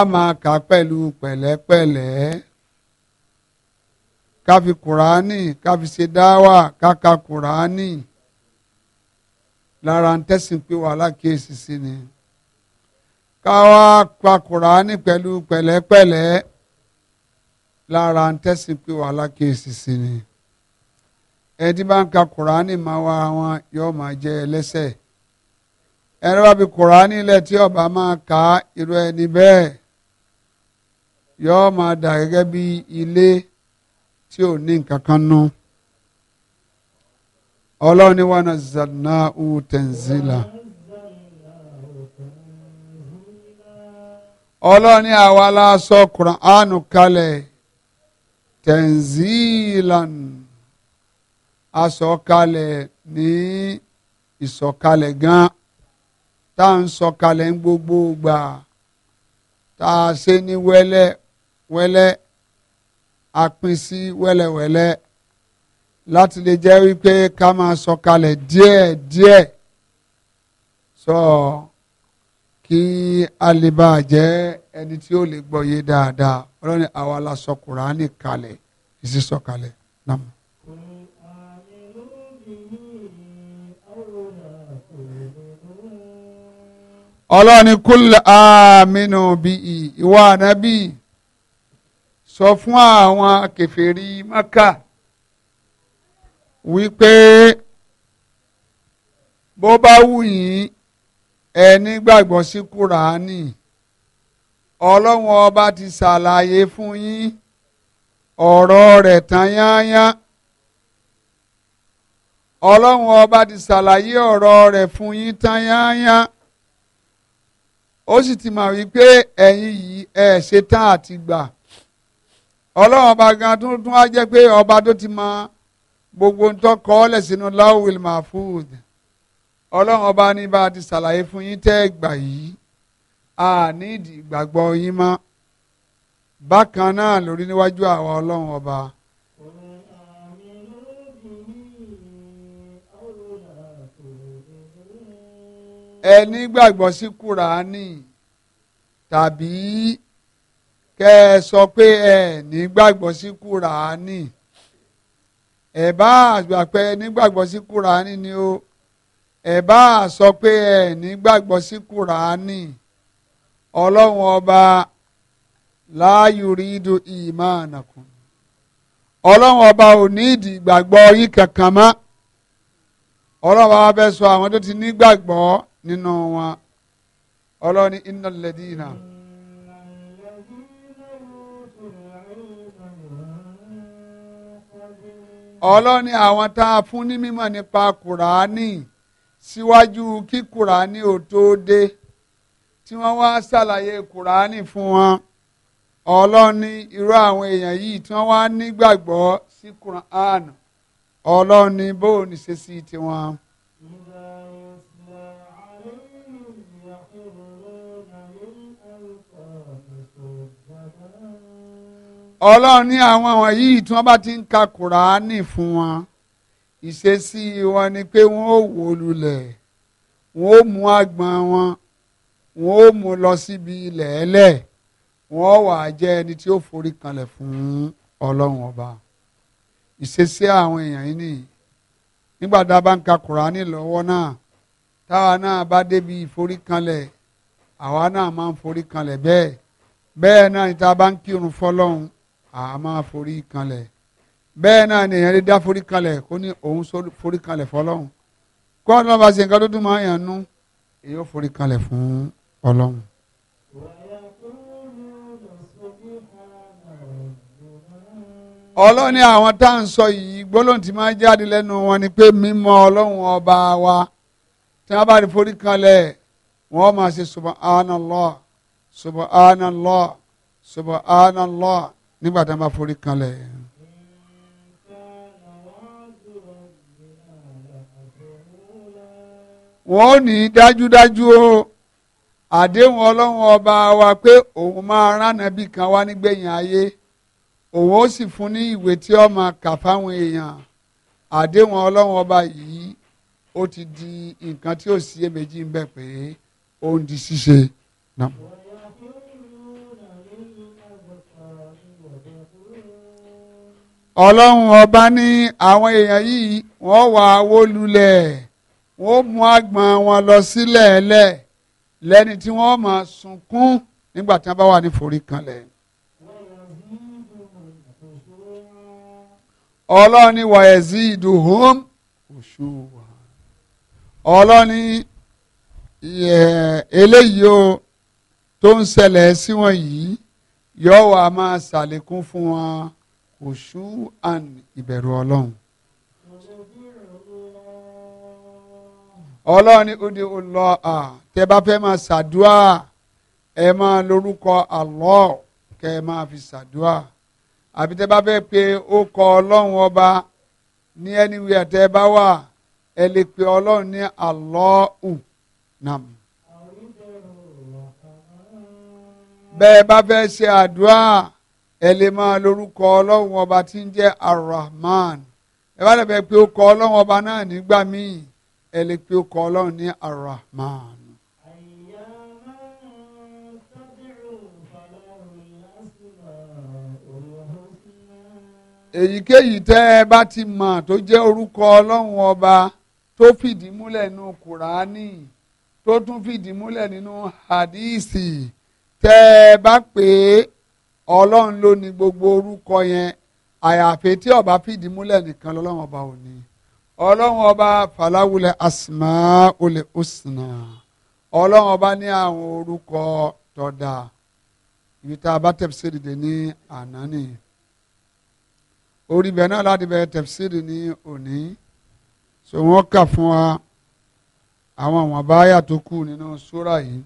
a máa kà pẹ̀lú pẹ̀lẹ́pẹ̀lẹ́ ká fi kùránì ká fi ṣe dáwà ká ka kùránì lára ń tẹ̀sìn pé wàhálà kíyèsí sí ni ká wá pa kùránì pẹ̀lú pẹ̀lẹ́pẹ̀lẹ́ lára ń tẹ̀sìn pé sí ni bá ń ka kùránì máa wá wọn yóò máa jẹ ẹni kùránì tí ọba máa ka irú ẹni yóò máa dà gẹ́gẹ́ bí ilé tí ò ní nǹkan kan nú ọlọ́run ni wa nazzalnahu tanzila ọlọ́run ni àwa la sọ Kùránù kalẹ̀ tanzilan asọ̀kalẹ̀ ní ìsọ̀kalẹ̀ gan tá à ń sọ̀kalẹ̀ ń gbogbo gbà tá a ṣe ní wẹ́lẹ́ wẹ́lẹ́ a pín sí wẹ́lẹ́wẹ́lẹ́ láti lè jẹ́ wípé ká máa sọ̀kalẹ̀ díẹ̀ díẹ̀ sọ kí a lè bá a jẹ́ ẹni tí ó lè gbọ́ yé dáadáa ọlọ́ni àwa la sọ Kùránì kalẹ̀ ìsísọ̀kalẹ̀ náà. ọlọ́ni kúlẹ̀ àmínú bíi ìwà ànábì sọ fún àwọn kèfèrí Mákà wípé bó bá wù yín ẹ nígbàgbọ́ sí Kúránì ọlọ́run ọba ti ṣàlàyé fún yín ọ̀rọ̀ rẹ̀ tán yányán ọlọ́run ọba ti ṣàlàyé ọ̀rọ̀ rẹ̀ fún yín tán yányán ó sì ti mà wípé ẹ̀yin yìí ẹ̀ ṣetán àti gbà ọlọ́run ọba gan tuntun á jẹ́ pé ọba tó ti mọ gbogbo ń tọ́ kọ́ lẹ́sìnú láwùl mahfud ọlọ́run ọba ní bá a ti ṣàlàyé fún yín tẹ́ gbà yìí a ní ìdí ìgbàgbọ́ yín mọ́ bákan náà lórí níwájú àwa ọlọ́run ọba. ẹni gbàgbọ́ sí kúránì tàbí kẹ ẹ sọ pé ẹ nígbàgbọ́ sí kúránì ẹ bá àgbà pé nígbàgbọ́ ni ó ẹ bá sọ pé ẹ nígbàgbọ́ sí ọba láàyò rídu ìmánàkùn ọlọ́run ọba ọba fẹ́ sọ àwọn tó ti nígbàgbọ́ nínú wọn ọlọ́run iná ọlọ́ni àwọn tá a fún ní mímọ̀ nípa kùránì síwájú kí kùránì ò tó dé tí wọ́n wá ṣàlàyé kùránì fún wọn ọlọ́ni irú àwọn èèyàn yìí tí wọ́n wá nígbàgbọ́ sí kùránì ọlọ́ni bóun ní ṣe sí tiwọn ọlọ́run ní àwọn wọ̀nyí tí wọ́n bá ti ń ka kùránì fún wọn ìṣesí wọn ni pé wọ́n ó wò lulẹ̀ wọ́n ó mú àgbọn wọn wọ́n ó mú lọ síbi ilẹ̀ ẹlẹ̀ wọ́n ó wà jẹ́ ẹni tí ó forí kanlẹ̀ fún ọlọ́run ọba ìṣesí àwọn èèyàn yìí nìyí nígbà tá a bá ń ka kùránì lọ́wọ́ náà táwa náà bá débi ìforí àwa náà máa ń forí kanlẹ̀ bẹ́ẹ̀ bẹ́ẹ̀ náà ni tá a bá ń kírun fọlọ́run a forí kanlẹ̀ bẹ́ẹ̀ náà ni lè dá forí kanlẹ̀ kó ní òun forí kanlẹ̀ fọlọ́run kó ọdún lọ́ba ṣe nǹkan tó dùn máa yàn nú èyí ó forí kanlẹ̀ fún ọlọ́run. ni àwọn tá à ń sọ yìí gbólóhùn tí máa jáde lẹ́nu wọn ọba wa tí wọ́n bá rí forí kanlẹ̀ wọ́n máa ṣe nígbà tí wọ́n bá forí kanlẹ̀. wọ́n ní dájúdájú o àdéhùn ọlọ́run ọba wa pé òun máa rán nàbì kan wá nígbẹ̀yìn ayé òun ó sì fún ní ìwé tí ó máa kà fáwọn èèyàn àdéhùn ọlọ́run ọba yìí ó ti di nǹkan tí ó sì èméjì ń bẹ̀ pé ó ń di ṣíṣe náà. ọlọ́run ọba ní àwọn èèyàn yìí wọ́n wà wó lulẹ̀ wọ́n mú àgbọ̀n wọn lọ sílẹ̀ lẹ̀ lẹ́ni tí wọ́n máa sunkún nígbà tí wọ́n bá wà ní forí kanlẹ̀. ọlọ́run ní wàyẹ̀sí ìdùhùn oṣù wa eléyìí tó ń ṣẹlẹ̀ sí wọn yìí yọ̀ọ́ wà máa ṣàlékún fún wọn kòṣù àn ìbẹ̀rù ọlọ́run. ọlọ́run ní odi ọlọ́ à tẹ bá fẹ́ máa ṣàdúà ẹ máa lórúkọ Allah kẹ ẹ máa fi ṣàdúà àbí tẹ bá fẹ́ pe ó kọ ọlọ́run ọba ní anywhere tẹ bá wà ẹ lè pe ọlọ́run ní Allahu nam. bẹ́ẹ̀ bá fẹ́ ṣe àdúà ẹ lè máa lórúkọ ọlọ́run ọba tí ń jẹ́ arahman ẹ bá lè bẹ pé ó kọ ọlọ́run ọba náà nígbà míì ẹ lè pé ó kọ ọlọ́run ní arahman. èyíkéyìí tẹ́ ẹ bá ti mọ̀ tó jẹ́ orúkọ ọlọ́run ọba tó fìdí múlẹ̀ nínú kùránì tó tún fìdí múlẹ̀ nínú hadísì tẹ́ ẹ bá pè é ọlọ́run ló ní gbogbo orúkọ yẹn àyàfi tí ọba fìdí múlẹ̀ nìkan lọ́lọ́run ọba ò ní ọlọ́run ọba fàlàwulẹ̀ asmaul husna ọlọ́run ọba ní àwọn orúkọ tọ́da ibi tá a bá tẹ̀síìrì dé ní àná nìyí orí ibẹ̀ náà láti bẹ̀rẹ̀ tẹ̀síìrì ní òní so wọ́n kà fún wa àwọn àwọn báyà tó kù nínú súrà yìí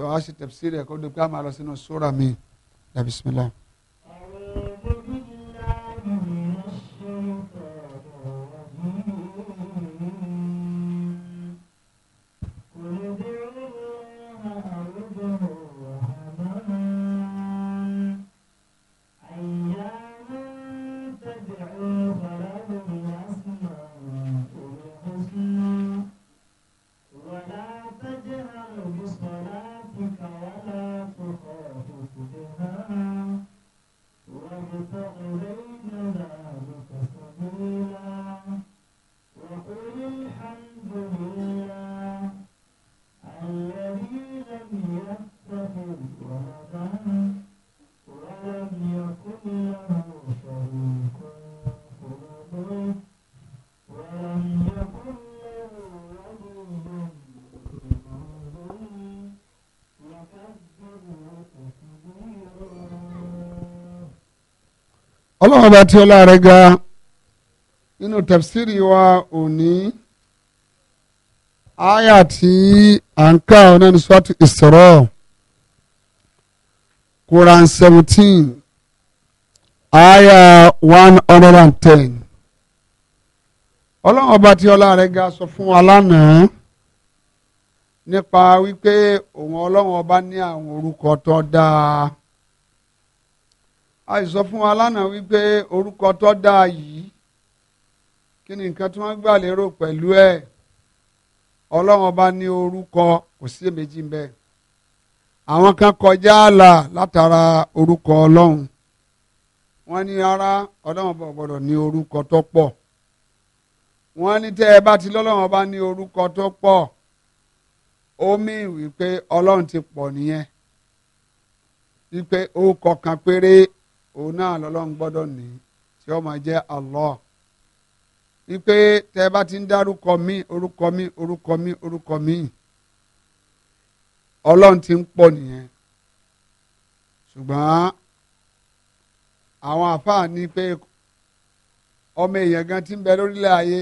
so a ṣe tafsiri ẹ̀ kó dé pé a máa sínú sura mi ya bisimilahi. ọlọ́run ọba tí ọlá rẹ̀ ga nínú tafsiri wa òní aya tí à ń kà ọ́ nínú swati Isra Quran seventeen aya one hundred and ten ọlọ́run ọba tí ọlá rẹ̀ ga sọ fún wa lánàá nípa wípé òun ọlọ́run ní àwọn orúkọ tó dáa àìsọ fún wa lánàá wípé orúkọ tó dáa yìí kí ni nǹkan tí wọ́n gbà lérò pẹ̀lú ẹ̀ ọlọ́run ọba ní orúkọ kò sí èméjì ńbẹ àwọn kan kọjá ààlà látara orúkọ ọlọ́run wọ́n ní ara ọlọ́run ọba gbọ́dọ̀ ní orúkọ tó pọ̀ wọ́n ní tẹ́ ẹ bá ti lọ́lọ́run ọba ní orúkọ tó pọ̀ ó mì wípé ọlọ́run ti pọ̀ nìyẹn wípé ó kọkàn péré òun náà lọ́lọ́run gbọ́dọ̀ ní tí ó máa jẹ́ Allah wípé tẹ́ bá ti ń dárúkọ mi orúkọ mi orúkọ mi orúkọ mi ọlọ́run ti ń pọ̀ nìyẹn ṣùgbọ́n àwọn àfáà ní pé ọmọ èèyàn ti ń bẹ lórílẹ̀ ayé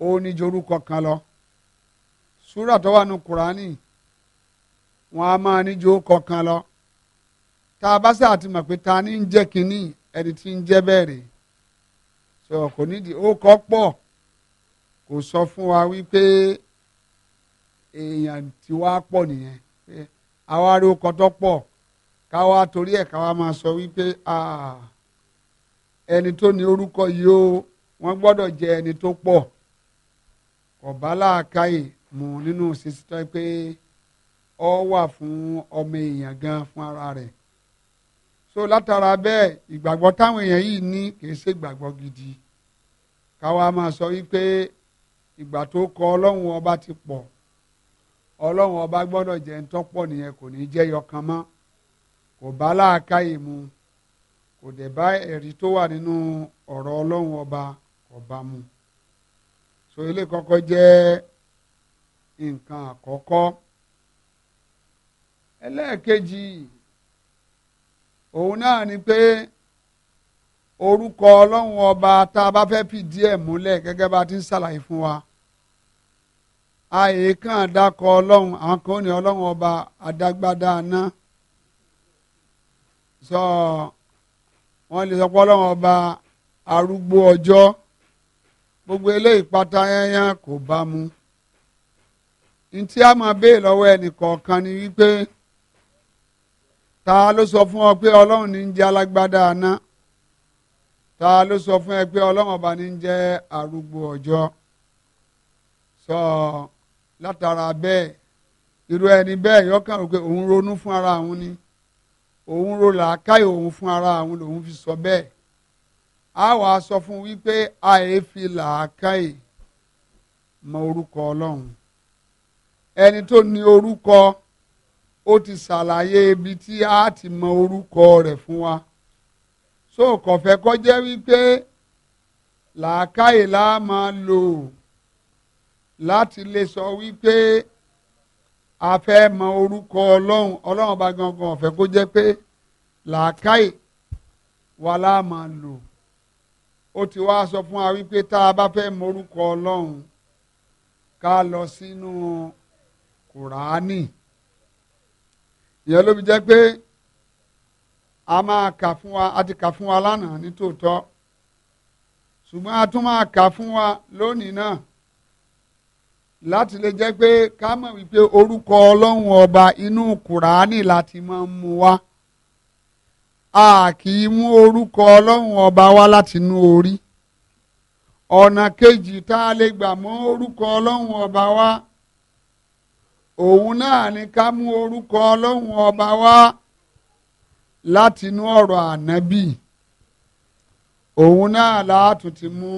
ó ní kan lọ súrà tó wà ní kan lọ. tá a bá sì àti mọ̀ pé ta ni ń jẹ́ kínní ẹni tí ń jẹ́ bẹ́ẹ̀ rè sọ kò nídìí ó kọ́ pọ̀ kò sọ fún wa wípé èèyàn tí wá pọ̀ nìyẹn àwa rí okọ̀ tó pọ̀ ká wá torí ẹ̀ ká wá máa sọ wípé ẹni tó ní orúkọ yìí ó wọ́n gbọ́dọ̀ jẹ́ ẹni tó pọ̀ ọ̀bá làákàyè mú nínú sísítọ́ pé ọ wà fún ọmọ èèyàn gan fún ara rẹ̀ so látara bẹ́ẹ̀ ìgbàgbọ́ táwọn èèyàn yìí ní kì í ṣe ìgbàgbọ́ gidi káwa máa sọ wípé ìgbà tó kọ ọlọ́run ọba ti pọ̀ ọlọ́run ọba gbọ́dọ̀ jẹ́ ń tọ́pọ̀ nìyẹn kò ní jẹ́ yọkan mọ́ kò bá láàkáyè mu kò dẹ̀ bá ẹ̀rí tó wà nínú ọ̀rọ̀ ọlọ́run ọba kò bá mu so ilé kọ́kọ́ jẹ́ nǹkan àkọ́kọ́ ẹlẹ́ẹ̀kejì òun náà ni pé orúkọ ọlọ́run ọba tá a bá fẹ́ fìdí ẹ̀ múlẹ̀ gẹ́gẹ́ bá ti ń ṣàlàyé fún wa àyèékàn dákọ ọlọ́run àwọn kan ní ọlọ́run ọba adágbádá ná sọ wọ́n lè sọ pé ọlọ́run ọba arúgbó ọjọ́ gbogbo eléyìí pátá yányán kò bá mu ntí a máa béè lọ́wọ́ ẹnì kọ̀ọ̀kan ni wípé ta ló sọ fún ọ pé ọlọ́run ní ń jẹ́ alágbádá aná ta ló sọ fún ẹ pé ọlọ́run ọba ní ń jẹ́ arúgbó ọjọ́ sọ látara bẹ́ẹ̀ irú ẹni bẹ́ẹ̀ yọkàn rò pé òun ronú fún ara òun ni òun ro làákàyè òun fún ara òun lòun fi sọ bẹ́ẹ̀ a wàá sọ fún wípé àìfi làákàyè mọ orúkọ ọlọ́run ẹni tó ní orúkọ ó ti ṣàlàyé ibi tí a ti mọ orúkọ rẹ̀ fún wa so kọ̀fẹ́ kọjá wípé làákàyè la máa lò láti lè sọ wípé a fẹ́ mọ orúkọ ọlọ́run ọlọ́run bá gangan ọ̀fẹ́ kó jẹ́ pé làákàyè wa la máa lò ó ti wá sọ fún wa wípé tá a bá fẹ́ mọ orúkọ ọlọ́run ká lọ sínú kùránì. Si ìyẹn ló fi jẹ́ pé a máa kà fún wa a ti kà fún wa lánàá ní tòótọ́ ṣùgbọ́n a tún máa kà fún wa lónìí náà láti lè jẹ́ pé ká mọ̀ wípé orúkọ ọlọ́run ọba inú kùránì láti máa ń mu wá a kì í mú orúkọ ọlọ́run ọba wá láti inú orí ọ̀nà kejì tá a lè gbà mọ́ orúkọ ọlọ́run ọba wá. òun náà ni ká mú orúkọ ọlọ́run ọba wá látinú ọ̀rọ̀ ànábì òun náà láàtún ti mú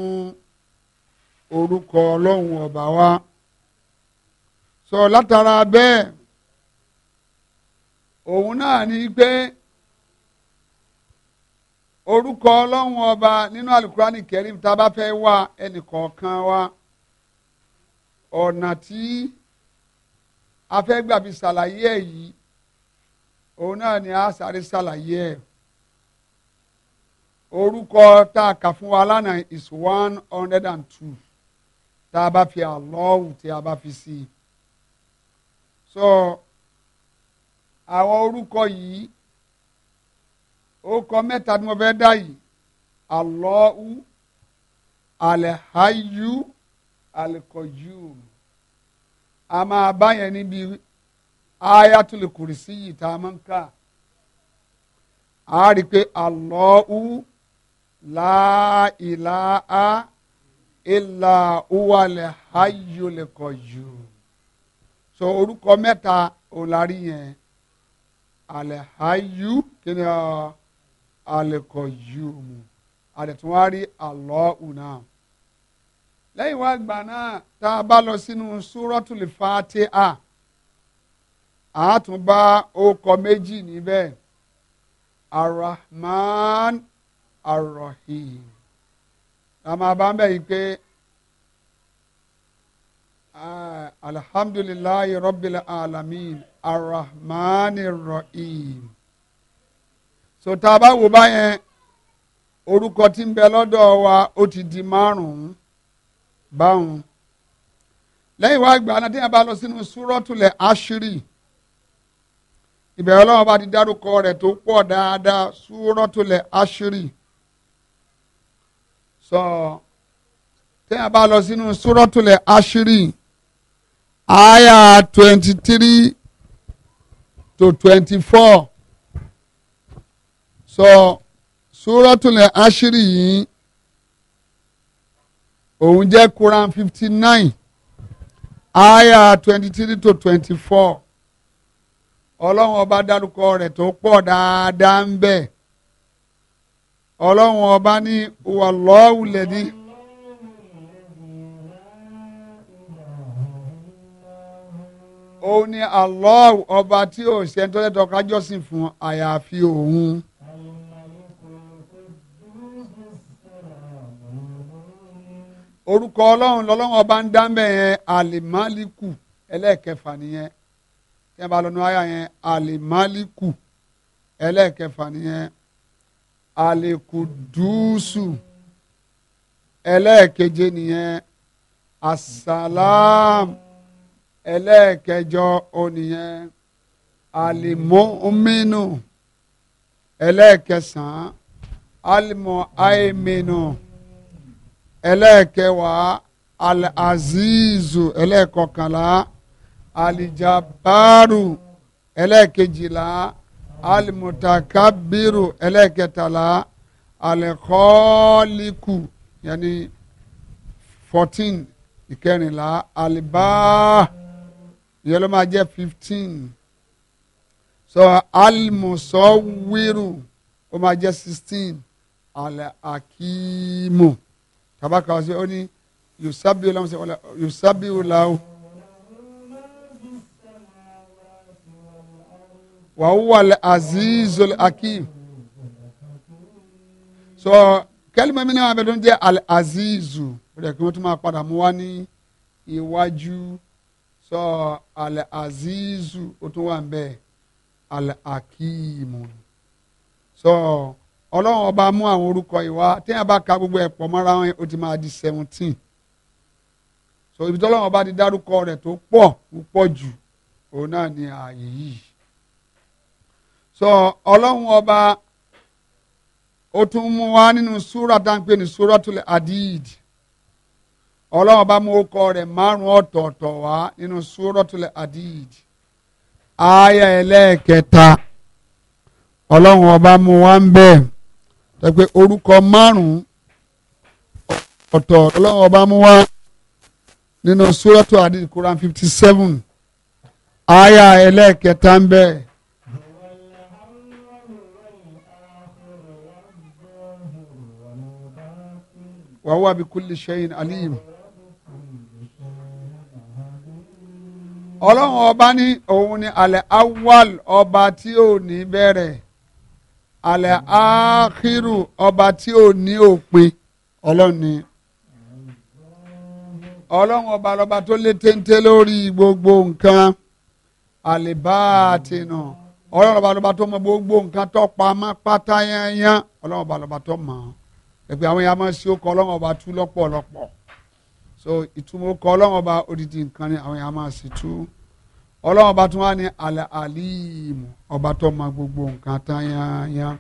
orúkọ ọlọ́run ọba wá sọ látara bẹ́ẹ̀ òun náà ni pé orúkọ ọlọ́run ọba nínú alukurani kẹrim tá a bá fẹ́ wá ẹnìkọ̀ọ̀kan wa ọ̀nà tí. afẹ́gbàbí ṣàlàyé ẹ̀ yìí òun náà ni a sáré ṣàlàyé ẹ̀ orúkọ tá a kà fún wa lánàá is one hundred and two tá a bá fi àlọ́ọ̀wù tí a bá fi sí i so àwọn orúkọ yìí orúkọ mẹ́ta tí mo fẹ́ dá yìí àlọ́ọ̀wù alẹ́hàyù alẹ́kọ̀yù a máa bá yẹn níbi ayatul kùrìsì yìí tá a máa ń kà á rí i pé Allahu la ilaha illa huwal hayyul qayyum so orúkọ mẹ́ta ò lárí yẹn alẹ́háyú kí ni alẹ́kọ̀ọ́yú mu àdẹ̀tún wá rí àlọ́ ọ̀hún náà lẹ́yìn wá gbà náà tá a bá lọ sínú súrọ́tùlì fàtíà àátúnbá okọ̀ méjì níbẹ̀ arahman arahim la máa bá ń bẹ̀ yìí pé alhamdulilayi rabbil alamin arahman arahim so tá a bá wò báyẹn orúkọ tí ń bẹ lọ́dọ̀ wa ó ti di márùn-ún báwọn lẹ́yìn wá gbà náà tí wọ́n bá lọ sínú súrọ́tulẹ̀ àṣírí ìbẹ̀rẹ̀ ọlọ́wọ́n bá ti dárúkọ rẹ̀ tó pọ̀ dáadáa súrọ́tulẹ̀ àṣírí sọ tí wọ́n bá lọ sínú súrọ́tulẹ̀ àṣírí àyà twenty three to twenty four sọ súrọ́tulẹ̀ àṣírí yìí òun jẹ́ Quran fifty aya twenty three to ọba dárúkọ rẹ̀ tó pọ̀ dáadáa ń ọba ní wàlọ́ọ̀hùn lẹ́dí. òun ni Allah ọba tí ò ṣe ń tọ́jú ẹ̀tọ́ kájọ́sìn fún àyàfi orúkọ ọlọ́run lọ́lọ́run ọba ń dá mẹ́ yẹn alimaliku ẹlẹ́ẹ̀kẹfà nìyẹn kí ẹ bá lọ́nu àyà yẹn alimaliku ẹlẹ́ẹ̀kẹfà nìyẹn alikudusu ẹlẹ́ẹ̀keje nìyẹn asalam ẹlẹ́ẹ̀kẹjọ onìyẹn alimominu ẹlẹ́ẹ̀kẹsàn-án alimọ̀ aiminu ẹlẹ́ẹ̀kẹwàá al-azizu ẹlẹ́ẹ̀kọkànlá alijabaru ẹlẹ́ẹ̀kejìlá alimutakabiru ẹlẹ́ẹ̀kẹtàlá alikọ́ọ́líkù yẹni fourteen ìkẹrìnlá alibá ìyẹn ló máa fifteen so alimusowiru ó máa jẹ́ sixteen alakimu. akimu. Kabaka kawo se ó ní yusabihu lahu yusabihu lahu wa huwa al-azizul hakim so kẹlima mi ni wọn abẹdun jẹ al-azizu o de kí wọn tún máa padà mú wa ní iwájú so al-azizu o tún wà ń bẹ al-hakimu so. ọlọ́run ọba mú àwọn orúkọ ìwà a bá ka gbogbo ẹ̀ pọ̀ mọ́ra wọn ti máa di seventeen so ibi ọlọ́run ọba ti dárúkọ rẹ̀ tó pọ̀ púpọ̀ jù òun náà ni ààyè yìí so ọlọ́run ọba ó tún mú wa nínú súrà dáńpé ní súratul Hadid ọlọ́run ọba mú orúkọ rẹ̀ márùn ọ̀tọ̀ọ̀tọ̀ wá nínú ààyè ẹlẹ́ẹ̀kẹta ọlọ́run ọba mú ń bẹ́ẹ̀. tẹ́gbẹ́ orúkọ márùn-ún ọ̀tọ̀ ọlọ́run ọba mú wá nínú sóràtò àdìsí Quran fifty seven àyà ẹlẹ́ẹ̀kẹta ń bẹ. wàhùwà bí kulli shay'in alim. ọlọ́run ọba ní òun ni alẹ́ awal ọba tí ò ní bẹ̀rẹ̀. alẹ́ akiru ọba tí ò ní òpin ọlọ́run ni ọlọ́run ọba lọ́ba tó lé téńté lórí gbogbo nǹkan àlèbáàtìnà ọlọ́run ọba lọ́ba tó mọ gbogbo nǹkan tó pamọ́ pátá yányán ọlọ́run ọba lọ́ba tó mọ̀ ẹ̀pẹ́ àwọn yàrá máa ń ṣe ó kọ ọlọ́run ọba tú lọ́pọ̀lọpọ̀ so ìtumọ̀ ó kọ ọlọ́run ọba odidi nǹkan ni àwọn yàrá máa ṣe tú ọlọ́run ọba tún wá ní alíìmù ọba tó mọ gbogbo nǹkan tán yányán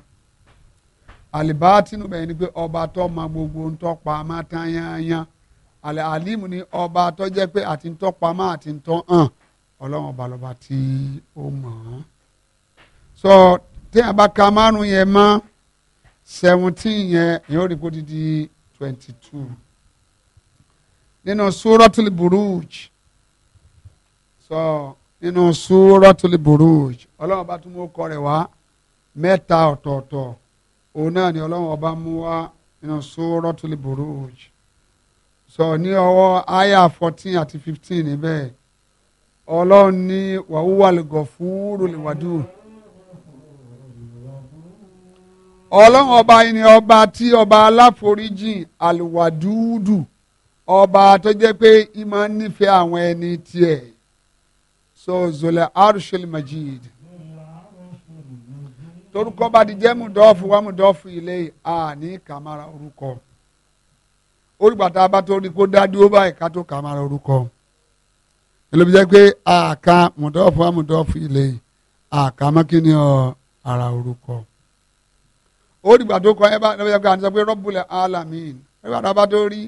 alibatinu bẹ́ẹ̀ ni pé ọba tó mọ gbogbo ntọ́pamọ́ tán yányán alíìmù ni ọba tó jẹ́ pé àti ntọ́pamọ́ àti ntọ́ hàn ọlọ́run ọba lọ́ba tí ó mọ̀ ọ́n. sọ téèyàn bá ka márùn yẹn mọ́ seventeen yẹn yóò rí kó ti di twenty two nínú suratul buruj sọ. So, nínú Suratul Buruj ọlọ́run bá tún mú kọ rẹ̀ wá mẹ́ta ọ̀tọ̀ọ̀tọ̀ òun náà ni ọlọ́run ọba mú wá nínú Suratul Buruj sọ ní ọwọ́ aya fourteen àti fifteen níbẹ̀ ọlọ́run ní wàhúwà lẹ́gọ̀fúrú lẹ́wàdù ọlọ́run ọba yìí ni ọba tí ọba aláforíjì àlùwàdúdù ọba tó jẹ́ pé ìmọ̀ nífẹ̀ẹ́ àwọn ẹni tiẹ̀ so zole arshil majid torúkọ bá ti jẹ́ mùdọ́ọ̀fù wá mùdọ́ọ̀fù ilé àní kàmára orúkọ orúgbàtà bá tó rí kó dájú ó báyìí ká tó kàmára orúkọ ẹlòmí jẹ́ pé àka mùdọ́ọ̀fù wá mùdọ́ọ̀fù ilé àka mọ́kíní ọ ara orúkọ orúgbàtà kọ ẹ bá ẹlòmí jẹ́ pé àní sọ pé rọ́bùlẹ̀ alamin orúgbàtà bá tó rí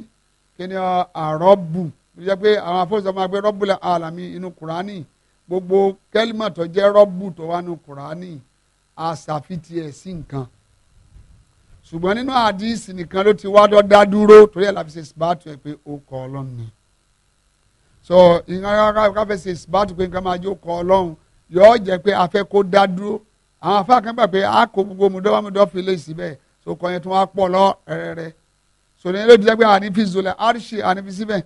kíní ọ àrọ́bù ẹlòmí jẹ́ pé àwọn afọ́sọ́ máa pé rọ́bùlẹ̀ alamin inú kùránì gbogbo kẹ́límà tó jẹ́ rọ́bù tó wà nù kùránì àṣàfitì ẹ̀ sí nǹkan ṣùgbọ́n nínú àdìsí nìkan ló ti wá dọ́dá dúró torí ẹ̀ la fi ṣe sìbáàtù ẹ̀ pé ó kọ́ ọlọ́run ni so ìyẹn ká fẹ́ ṣe sìbáàtù pé nǹkan máa jó kọ́ ọlọ́run yọ̀ọ́ jẹ́ pé a fẹ́ kó dá dúró àwọn afá kan gbà pé a kó gbogbo mùdọ́wámùdọ́ fi lè sí so kọ́ yẹn tó wá pọ̀ lọ́ rẹ́rẹ́rẹ́ so ní ló ti jẹ́ pé àní fi zolẹ̀ àríṣe àní fi síbẹ̀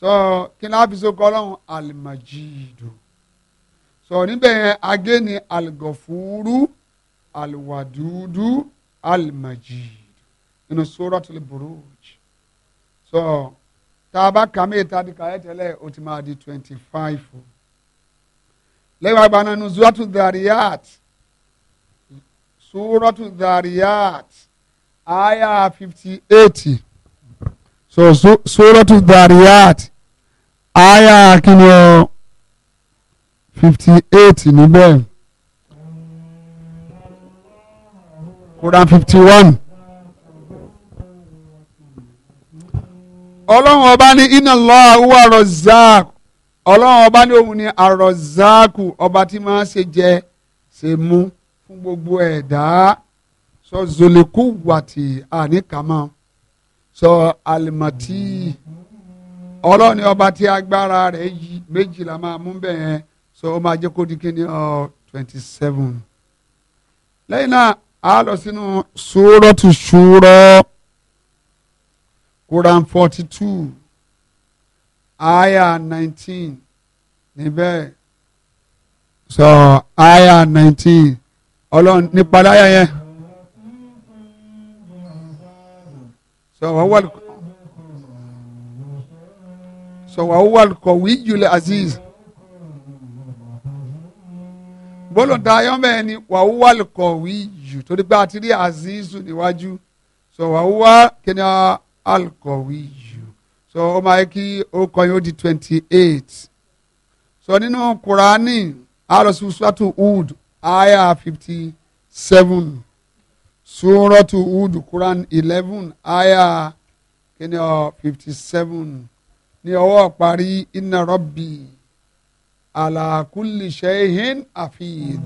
sọ kí ni àfi sọkọ ọlọ́run alimajidu sọ níbẹ̀ yẹn agé ni aligọ̀fúrú aliwadudu alimajidu nínú suratul buruj sọ tá a bá kà mí ó ti máa di twenty five lẹ́yìn àgbà náà nínú suratul dariyat suratul dariyat aya fifty eight so, so suratu dariyat aya kini o fifty eight níbẹ̀ Quran fifty one. ọlọ́run ọba ní iná lọ àwọn àròzák ọlọ́run ọba ní òun ní àròzákù ọba tí máa ṣe jẹ ṣe mú fún gbogbo ẹ̀dá sọ zòlẹ́kù wàtí àníkàmọ́ sọ alimati ọlọ́ni ọba tí agbára rẹ̀ yí méjìlá máa mú bẹ́ẹ̀ yẹn sọ ó máa jẹ́ kó di kíni ọ twenty seven lẹ́yìn náà a lọ sínú suratu Shura Quran forty two aya nineteen níbẹ̀ sọ aya nineteen ọlọ́run nípa láyà yẹn. sọ̀wáwal sọ̀wáwal kọ̀wé jùlẹ̀ aziz gbólóńtà ayọ́mọ ẹni wàhúwal kọ̀wé jù torí pé àti azizu níwájú sọ̀wáwá kíni alkọ̀wé jù sọ ọ máa kí orúkọ yóò di twenty eight sọ nínú kuraani alọ́sùsùwàtú wood aya fifty seven suratu Hud Quran eleven aya kini ọ fifty seven ní ọwọ́ parí inna rabbi ala kulli shay'in afid.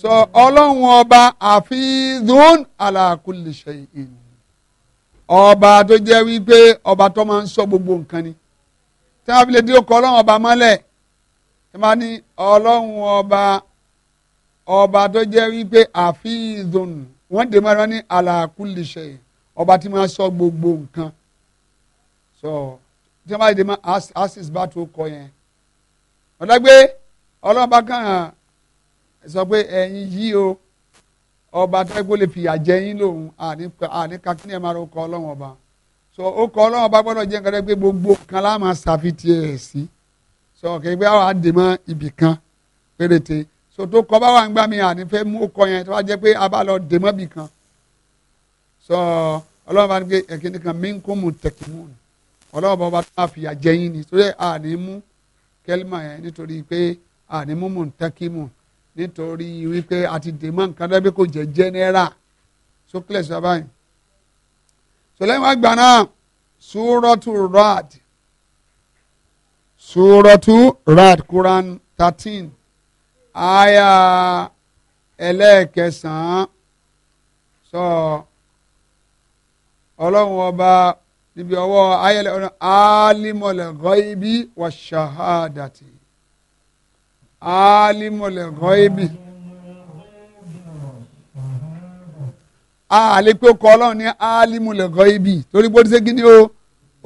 sọ ọlọ́run ọba afidun ala kulli shay'in ọba tó jẹ́ wípé ọba tó máa ń sọ gbogbo nǹkan ni tí wọ́n fi ọlọ́run ọba mọ́lẹ̀ ẹ máa ní ọlọ́run ọba ọba tó jẹ́ wípé àfihàn wọ́n dè máa ní àlàkùlìṣẹ́ ọba tí máa sọ gbogbo nǹkan sọ tí wọ́n bá dè máa asis bá tó kọ yẹn ọ̀dàgbé ọlọ́run bá kàn án sọ pé ẹ̀yin yìí o ọba tẹ́gbó lè fìyà jẹ yín lòun àní kakínní ẹ̀ máa rọ ọkọ̀ ọlọ́run ọba so ọkọ̀ ọlọ́run ọba gbọ́dọ̀ jẹ́ nǹkan tẹ́gbé gbogbo kan láàmú àṣàfitì ẹ̀ sí. Si sọ kéèké àwọn àdèmọ ibì kan péréte so tó kọ bá wà ń gbà mí àní fẹ́ mú kọ yẹn tó bá jẹ́ pé a bá lọ dèmọ ibì kan sọ ọlọ́run bá ní pé ẹ̀kíní kan mí ń kó mu tẹ̀kímù ọlọ́run bá wọn bá fìyà jẹ yín ni sórí àní mú kẹ́límà yẹn nítorí pé àní mú mu tẹ̀kímù nítorí wípé a ti dèmọ nǹkan tó yẹ kó jẹ jẹ́nẹ́rà sókèlè sábà yìí sọlẹ́yìn wá gbà náà súrọ́tù rọ́ọ̀dì suratu rad quran thirteen aya ẹlẹ́ẹ̀kẹsàn-án sọ ọlọ́run ọba níbi ọwọ́ ayẹlẹ́ ọ̀nà alimọ̀lẹ̀ ghaibi wà ṣahadàtì alimọ̀lẹ̀ ghaibi. àlékún ọkọ̀ ọlọ́run ní alimọ̀lẹ̀ ghaibi torí bó ti ṣe gíní o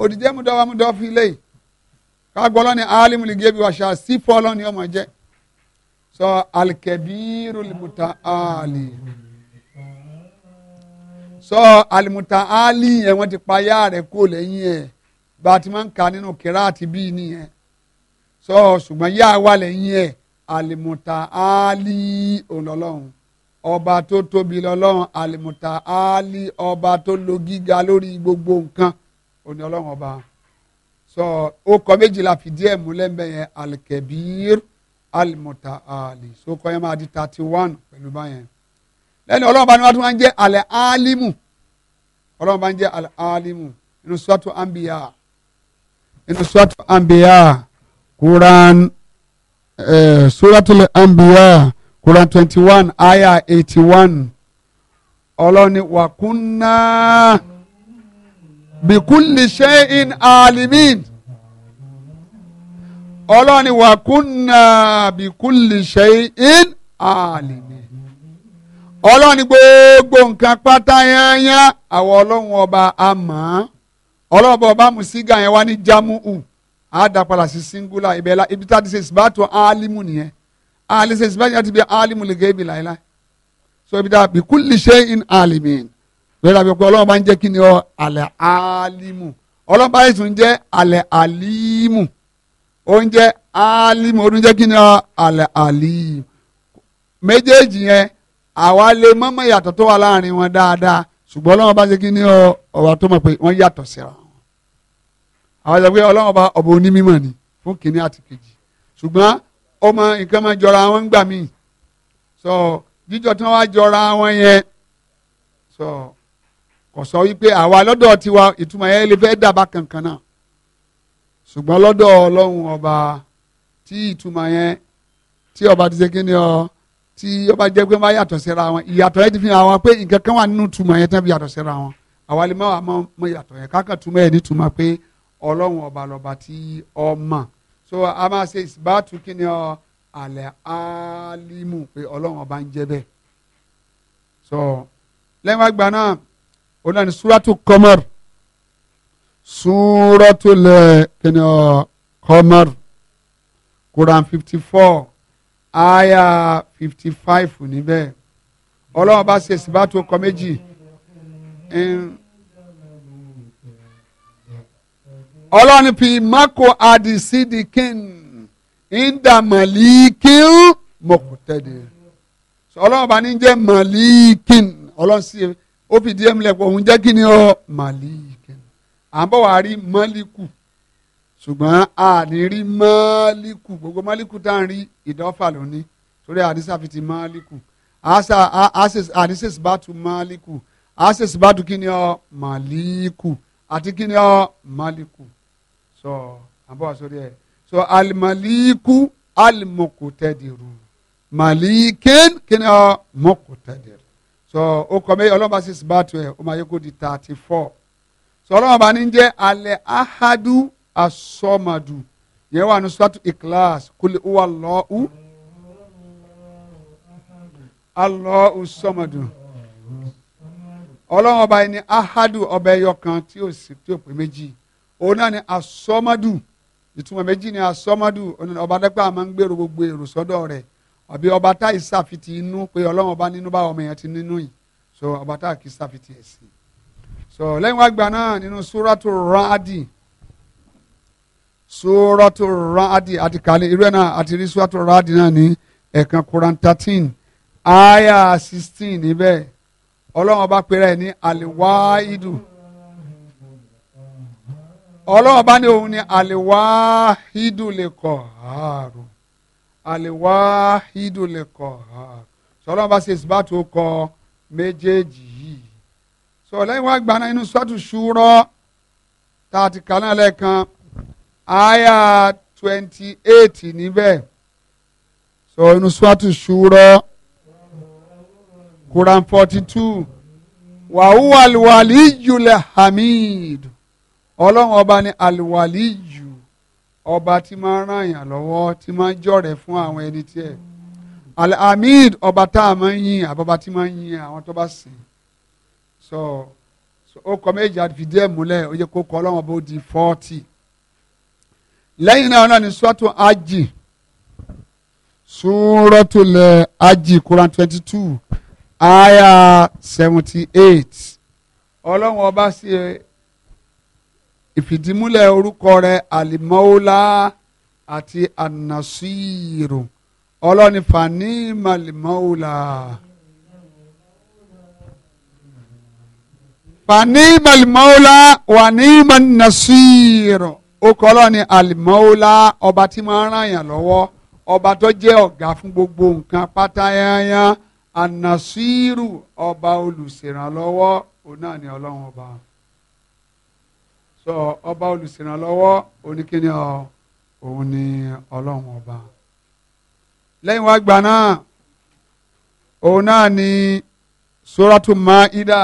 òdìjẹ́ mudọ́wámudọ́ fi léyìí kágbọ́ lọ́ni alimu lè gé bí wàá ṣá sí fọ́ lọ́ni ọmọ jẹ́ sọ limuta ali sọ alimuta ali yẹn wọ́n ti payá rẹ̀ kó lẹ́yìn ẹ̀ bá a ti máa ń ka nínú kíráàtì bíi nìyẹn sọ ṣùgbọ́n yá wà lẹ́yìn ẹ̀ alimuta ali ọlọ́lọ́run ọba tó tóbi lọ́lọ́run alimuta ali ọba tó lo gíga lórí gbogbo nǹkan òní ọlọ́run sọ ó kọ méjìlá fìdí ẹ̀ múlẹ̀ mẹ́yẹn alikẹ́bíir alimọ̀ta àlè so kọ́ yẹn máa di thirty one pẹ̀lú báyẹn lẹ́nu ọlọ́run bá ní tún máa ń jẹ́ alẹ́ alimu ọlọ́run bá ń jẹ́ alẹ́ alimu inú sọ́tù ambiya inú sọ́tù ambiya quran eh, suratul ambiya quran twenty one ayah eighty one ọlọ́run ni wàkúnnà bìkúlì ṣe in alimin ọlọ́ni wà kúnnà bìkúlì ṣe in alimin ọlọ́ni gbogbo nǹkan pátá yányá àwọn ọlọ́run ọba àmọ́ ọlọ́ọ̀bọ̀ ọba musiga yẹn wá ní jamuhu àdàpadà sí singular ibẹ̀ la ibi tá a ti ṣe ìsìbáàtò alimu nìyẹn a lè yẹn ti bí alimu lè gé ibi láéláé so ibi tá a bìkúlì ṣe alimin lọ́dà bí ọ̀pọ̀ ọlọ́run bá ń jẹ́ kí ni ọ alẹ́ alimu ọlọ́run bá yẹ̀sùn jẹ́ alẹ́ alimu oúnjẹ alimu ọdún jẹ́ kí ni ọ alẹ́ alimu méjèèjì yẹn àwa lè mọ́mọ́ ìyàtọ̀ tó wà láàrin wọn dáadáa ṣùgbọ́n ọlọ́run bá ń jẹ́ kí ni ọ ọ̀wà tó mọ̀ pé wọ́n yàtọ̀ síra wọn àwọn ìjọba ọlọ́run ọba ọba onímọ̀ ni fún kínní àti kejì ṣùgbọ́n ó nǹkan máa jọra wọn gbà míì sọ jíjọ tí wọ́n wá jọra wọn yẹn sọ. So, kò sọ wípé àwa lọ́dọ̀ tiwa ìtumọ̀ yẹn lè fẹ́ dàbà kankan náà ṣùgbọ́n lọ́dọ̀ ọlọ́run ọba tí ìtumọ̀ yẹn tí ọba ti ṣe kíni ọ tí ọba jẹ́ pé má yàtọ̀ síra wọn ìyàtọ̀ yẹn ti fi hàn wọn pé nǹkan kan wà nínú ìtumọ̀ yẹn tán fi yàtọ̀ síra wọn àwa lè má wà mọ yàtọ̀ yẹn kákan túmọ̀ yẹn nítumọ̀ pé ọlọ́run ọba lọ́ba tí ọ mọ̀ so a máa ṣe ìsìbáàtú kíni ọ àlẹ́ alimu pé ọlọ́run ọba ń jẹ́ bẹ́ẹ̀ so lẹ́wọ̀n àgbà náà ó ni suratu súrátù suratu súrátù lẹ̀ kíni ọ kọ́mọ́r Quran fifty four aya fifty five níbẹ̀ ọlọ́run bá ṣe síbátò kọ méjì ọlọ́run fi mako adisidikin indamalikin mọ̀kútẹ́dẹ̀ ọlọ́run bá ní jẹ́ malikin ọlọ́run sì ó fìdí ẹ̀ múlẹ̀ pọ̀ òun jẹ́ kí ni ọ màlíkì à ń bọ̀ wá rí málíkù ṣùgbọ́n a ní rí málíkù gbogbo málíkù tá à ń rí ìdọ́fà lónìí torí àdísà fi ti málíkù àdísà sì bá tu málíkù àdísà sì bá tu kí ni ọ màlíkù àti kí ni ọ málíkù sọ à ń bọ̀ wá sórí ẹ̀ sọ alimaliku alimokotẹ́dìrú màlíkẹ́n kí ni ọ mokotẹ́dìrú so O kọ méjì ọlọ́run bá bá tu ẹ̀ ó yẹ kó di thirty four so ọlọ́run bá ní jẹ́ alẹ́ ahadu asọ́madu yẹn wà ní sọ́tù ìkíláàsì kó lè wà lọ́ọ́ alọ́ọ̀ sọ́madu ọlọ́run ọba yìí ni ahadu ọba ẹyọ kan tí o sì tí ó pè méjì òun náà ni asọ́madu ìtumọ̀ méjì ni asọ́madu ọba dẹ́pẹ́ àmọ́ ń gbèrò gbogbo èrò sọ́dọ̀ rẹ̀ àbí ọba tá ì sàfitì inú pé ọlọ́run ọba nínú bá ọmọ yẹn ti nínú yìí so ọba tá kì í sàfitì ẹ̀ sí so lẹ́yìn wá gbà náà nínú súrọ́tù rádì súrọ́tù rádì àti kàlẹ́ irú ẹ̀ náà àti rí súrọ́tù rádì náà ní ẹ̀kan Quran thirteen aya sixteen níbẹ̀ ọlọ́run ọba pèrè ní àlewáìdù ọlọ́run ọba ní òun ní àlewáìdù lè kọ̀ ààrùn àlèwáhídù lè kọ̀ sọlọ́n bá ṣe ìsìbátò kọ méjèèjì yìí sọ lẹ́yìn wá gbaná inú sọ́tù ṣúrọ́ tá a ti kà náà lẹ́ẹ̀kan àyà twenty eight níbẹ̀ sọ inú sọ́tù ṣúrọ́ Quran forty two wàhùwà àlùwàlì yulẹ̀ hamid ọlọ́run ọba ni àlùwàlì yù ọba tí máa ń ràn yàn lọ́wọ́ tí máa ń jọ̀rẹ̀ fún àwọn ẹni tiẹ̀ alhamid ọba tá a máa ń yin àbọ̀bá tí máa ń yin àwọn tó bá sìn so ó kọ méjì àfìdí ẹ̀ múlẹ̀ ó yẹ kó kọ ọlọ́wọ́n bó di fọ́ọ̀tì lẹ́yìn náà náà ni sọ́tò ajì sùúrọ́tòlẹ̀ ajì Quran twenty two ayah seventy eight ọlọ́wọ́n ọba sí ẹ ìfìdímúlẹ̀ orúkọ rẹ̀ alimọ́ọ́lá àti anasiru ọlọ́ni fani malimọ́ọ́lá. fani malimọ́ọ́lá wà ní manasiru okọ ọlọ́ni alimọ́ọ́lá ọba tí máa ń ràn lọ́wọ́ ọba tó jẹ́ ọ̀gá fún gbogbo nǹkan pátá anasiru ọba olùṣèrànlọ́wọ́ òun ni ọlọ́run ọba sọ ọba olùsìnàlọ́wọ́ oníkíní ọ òun ni ọlọ́run ọba lẹ́yìn wá gbà náà òun náà ni suratu maida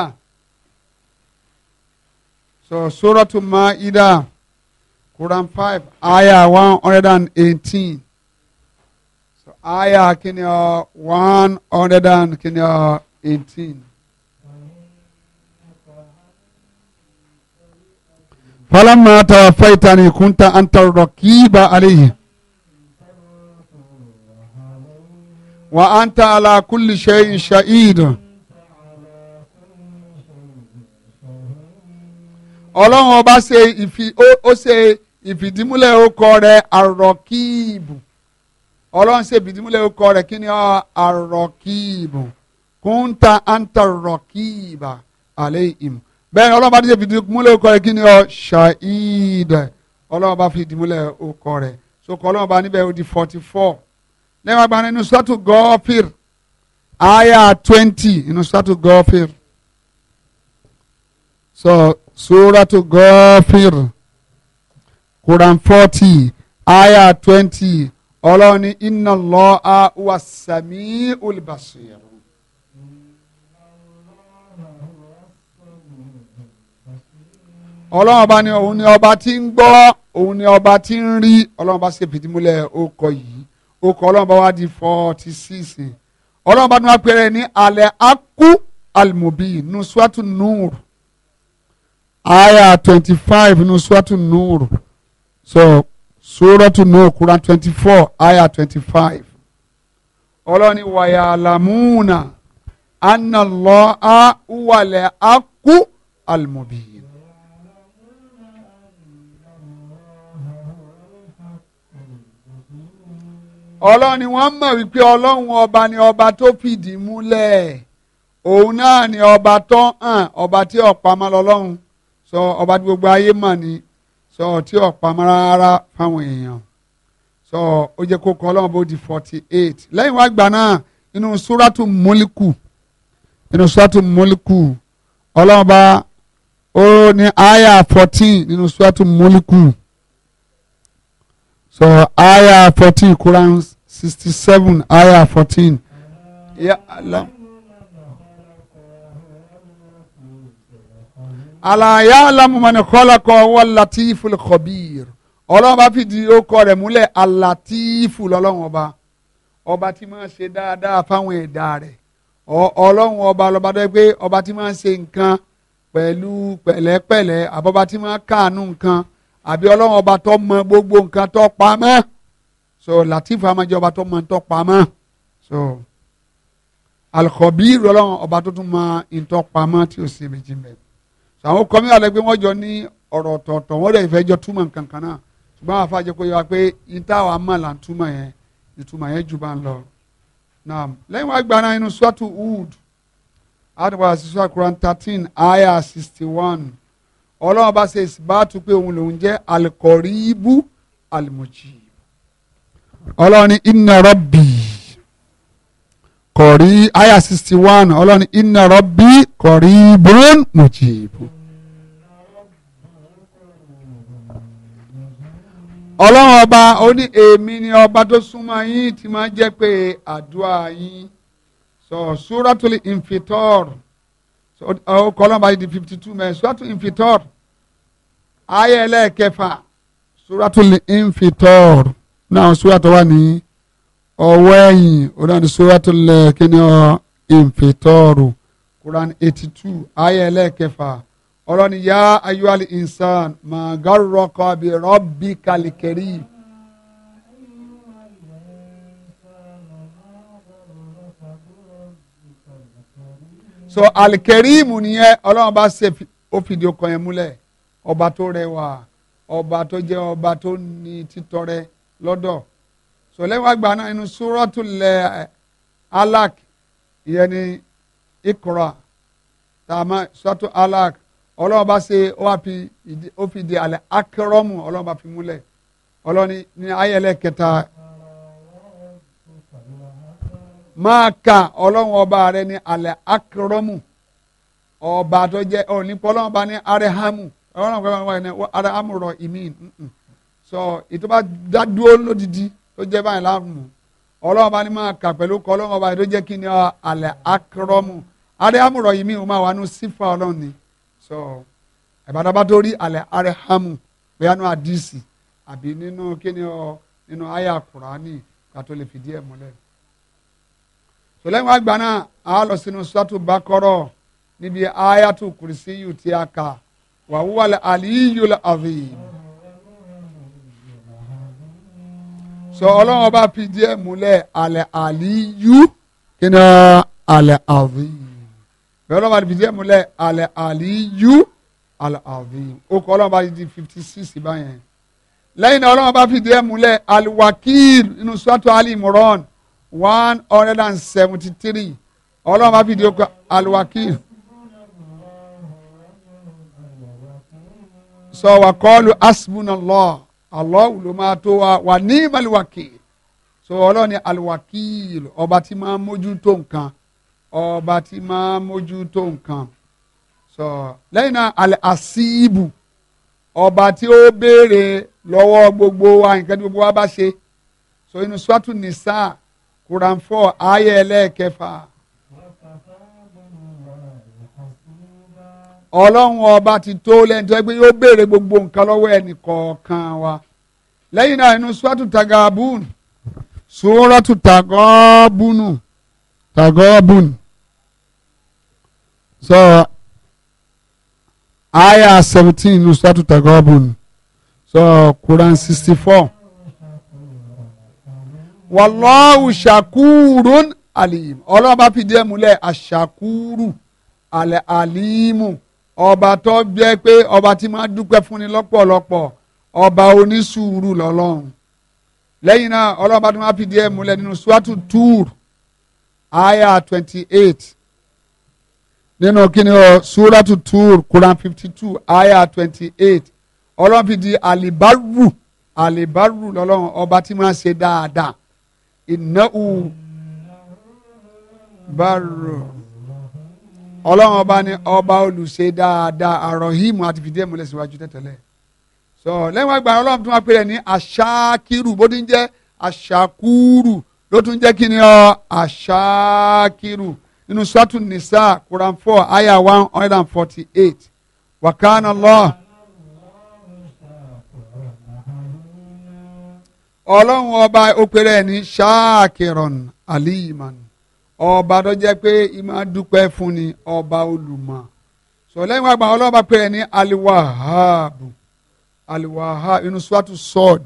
sọ so, suratu ida Quran five ayah one hundred and eighteen so ayah kíni ọ one hundred and kíni ọ eighteen. فلما توفيتني كنت أنت الرقيب عليهم وأنت على كل شيء شهيد ọlọ́run ọba ṣe ìfi ó ṣe ìfìdímúlẹ̀ orúkọ rẹ̀ àròkìbù ọlọ́run ṣe ìfìdímúlẹ̀ orúkọ rẹ̀ kí ni àròkìbù kúńtà àǹtà àlẹ́ ìmù bẹ́ẹ̀ ni ọlọ́run bá ti ṣe fìdí múlẹ̀ okọ rẹ̀ kí ni ọ ṣàìdà ọlọ́run bá fìdí múlẹ̀ okọ rẹ̀ sokọ ọlọ́run níbẹ̀ ó forty four lẹ́wọ̀n gbaná inú sọ́tù gọ́ọ́fìr àyà twenty inú sọ́tù gọ́ọ́fìr sọ sóràtù gọ́ọ́fìr Quran forty àyà twenty ọlọ́run ní inna Allaha huwa sami'ul basir. ọlọ́run ọba ni òun ni ọba tí ń gbọ́ òun ni ọba tí ń rí ọlọ́run ọba ṣe fìdímúlẹ̀ okọ̀ yìí okọ̀ ọlọ́run ọba wa di forty six ọlọ́run ọba ni wọ́n pèrè ní alẹ́ akú alimobi nusuatu nur aya twenty five nusuatu nur so suratu nur Quran twenty four aya twenty five ọlọ́run ni wàyàlámùnà anàlọ́ àwàlẹ̀ akú alimobi ọlọ́run ni wọ́n mọ̀ wípé ọlọ́run ọba ni ọba tó fìdí múlẹ̀ òun náà ni ọba tó hàn ọba tí ọ̀pamọ́ lọ́lọ́run sọ ọba tí gbogbo ayé mọ̀ ni sọ tí ọ̀pamọ́ rárá fáwọn èèyàn sọ ó jẹ́ kókó ọlọ́run bó di forty eight lẹ́yìn wá gbà náà inú súrátù múlíkù inú súrátù múlíkù ọlọ́run bá ó ní àyà fourteen nínú súrátù múlíkù. So ayah fourteen Quran sixty seven ayah fourteen. Ya Allah. Ala ya'lamu man khalaqa huwa al-latiful khabir. Ọlọ́run bá fìdí okọ rẹ̀ múlẹ̀ al-latifu lọ́lọ́run ọba. Ọba tí máa ń ṣe dáadáa fáwọn ẹ̀dá rẹ̀. Ọlọ́run ọba lọ́ba dẹ́ pé ọba tí máa ṣe nǹkan pẹ̀lú pẹ̀lẹ́pẹ̀lẹ́ àbọ̀bá tí máa káànú nǹkan àbí ọlọ́run ọba tó mọ gbogbo nǹkan tó pamọ́ so latif amajẹ ọba tó mọ tó pamọ́ so alikọbi ọlọ́run ọba tó tún mọ ntọ́ pamọ́ tí o sì méjì mẹ́ so àwọn kọ́mí alẹ́gbẹ́ wọn jọ ní ọ̀rọ̀ ọ̀tọ̀ọ̀tọ̀ wọn dẹ̀ ìfẹ́ jọ túmọ̀ nǹkan kan náà ṣùgbọ́n àwọn afáàjẹ kò yẹ wa pé níta wàá mọ̀ là ń túmọ̀ yẹn ìtumọ̀ yẹn jù bá ń lọ lẹ́yìn wàá gbaná inú swatu wood àdùbọ̀ àṣìṣe àkùrọ̀ thirteen ayah sixty one ọlọ́run bá ṣe ìsìbátu pé òun lòun jẹ́ alikọ̀ríbù alimujib ọlọ́run ní inna rabbi kọ̀rí àyà sixty one ọlọ́run ní inna rabbi kọ̀ríbùn mujib ọlọ́run ọba ó ní èmi ni ọba tó súnmọ́ yín tí máa jẹ́ pé àdúrà yín sọ súrátùlì ìfitọ́rù ọkọ̀ ọlọ́run bá yìí di fifty two mẹ́rin súrátùlì ìfitọ́rù ayé ẹlẹ́ẹ̀kẹfà suratul infitor náà suratọ̀ wà ní ọwọ́ ẹ̀yìn onáni suratul kíni ọ infitoru quran eighty two ayé ẹlẹ́ẹ̀kẹfà ọlọ́ni yá ayúwálì insan màgàrọ́kọ bí rọ́bì kàlìkẹ́rì. so alikẹ́rìmù nìyẹn ọlọ́run bá ṣe ó fìdí ọkàn yẹn múlẹ̀. ọba tó rẹwà ọba tó jẹ́ ọba tó ní títọrẹ lọ́dọ̀ sọlẹ́wàgbà náà inú súrọ́tulẹ̀ alak ìyẹn ni ikra tààmà sọ́tù alak ọlọ́run bá ṣe ó fi di alẹ́ akérọ́mù ọlọ́run bá fi múlẹ̀ ọlọ́run ní ayẹlẹ́ kẹta máa ka ọlọ́run ọba rẹ ní alẹ́ akérọ́mù ọba tó jẹ́ òní pọ́lọ́run bá ní arẹ́hámù. ọlọ́run pẹ́ máa wáyé náà ara amúrọ̀ ìmíì sọ ètò bá dádúró lódìdí tó jẹ́ báyìí láàmú ọlọ́run bá ní máa kà pẹ̀lú kọ́ ọlọ́run ọba tó jẹ́ kí ni alẹ́ ah, akérọ́mù ara amúrọ̀ ìmíì ó máa wà nù sífà ọlọ́run ni sọ ìbádọ́bá tó rí alẹ́ arẹ́hámù bóyá nù àdìsí àbí nínú kí ni ọ nínú àyà kùránì ká tó lè fìdí ẹ̀ múlẹ̀ tòlẹ́yìn wá gbà náà lọ sínú sọ́tù bákọ́rọ̀ níbi ayatu kùrìsíyù tí a kà wa huwa al-aliyyul azim. sọ ọlọ́run ọba fi díẹ̀ múlẹ̀ al-aliyyu kíni al-azim. bẹ́ẹ̀ ọlọ́run ọba fi díẹ̀ múlẹ̀ al-aliyyu al-azim. ó kọ́ ọlọ́run ọba yìí di fifty six báyẹn. lẹ́yìn náà ọlọ́run ọba fi díẹ̀ múlẹ̀ al-wakil inú suratu Ali Imran one hundred and seventy three ọlọ́run ọba fi díẹ̀ múlẹ̀ wakil sọ wà kọ́ọ̀lù asbunallah Allah ló máa wa wà ní maliwaki sọ ọlọ́run ni aliwakil ọba tí máa mójútó nǹkan ọba tí máa mójútó nǹkan sọ lẹ́yìn náà al-asibu ọba tí ó béèrè lọ́wọ́ gbogbo wa nǹkan tí gbogbo wa bá ṣe sọ inú swatu nisa Quran four ayé ẹlẹ́ẹ̀kẹfà. ọlọ́run ọba ti tó lẹ́ni tó yẹ pé yóò béèrè gbogbo nǹkan lọ́wọ́ ẹnì kọ̀ọ̀kan wa lẹ́yìn náà inú suratu tagabun suratu tagabunu tagabun so aya seventeen inú suratu tagabun so Quran sixty four wàlọ́hù ṣàkúrún àlìyìn ọlọ́run bá fìdí ẹ̀ múlẹ̀ àṣàkúrù àlẹ́ àlìyìmù ọba tó jẹ́ pé ọba tí máa dúpẹ́ fúnni lọ́pọ̀lọpọ̀ ọba onísùúrù lọ́lọ́run lẹ́yìn náà ọlọ́ba tó máa fìdí ẹ̀ múlẹ̀ nínú suwatu tur aya twenty eight nínú kíni ọ suratu tur quran fifty two aya twenty eight ọlọ́run fìdí alibaru alibaru lọ́lọ́run ọba tí máa ṣe dáadáa ìnáwó baru ọlọ́run ọba ni ọba olùṣe dáadáa àròhìmù àti fìdíẹ̀ múlẹ̀ síwájú tẹ̀tẹ̀lẹ̀ sọ lẹ́wọ̀n ìgbà ọlọ́run tó máa pè rẹ̀ ní àṣàkírù bó ti ń jẹ́ àṣàkúrù ló tún jẹ́ kí ni ọ àṣàkírù nínú sọ́tù nìṣà Quran four ayah one hundred and forty eight wàkánà lọ́ọ̀. ọlọ́run ọba òpèrè ní ṣáàkìrọ̀n aliman ọba tó jẹ́ pé ìmọ̀ dúpẹ́ fún ni ọba olùmọ̀ sọlẹ́yìn wàgbà ọlọ́ba pé ẹni aliwahabu aliwahab inú swatu sọ́ọ̀d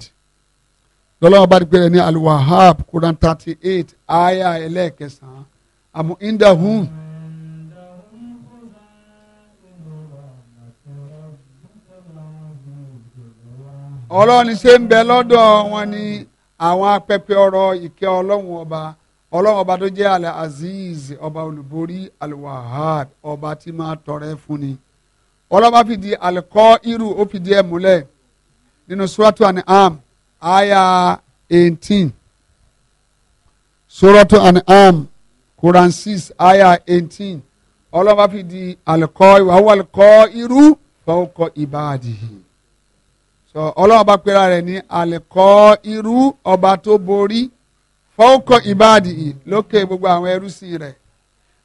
lọ́lọ́wọ́ bá ti pé ní aliwahab Quran thirty aya ẹlẹ́ẹ̀kẹsàn-án àmú indahun. ọlọ́run ṣe ń bẹ lọ́dọ̀ wọn ni àwọn apẹpẹ ìkẹ́ ọlọ́run ọlọ́run ọba tó jẹ́ alẹ́ aziz ọba olùborí alwahab ọba tí máa tọrẹ fúnni ọlọ́ba fìdí alikọ́ irú ó fìdí ẹ̀ múlẹ̀ nínú suratu an am aya eighteen suratu an am quran six aya eighteen ọlọ́ba fìdí alikọ́ ìwà wọ́n alikọ́ irú fọ́ọ̀kọ́ ìbáàdìhì so pera rẹ̀ ní alikọ́ irú ọba tó borí fọ́ọ̀kọ̀ ìbáàdì yìí lókè gbogbo àwọn ẹrú sí rẹ̀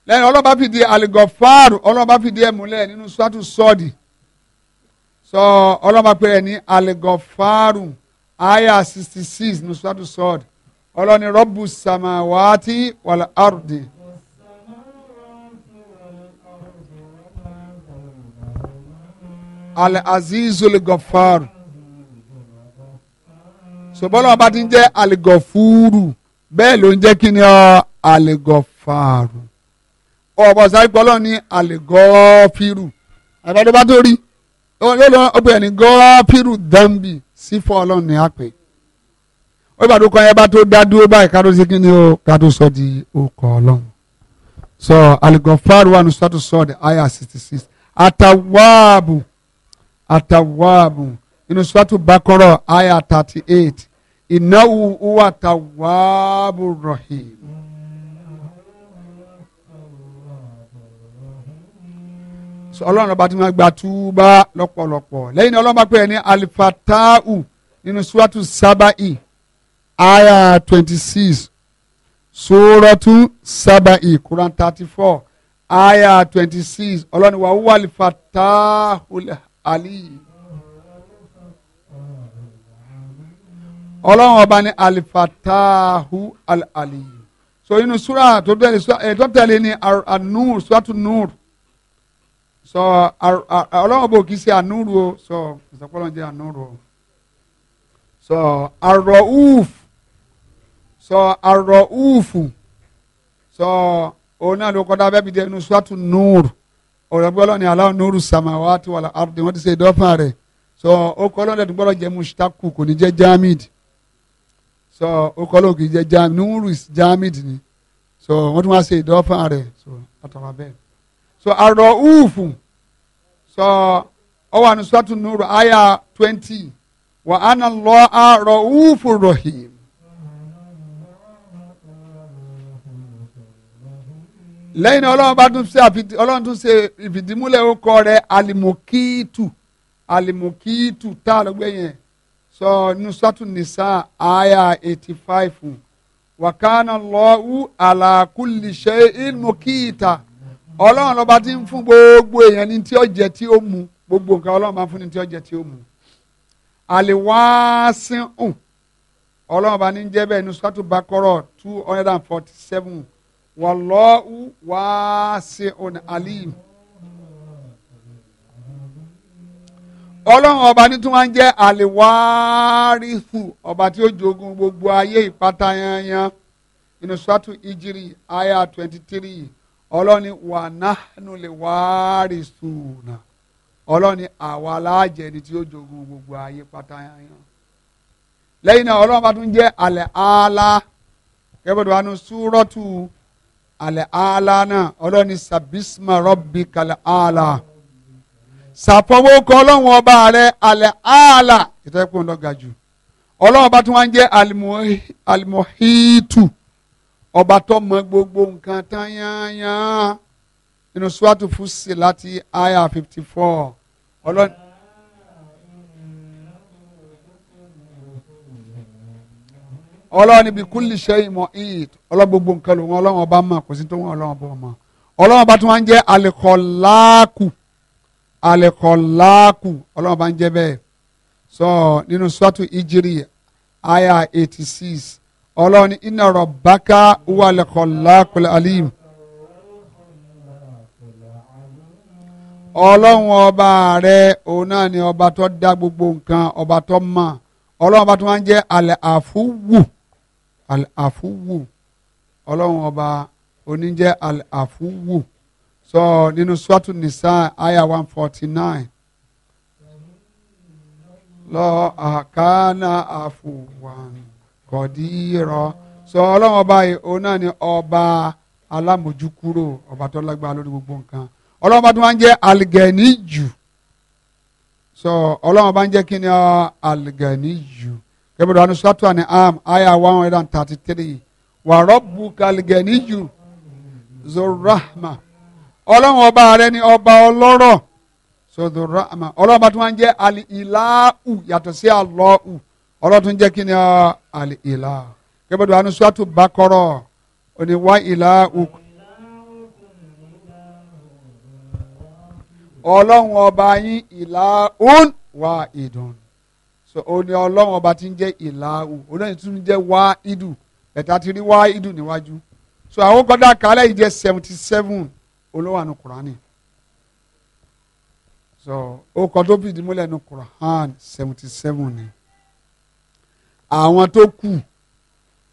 lẹ́yìn ọlọ́ba fìdí aligọ̀fáàrù ọlọ́ba fìdí ẹ̀ múlẹ̀ nínú sọ́tù sọ́ọ̀dì sọ ọlọ́ba pé ẹ̀ ní aligọ̀fáàrù àyà sixty six nínú sọ́tù sọ́ọ̀dì ọlọ́ni rọ́bù sàmáwáátì wàlá àrùdì. al-azizul gọ̀fáàrù sọ bọ́lá ọba ti ń jẹ́ aligọ̀fúrù. So, bẹ́ẹ̀ ló ń jẹ́ kí ni ọ àlègọ́fàrù ọ̀pọ̀ sáyẹ́pẹ́ ọlọ́run ní àlègọ́fìrù àbádọ́ bá tó rí ọgbẹ́ ẹni gọ́fìrù dẹ́mbì sí fún ọlọ́run ní àpè ó bá tó kọ́ ẹ bá tó dá dúró báyìí ká tó ṣe kí ni ó ká tó sọ di okọ̀ ọlọ́run sọ àlègọ́fàrù wà ní sọ́tò sọ́ọ̀dẹ̀ àyà sixty six àtàwáàbù àtàwáàbù inú sọ́tò bákọ́rọ̀ àyà thirty eight innahu huwa tawwabur rahim. ọlọ́run ọba tí wọ́n gba túbá lọ́pọ̀lọpọ̀ lẹ́yìn ọlọ́run bá pè é ní alifataahu nínú suratu sábàì aya twenty six suratu sábàì Quran thirty four aya twenty six ọlọ́run wà wúwo alifataahu aliyu. ọlọ́run ọba ni alifatahu alali so inú sura tó tẹ̀lé ẹ̀ eh, tó tẹ̀lé ni anur suratu nur so ọlọ́run ọba òkì sí o so ìsọpọ́lọ́ jẹ́ anuru o so arọ́ùf so arọ́ùfù so òun náà ló kọ́dá abẹ́bí dẹ́ inú suratu nur ọ̀rọ̀ bí ọlọ́run ni aláwọ̀ nuru samawati wàlá ardi wọ́n ti se ìdọ́fà rẹ̀ so ó kọ́ ọlọ́run ẹ̀dùn gbọ́dọ̀ jẹ́ mushtaku kò ní jẹ́ jamid so orúkọ lóun kì í jẹ́ jami nuris jamid ni so wọ́n tún wá ṣe ìdọ́fà rẹ̀ so àtàwọn bẹ́ẹ̀ so àrò ufu so ọwọ́ àni sọ́tún nuru aya twenty wà á nà lọ àrò ufu rahim. lẹ́yìn ọlọ́run bá tún ṣe ọlọ́run tún ṣe ìfìdímúlẹ̀ orúkọ rẹ̀ alimokitu alimokitu tá a lọ gbé yẹn sọ Nusatu nisa aya eighty five wakana lọ́wọ́ alakuli ṣe ilmukita ọlọ́run lọ́ba ti ń fún gbogbo èèyàn ní tí ó tí ó mu gbogbo nǹkan ọlọ́run máa ń fún ní tí ó tí ó mu àlewàásíhùn ọlọ́run bá ní jẹ́ bẹ́ẹ̀ nusratu bakọ́rọ̀ two hundred and forty seven wọ́lọ́wọ́ wàásíhùn alim. Mm -hmm. ọlọ́run ọba ní tí wọ́n ń jẹ́ àlèwárìsù ọba tí ó jogun gbogbo ayé ìpátá yanyan inú sọ́tù ìjírí àyà twenty three ọlọ́ni wà nánú lè wárí nà ọlọ́ni àwa láàjẹ́ ni tí ó jogun gbogbo ayé pátá yanyan lẹ́yìn náà ọlọ́run ọba tún jẹ́ àlẹ́ àlá kẹ́bọ̀dọ̀ wa nu súrọ́tù àlẹ́ àlá náà ọlọ́ni sàbísímà rọ́bì kàlẹ́ àlá. ṣàfọwọ́kọ ọlọ́run ọba rẹ alẹ́ ààlà ìtẹ́kùn lọ́ga jù ọlọ́run ọba tí wọ́n ń jẹ́ alimohitu ọba tó mọ gbogbo nǹkan tán yányán nínú suwatu fusi láti aya fifty four ọlọ́run. ọlọ́run ibi kúlì ṣe ìmọ̀ ìyìt ọlọ́run gbogbo nǹkan lòun ọlọ́run ọba mọ̀ kò sí tó wọn ọlọ́run ọba mọ̀ ọlọ́run ọba tí wọ́n ń jẹ́ alikọ́láàkù alẹ́kọ̀ọ́láàkù ọlọ́run bá ń jẹ́ bẹ́ẹ̀ sọ nínú sọ́tù ìjírí àyà eighty six ọlọ́run ní iná rọ̀ bákà alim. ọlọ́run ọba rẹ òun náà ni ọba tó dá gbogbo nǹkan ọba tó mọ̀ ọlọ́run ọba tó máa ń jẹ́ alẹ́ àfúwù alẹ́ àfúwù ọlọ́run ọba oníjẹ́ alẹ́ àfúwù so nínú swatu nisa aya one forty nine lọ àkànà àfùwàn kọ̀dírọ̀ so ọlọ́run ọba yìí òun náà ni ọba alámójúkúrò ọba tó lágbára lórí gbogbo nǹkan ọlọ́run ọba tó máa ń jẹ́ àlìgẹ̀ẹ́nì jù so ọlọ́run ọba ń jẹ́ kí ni àlìgẹ̀ẹ́nì jù kẹ́mi lọ́wọ́ ní sọ́tù am aya one hundred and thirty three wà rọ́bù kàlìgẹ̀ẹ́nì jù zorahma ọlọ́run ọba rẹ ni ọba ọlọ́rọ̀ sọdọ rahma ọlọ́run ọba tó máa ń jẹ́ àlè ìlàhù yàtọ̀ sí àlọ́hù ọlọ́run tó ń jẹ́ kí ni àlè ìlàhù kébọ̀dọ̀ àánú sọ́tù bákọ́rọ̀ òní wá ìlàhù. ọlọ́run ọba yín ìlàhùn wá ìdùn so òní ọlọ́run ọba tí ń jẹ́ ìlàhù òní tún jẹ́ wá ìdù ẹ̀ta ti rí wá ìdù níwájú so àwọn kọ́dà kálẹ̀ yìí jẹ́ seventy seven olówó àánú kùránì so orúkọ tó fìdí múlẹ̀ nu kùrán seventy seven ni àwọn tó kù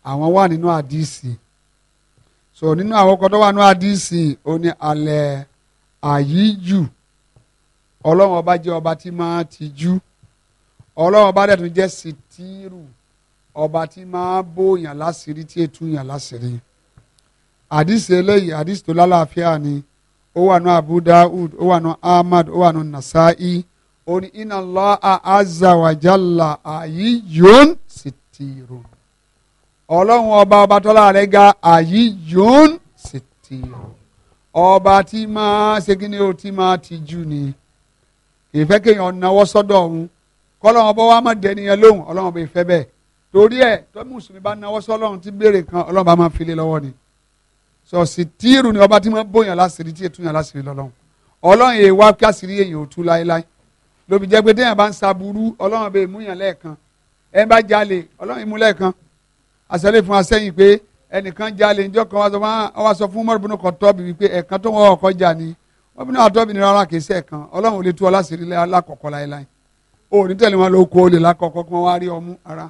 àwọn wà nínú àdìsí so nínú àwọn orúkọ tó wà nínú àdìsí ó ní alẹ́ àyíjù ọlọ́run ọba jẹ́ ọba tí máa tijú ọlọ́run ọba dẹ̀ tún jẹ́ sitiru ọba tí máa bó yàn láṣìírí tí ètú yàn láṣìírí àdìsí eléyìí àdìsí tó lálàáfíà ni ó wà nù Abu Dawud ó wà nù Ahmad ó wà nù Nasa'i ó ní inna Allaha azza wa jalla ayiyyun sitirun ọlọ́run ọba ọba tọ́lá rẹ̀ ga ayiyyun sitirun ọba tí máa ṣe kí ni o tí máa ti jù ni ìfẹ́ kéèyàn náwó sọ́dọ̀ ọ̀hún kọ́lọ́run ọba wa má dẹni yẹn lóhùn ọlọ́run ọba ìfẹ́ bẹ́ẹ̀ torí ẹ̀ tó mùsùlùmí bá náwó sọ́lọ́run tí béèrè kan ọlọ́run bá máa fi lọ́wọ́ ni sọ̀sì tíìrù ni ọba tí wọ́n bóyàn láṣìírí tí ètò yàn láṣìírí lọ́lọ́run ọlọ́run yìí wá kí àṣírí èèyàn ò tú láéláé lóbi jẹ́ pé téèyàn bá ń saburú ọlọ́run bẹ́ẹ̀ múyàn lẹ́ẹ̀kan ẹ̀ ń bá jalè ọlọ́run yìí mú lẹ́ẹ̀kan àṣẹlẹ̀ fún asẹ́yìn pé ẹnìkan jalè ńjọ́ kan wá sọ fún mọ́rùbùnú kan tọ́bi wípé ẹ̀ẹ̀kan tó wọ́n ọkọ̀ jà ni wọ́n bí náà tọ́bi ní rárá kìí sẹ́ ẹ̀kan ò lè tú ọ láṣìírí lákọ̀ọ́kọ́ láéláé ara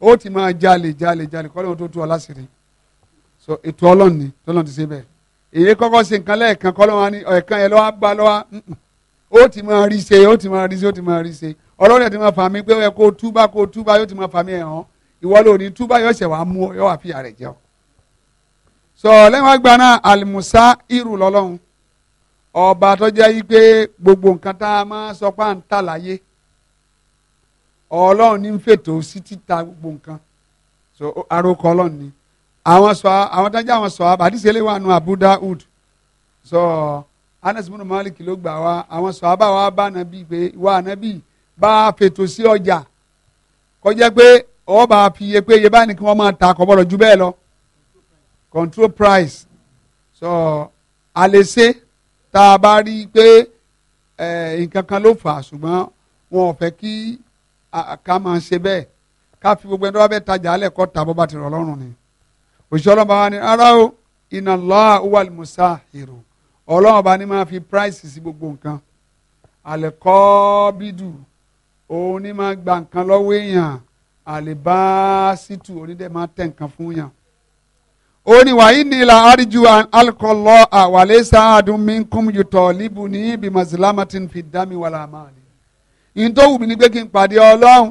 o ti máa jalè jalè jalè kọ́lé wọn tó tú ọ so ètò ọlọ́run ni tọ́lọ́run ti ṣe bẹ́ẹ̀ èyí kọ́kọ́ ṣe nǹkan lẹ́ẹ̀kan kọ́lọ́wọ́n ni ẹ̀ẹ̀kan yẹn lọ́wọ́ gbá lọ́wọ́ ó ti máa rí ṣe ó ti máa rí ṣe ó ti máa rí ṣe ọlọ́run ẹ̀ ti máa fà mí pé ó yẹ kó túbá kó túbá yóò ti máa fà mí ẹ̀ hàn ìwọ ló ní túbá yóò ṣẹ̀ wá mú ọ yóò wá fìyà rẹ̀ jẹun. sọ lẹ́yìn wá gba náà àlùmùsá irú lọ́lọ́run ọba tó jẹ́ yí pé gbogbo nǹkan tá a máa sọ pá ń tà láyé ọlọ́run ní ń fètò sí títa gbogbo nǹkan so àròkọ ọlọ́run ni àwọn sọ àwọn tó ń jẹ́ àwọn sọ àbàdìsí eléyìí wà nù Abu Daud sọ Anas bin Malik ló gbà wá àwọn sọ àbá wa bá nàbí pé wà nàbí bá fètò sí ọjà kọjá pé ọba fi iye pé iye báyìí ni kí wọ́n máa ta kọ́bọ̀rọ̀ ju bẹ́ẹ̀ lọ control price sọ àlèsè tá a bá rí i pé nǹkan kan ló fà á ṣùgbọ́n wọn ò fẹ́ kí ká máa ṣe bẹ́ẹ̀ ká fi gbogbo ẹni tó bá fẹ́ tajà á lẹ̀ ta bó bá ti rọ̀ lọ́rùn ni òṣìṣẹ́ ọlọ́run bá wà ní ara o iná lọ́à wà lùmùsà èrò ọlọ́run bá ní máa fi price sí gbogbo nǹkan àlẹ́kọ́ bídù òun ní máa gba nǹkan lọ́wọ́ èèyàn àlèbá sítù onídẹ̀ máa tẹ̀ nǹkan fún yàn ó ní wàá yìí ní ilà àríjù alukọlọ àwàlẹ sáàdùn mi kún yùtọ níbu ní ibi màsílámàtì fi dá mi wàlà máa ní. ìtòwù mi ni pé kí n pàdé ọlọ́run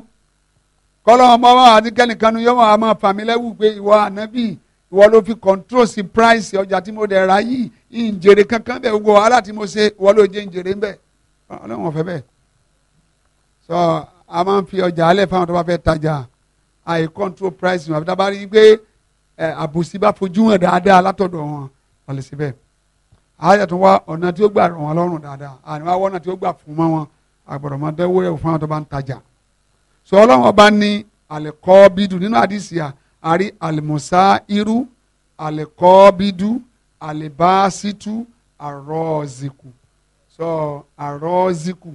kọ́lọ́run bá wà á ní kẹ́nìkan pé ìwọ ànábì ìwọ ló fi control sí price ọjà tí mo dẹ̀ ra yìí ìjèrè kankan bẹ́ẹ̀ gbogbo wàhálà tí mo ṣe ìwọ ló jẹ́ ìjèrè ń bẹ̀ ọlọ́run ọ̀fẹ́ bẹ́ẹ̀ sọ a máa ń fi ọjà alẹ́ fáwọn tó bá fẹ́ tajà àì control price wọn àbí tá a bá rí i pé àbòsí bá fojú hàn dáadáa látọ̀dọ̀ wọn wọ́n lè ṣe bẹ́ẹ̀ àyà tó wá ọ̀nà tí ó gbà ràn wọ́n lọ́rùn dáadáa àní wá wọ́nà tí ó gbà fún wọn àgbọ̀dọ̀ máa dẹ́wọ́ tó bá ń tajà sọ ọlọ́run ọba ní àlẹ́kọ́ bídùn nínú àdìsí ari alimusa iru alikọbidu alibasitu aroziku so aroziku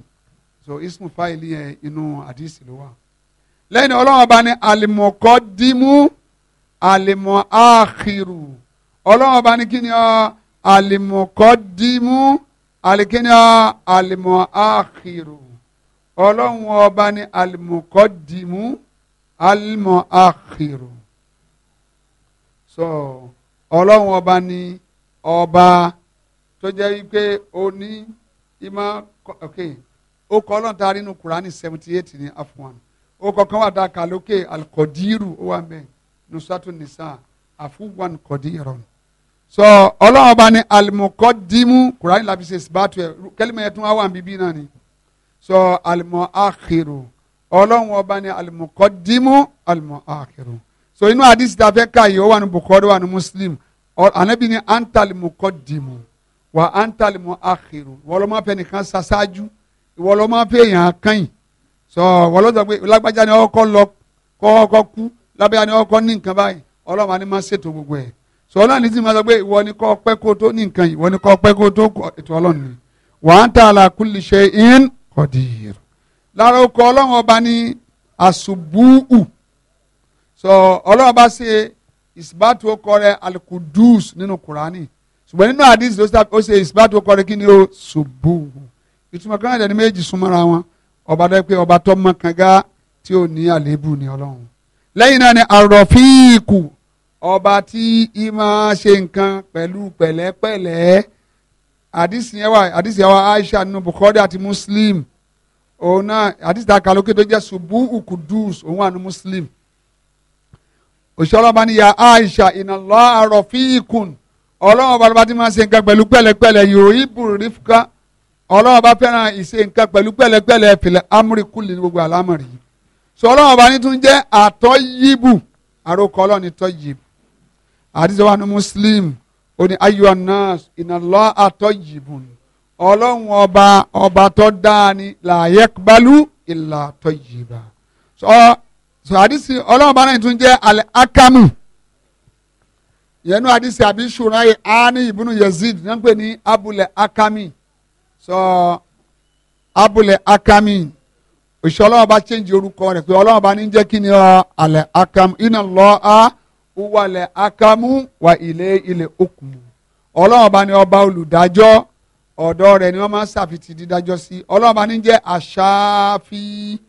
so ismu fáìlì yẹn inú àdìsí ló wà. lẹ́yìn ọlọ́run ọba ní alimọ̀kọ́dímú alimọ̀ áàkìrù ọlọ́run ọba ní kíni ọ alimọ̀kọ́dímú alikíni ọ alimọ̀ áàkìrù ọlọ́run ọba ní alimọ̀kọ́dímú alimọ̀ so ọlọ́run ọba ni ọba tó jẹ́ wípé ó ní ìmọ̀ okay ó kọ́ ọlọ́run tá a rí inú kùránì seventy eight ní afuwan ó kọ́ kán wà dá a lókè alikọ́dírù ó wà mẹ́ nusratu nisa afuwan kọ́dírù so ọlọ́run ọba ni alimọ́kọ́dímù Kurani làbí ṣe bàtú ẹ̀ kẹ́lìmọ̀ yẹn tún wá wà bíbí náà ni so alimọ́ àkèrò ọlọ́run ọba ni alimọ́kọ́dímù alimọ́ akiru so inú àdìsí ta fẹ́ ká yìí ó wà ní Bukhari wà ní Muslim anabi ni antali mu kọ́ dìmú wà antali mu àkìrù wọ́lọ́mọ́ fẹ́ nìkan ṣaṣáájú wọ́lọ́mọ́ fẹ́ yàn án kàn yìí so wọ́lọ́dọ̀ pé lágbájá ni ọkọ lọ kọ́kọ́ kú lábẹ́yà ni ọkọ ní nǹkan báyìí ọlọ́run àni máa ṣètò gbogbo ẹ̀ so ọlọ́run ní ti máa sọ pé ìwọ ni kọ́ pẹ́ kó tó ní nǹkan yìí ìwọ ni kọ́ pẹ́ kó tó ètò ọlọ́run ni wà á ń ta àlà kulli shay'in qadir lára oko ọlọ́run ọba ni àṣùbùú so ọlọ́run bá ṣe ìsìbátu ọkọ rẹ alikudus nínú kurani ṣùgbọ́n nínú hadith ó ṣe ìsìbátu ọkọ rẹ kí ni ó ṣubú ìtumọ̀ kan ẹ̀dẹ̀ ni méjì súnmọ́ra wọn ọba dẹ́ pé ọba tó mọ kanga tí ò ní àléébù ní ọlọ́run lẹ́yìn náà ni arọ̀fíìkù ọba tí í máa ṣe nǹkan pẹ̀lú pẹ̀lẹ́pẹ̀lẹ́ hadith yẹn wà hadith yẹn wà Aisha nínú Bukhari àti Muslim òun náà hadith ta kàlókè tó jẹ́ ṣubú ukudus òun wà ní Muslim òṣìṣẹ́ ọlọ́ba ní ya Aisha inna Allaha rafiqun ọlọ́run ọba ọba ti máa ṣe nǹkan pẹ̀lú pẹ̀lẹ́pẹ̀lẹ́ yòóyì bùrùrífúkà ọlọ́run ọba fẹ́ràn ìṣe nǹkan pẹ̀lú pẹ̀lẹ́pẹ̀lẹ́ fìlẹ̀ amúrikúlì gbogbo àlámọ̀rì yìí sọ ọlọ́run ọba ní tún jẹ́ àtọ́yíbù àròkọ ọlọ́run ní tọ́yíbù àdìsọ wa ní muslim ó ní ayọ̀ so àdìsí ọlọ́run bá náà tún jẹ́ alẹ́ akamu yẹnu àdìsí àbí ṣùgbọ́n ayé ani ibùnú Yazid náà ni pè ní akami so abulẹ̀ akami òṣìṣẹ́ ọlọ́run bá change orúkọ rẹ̀ pé ọlọ́run bá ní jẹ́ kí ni alẹ́ akamu iná lọ́ a wàlẹ̀ akamu wà ilé ilẹ̀ okùn ọlọ́run bá ní ọba olùdájọ́ ọ̀dọ́ rẹ̀ ni wọ́n máa ń ṣàfitì dídájọ́ sí ọlọ́run bá ní jẹ́ àṣàfihàn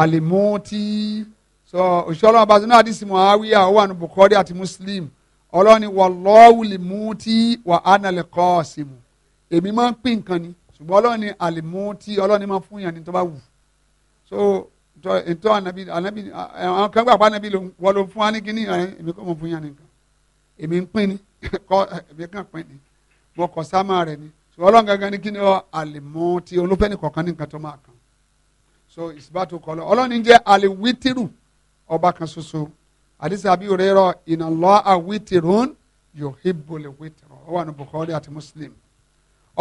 alimuti so òṣìṣọ́lọ́ abazin náà àdìsí muawiya ó wà ní bukhari àti muslim ọlọ́ni wallahu limuti wà ánàlẹ́kọ́ọ̀sìmù èmi máa ń pín nǹkan ni ṣùgbọ́n ọlọ́ni alimuti ọlọ́ni máa fún yàn ní tó bá wù so ntọ́ anabi anabi àwọn kan gbà pa anabi wọ́n ló fún wa ní kíní ẹ̀ èmi kò mọ̀ fún yàn nìkan èmi ń pín ni kọ́ èmi kàn pín ni mo kọ̀ sámà rẹ̀ ni ṣùgbọ́n ọlọ́run gangan ní kíní ọ alimuti olùfẹ́ nìkọ̀ọ̀kan ní nǹkan tó máa kàn so ìsìbátò kọ́ lọ ọlọ́ni jẹ́ aliwitiru ọba kan ṣoṣo àdìsí abiyore rọ ìnàlọ́ awitirun yohibole witirun ó wà ní bukhari àti muslim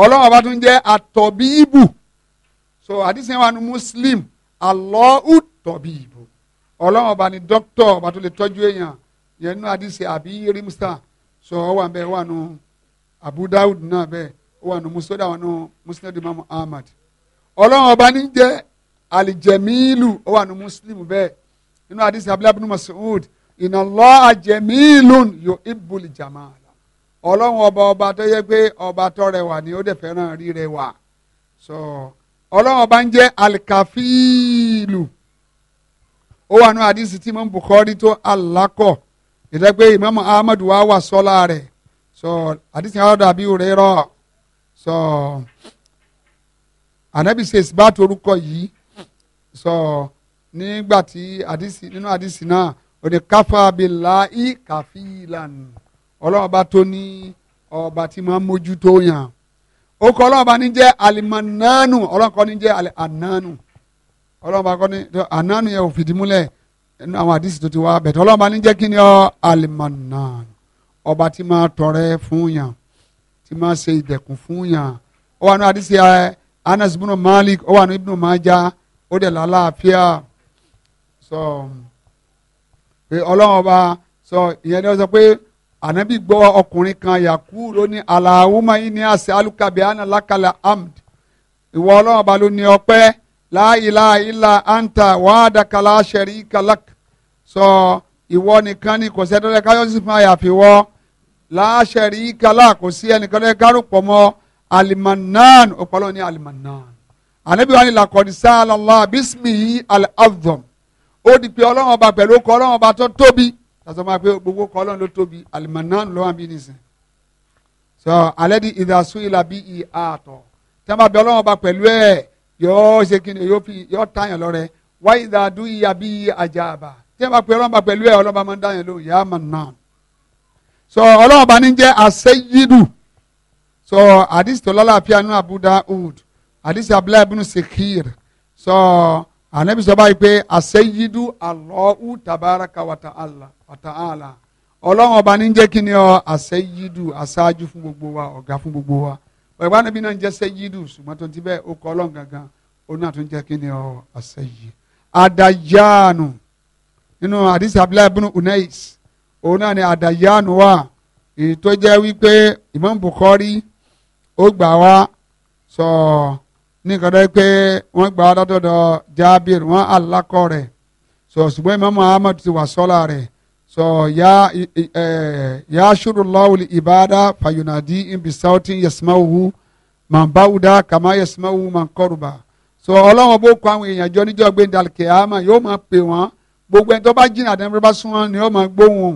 ọlọ́run ọba tún jẹ́ atọ́bí ibù so àdìsí wa ní muslim alọ́ọ̀ tọ́bí ibù ọlọ́run ọba ní dókítọ̀ ọba tó lè tọ́jú èèyàn yẹn nínú àdìsí àbí rímsà sọ ọ wà bẹ́ẹ̀ wà nù Abu Dawud náà bẹ́ẹ̀ ó wà nù musoda wà nù musnad imam Ahmad ọlọ́run ọba ní jẹ́ alijẹmiilu ó wà ní muslim bẹ́ẹ̀ nínú hadith abdullahi bin masoud inna Allah jamiilun yuhibbul jamal ọlọ́run ọba ọba tó yẹ pé ọba tó rẹwà ni ó dẹ̀ fẹ́ràn rírẹwà so ọlọ́run ọba ń jẹ́ alikafiilu ó wà ní hadith tí imam bukhari to alákọ̀ ìdẹ́ pé imam Ahmadu wà wà sọ́la rẹ̀ so hadith yàrá dàbí rẹ̀ rọ̀ so anabi says bá torúkọ yìí sọ nígbà tí àdìsí nínú àdìsí náà ó ní káfá abilà í kàfí ìlànà ọlọ́run ọba tó ní ọba tí máa ń mójútó yàn ó kọ ọlọ́run ọba ní jẹ́ alimananu ọlọ́run kọ́ ní jẹ́ ananu ọlọ́run ọba kọ́ ní ananu yẹn ò fìdí múlẹ̀ nínú àwọn àdìsí tó ti wá bẹ̀tẹ̀ ọlọ́run ọba ní jẹ́ kí ni ọ alimananu ọba tí máa tọrẹ fún yàn tí máa ṣe ìdẹ̀kùn fún yàn ó wà ní àdìsí eh, Anas ibn Malik ó wà ní ibn Majah ó dẹ̀ lálàáfíà sọ pé ọlọ́run ọba sọ ìyẹn ni wọ́n sọ pé ànábì gbọ́ ọkùnrin kan yakú ló ní aláwùmá yìí ní àṣẹ alùkàbí àná lákàlà amd ìwọ ọlọ́run ọba ló ní ọpẹ́ láìlá ilà àǹtà wàádàkàlà àṣẹrí kàlák sọ ìwọ nìkan ni kò sẹ́dọ̀lẹ́ káyọ̀sí fún àyàfi wọ́ láṣẹrí kàlá kò sí ẹnìkan lẹ́ẹ̀ kárùpọ̀ mọ́ alimannan ọ̀pọ̀lọ́ ní alimannan ànábì wa ni làkọ̀dí sáàlọ́lá bísímì al-azam O di pé ọlọ́run ọba pẹ̀lú ọkọ̀ ọlọ́run ọba tó tóbi tàṣọ máa pé gbogbo ọkọ̀ ọlọ́run ló tóbi alimanna ló wà bí nìsín. sọ alẹ́ di ìdású ìlà bí i àtọ̀ tẹ́ máa bẹ ọlọ́run ọba pẹ̀lú ẹ̀ yóò ṣe kí ni yóò fi yóò tààyàn lọ́rẹ́ wá ìdádú ìyá bí i àjà àbà tẹ́ máa pẹ ọlọ́run ọba pẹ̀lú ẹ̀ ọlọ́run ọba máa ń dáyàn lóhùn yá mà náà. sọ ọlọ́run ọba ní jẹ́ àṣẹyídù sọ àdìsítọ́lá láàfin àánú àbúdá àdìsí abdullahi bin sekir sọ anabi sọ báyìí pé àṣeyídú Allahu tabaraka wa ta'ala wa ta'ala ọlọ́run ọba ní jẹ́ kí ni ọ àṣeyídú aṣáájú fún gbogbo wa ọ̀gá fún gbogbo wa ọ̀gá níbi náà ń jẹ́ ṣeyídú ṣùgbọ́n tó ti bẹ́ẹ̀ ó kọ́ ọlọ́run gangan ó náà tún jẹ́ kí ọ àṣeyí. àdàyánu nínú àdìsí abdullahi bin unais òun náà ni àdàyánu wa èyí tó jẹ́ wípé Imam Bukhari ó gbà wá sọ. So, ní nǹkan dẹ́ pé wọ́n gba adádọ́dọ̀ Jabir wọ́n alákọ̀ rẹ̀ sọ ṣùgbọ́n Imam Ahmad ti wà sọ́la rẹ̀ sọ yá yá ṣùrùláwù ìbáadá fàyọ̀nàdí ibi sautin yasmahu màbáwùdá kàmá yasmahu màkọ́rùbà sọ ọlọ́wọ́n bó kọ àwọn èèyàn jọ níjọ́ gbẹ̀ndàl kìámà yóò máa pè wọ́n gbogbo ẹni tó bá jìnnà àdánwó bá sún wọn ni yóò máa gbóhùn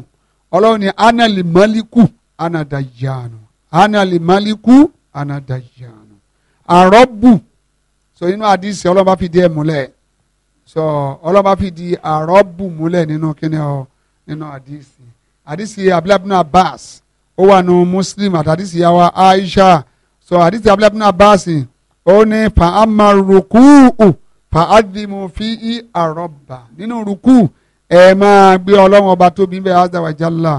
ọlọ́run ni anali maliku anadayanu anali maliku anadayanu arọ́bù so inú àdìsí ọlọ́ba fìdí ẹ̀ múlẹ̀ so ọlọ́ba fìdí àrọ́bù múlẹ̀ nínú kíni ọ nínú àdìsí àdìsí abilabinu Abbas ó wà nù Muslim àti àdìsí yàwá Aisha so àdìsí abilabinu Abbas ó ní fàámarukú fàádìmù fi í àrọ́bà nínú ruku ẹ máa gbé ọlọ́run ọba tóbi bẹ́ẹ̀ azawajalla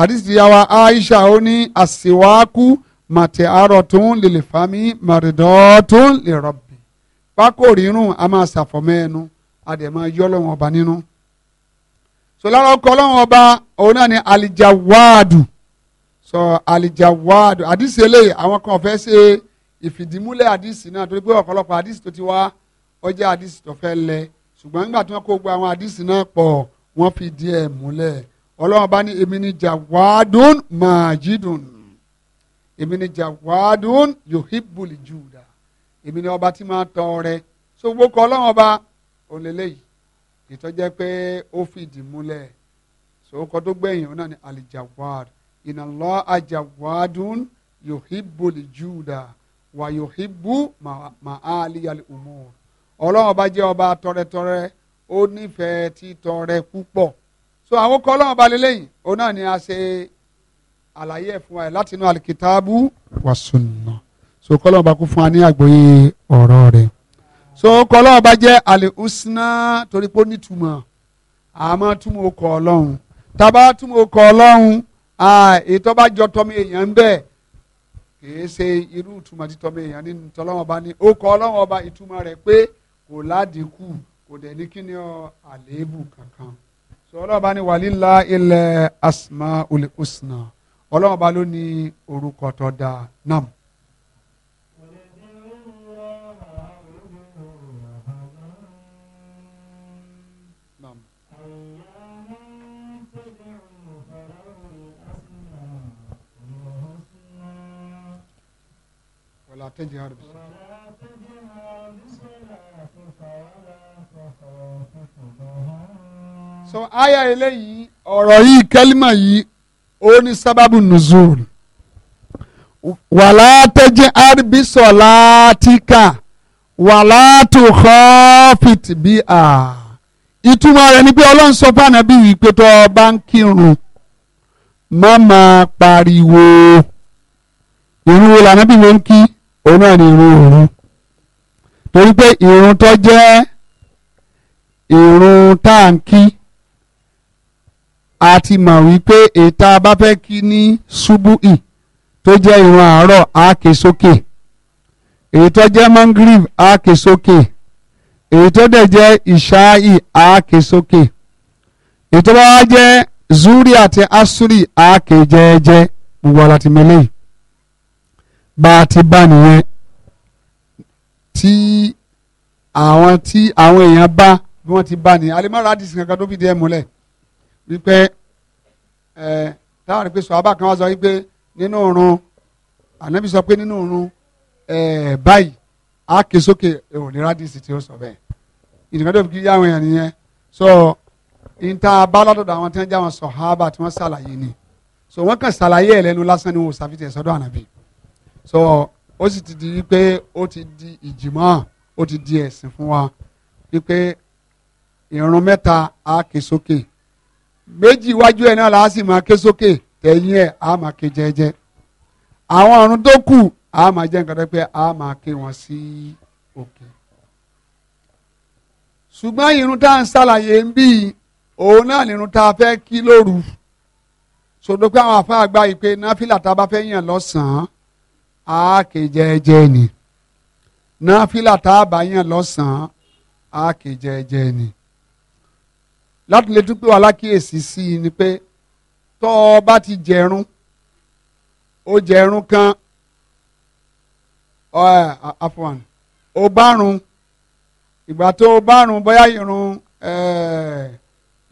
àdìsí yàwá Aisha ó ní àsìwákú màtí àrọ̀ tó ń lè lè fami màrìdọ́ tó lè rọ̀bà pákó rírùn a máa ṣàfọ̀mọ́ ẹnu a dẹ̀ máa yọ ọlọ́run ọba nínú. sọ ọkọ ọlọ́run ọba òun náà ni alijawaadu sọ alijawaadu àdìsí eléyìí àwọn kan fẹ́ ṣe ìfìdímúlẹ̀ àdìsí náà torí pé ọ̀pọ̀lọpọ̀ àdìsí tó ti wá ọjà àdìsí tó fẹ́ lẹ ṣùgbọ́n nígbà tí wọ́n kó gba àwọn àdìsí náà pọ̀ wọ́n fi díẹ̀ múlẹ̀ ọlọ́run bá ní èmi ni jawadun majidun èmi ni jawadun yohibbul jud èmi ni ọba tí máa tán ọrẹ so gbogbo kọ ọlọ́run ọba òlélẹ́yìí ìtọ́jẹ́ pé ó fìdí múlẹ̀ so ó kọ tó gbẹ̀yìn ó náà ní alijawad ìnàlọ́ ajawadun yohibu lijuda wa yohibu ma umur ọlọ́run ọba jẹ́ ọba tọrẹtọrẹ ó nífẹ̀ẹ́ títọrẹ púpọ̀ so àwọn kọ ọlọ́run ọba lélẹ́yìn ó náà ní a ṣe àlàyé ẹ̀ fún wa látinú alikitaabu wa sunna so kọ́lọ́ọ̀bá kó fún wa ní àgbọ́yé ọ̀rọ̀ rẹ̀ so kọ́lọ́ọ̀bá jẹ́ àlè usna torí pé ó nítumọ̀ àmọ́ túmọ̀ okọ̀ ọlọ́run tábà túmọ̀ okọ̀ ọlọ́run ètò bá jọ tọ́mọ èèyàn ń bẹ kìí ṣe irú ìtumọ̀ tí tọ́mọ èèyàn nínú tọ́lọ́wọ́n bá ní okọ̀ ọlọ́run ọba ìtumọ̀ rẹ̀ pé kò ládìkù kò dẹ̀ ní kíni ọ àléébù kankan sọ ọlọ́ọ̀bá ni asma olùkùsùnà ọlọ́ọ̀bá ló ní orúkọ tó ولا تجهر بالصلاة so aya eléyìí ọ̀rọ̀ yìí kẹ́límà yìí ó ní sábàbù nùzúl wàlá tẹ́jẹ́ àrùbísọ̀ látìkà wàlá tó kọ́fìtì bí a. ìtumọ̀ rẹ̀ ni pé ọlọ́run sọ fún ànábì wípé tó o bá ń kírun má máa pariwo ìrúwò lànábì ló ń kí òun náà ni irun òru torí pé irun tó jẹ́ irun táǹkì a ti mọ̀ wípé ètà bá fẹ́ ní ṣubúì tó jẹ́ irun àárọ̀ a ké sókè èyí tó jẹ́ mangrib a ké sókè èyí tó dẹ̀ jẹ́ ìṣááì a ké sókè èyí tó bá wá jẹ́ zuri àti asuri a ké jẹ́ẹ́jẹ́ gbogbo ọ̀la bá a ti bá nìyẹn tí àwọn tí àwọn èèyàn bá bí wọ́n ti bá nìyẹn alimọ́ra àdìsí kankan tó fi di ẹ̀ múlẹ̀ wípé ẹ táwọn àrùn pé sọ abá kan wá sọ wípé nínú òrun ànábì sọ pé nínú òrun ẹ báyìí a ké sókè èrò ní rádìsì tí ó sọ bẹ́ẹ̀ ìdìgbà tó fi kí yáwọn èèyàn nìyẹn sọ níta bá àwọn tí wọ́n jẹ́ àwọn sọ̀hábà tí wọ́n ṣàlàyé ni so wọ́n kàn ṣàlàyé ẹ̀ lẹ́nu lásán ni wọ́n ò ṣàfihàn sọ́dọ̀ ànábì so ó sì ti di wípé ó ti di ìjìmọ́ ó ti di ẹ̀sìn fún wa wípé ìrun mẹ́ta á ké sókè méjì iwájú ẹ̀ náà là á sì máa ké sókè tẹ̀yìn ẹ̀ á máa ké jẹ́jẹ́ àwọn ọ̀run tó kù á máa jẹ́ nǹkan tó pé á máa ké wọn sí òkè ṣùgbọ́n irun tá à ń ṣàlàyé ń bí òun náà nírun tá a fẹ́ kí lóru sọdọ́ pé àwọn àfáà gba ìpè náfìlà tá a bá fẹ́ yàn lọ́sàn-án á ni náfìlà tá a bá yàn lọ́sàn-án á ni láti lè tún pé wàhálà kíyèsí sí i ni pé tọ́ ọ bá ti jẹ̀rún ó jẹ̀rún kan ọ ẹ afọ̀n ó bárun ìgbà tó o bárun bóyá irun eh,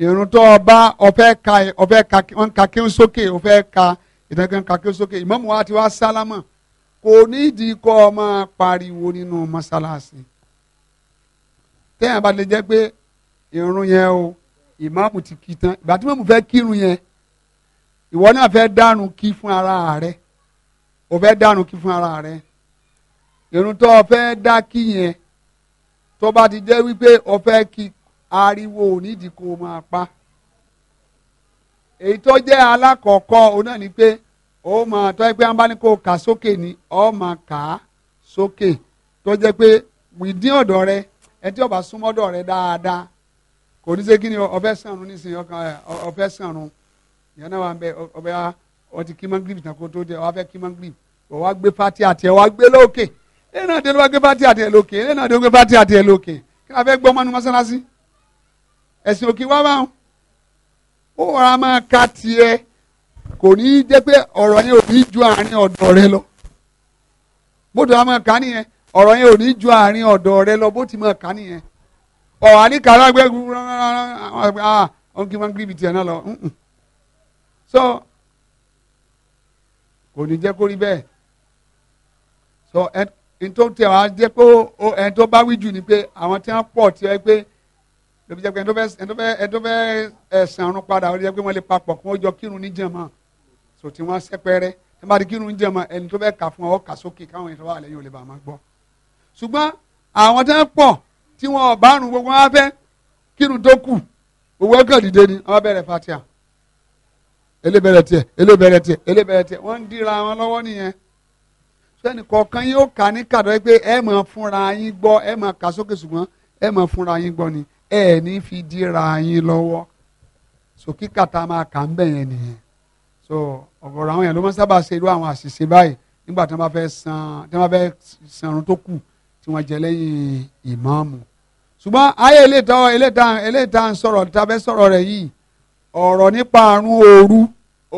irun tó o bá ọ̀fẹ́ ka ọ̀fẹ́ ka wọ́n ka kí n sókè ọ̀fẹ́ ka ìtàn kan ka kí n sókè ìmáàmù wa ti wá sálámà kò nídìí kọ́ ọ máa pariwo nínú mọ́sálásí tẹ́yìn bá lè jẹ́ pé irun yẹn o ìmáàmù ti kí tán ìgbà tí mọ̀mù fẹ́ kírun yẹn ìwọ náà fẹ́ dànù kí fún ara rẹ o fẹ́ dànù kí fún ara rẹ irun tó o fẹ́ dá kí yẹn tó bá ti jẹ́ wípé o fẹ́ kí ariwo nídìí kó o máa pa èyí tó jẹ́ alákọ̀ọ́kọ́ o náà ni pé ó ma tọ́ ẹ pé ambani ni ọ ma kà á sókè tó jẹ́ pé wìdín ọ̀dọ̀ rẹ ẹ ọba súnmọ́dọ̀ rẹ dáadáa kò ní ṣe kí ni ọfẹ́ sànù nísìnyí ọfẹ́ ìyá náà wà ń wa ọtí kí tán kó tó dé ọwọ́ fẹ́ kí mangrib wa gbé pati àti ẹ̀wọ́ gbé lókè ẹ̀yìn náà dé gbé àti lókè gbé àti lókè kí gbọ́ mọ́nu ẹ̀sìn òkè wá ka tiẹ̀ kò ní í jẹ́ pé ọ̀rọ̀ yẹn ò ní ju àárín ọ̀dọ̀ rẹ lọ bó ti máa kà á nìyẹn ọ̀rọ̀ yẹn ò ní ju àárín ọ̀dọ̀ rẹ lọ bó ti máa kà á nìyẹn ọ̀hà ní kàrá so kò ní jẹ́ kó rí bẹ́ẹ̀ so ẹni tó tẹ̀ wá jẹ́ pé ẹni tó bá wí jù ni pé àwọn tí wọ́n pọ̀ tí wọ́n pé lóbi jẹ́ pé ẹni tó fẹ́ ẹ̀sán ọ̀run padà ó jẹ́ pé wọ́n lè papọ̀ kí wọ́n jọ kírun níjàmá so tí wọ́n sẹ́pẹ́rẹ́ tí wọ́n bá di kírun ń jẹmọ ẹni tó bẹ́ẹ̀ kà fún ọ kà sókè káwọn ẹni tó wà lẹ́yìn ò lè bá máa gbọ́ ṣùgbọ́n àwọn tó ń pọ̀ tí wọn ò bá rùn gbogbo wọn fẹ́ kírun tó kù owó ẹ̀kọ́ dìde ni wọ́n bẹ̀rẹ̀ fatia elébẹ̀rẹ̀ tiẹ̀ elébẹ̀rẹ̀ tiẹ̀ elébẹ̀rẹ̀ tiẹ̀ wọ́n ń dira wọn lọ́wọ́ nìyẹn sẹ́ni kọ̀ọ̀kan yóò kà ní kàdọ́ pé ẹ máa fúnra yín gbọ́ ẹ máa kà sókè ṣùgbọ́n ẹ máa fúnra yín gbọ́ ni ẹ ní fi dira yín lọ́wọ́ so kíkà máa kà ń bẹ̀ nìyẹn so ọ̀gọ̀rọ̀ àwọn èèyàn ló máa ń sábà ṣe irú àwọn àṣìṣe báyìí nígbà tí wọ́n bá fẹ́ san tí wọ́n bá fẹ́ san irun tó kù tí wọ́n jẹ lẹ́yìn ìmáàmù ṣùgbọ́n ayé eléta eléta eléta ń sọ̀rọ̀ tá a fẹ́ sọ̀rọ̀ rẹ̀ yìí ọ̀rọ̀ nípa àrùn òru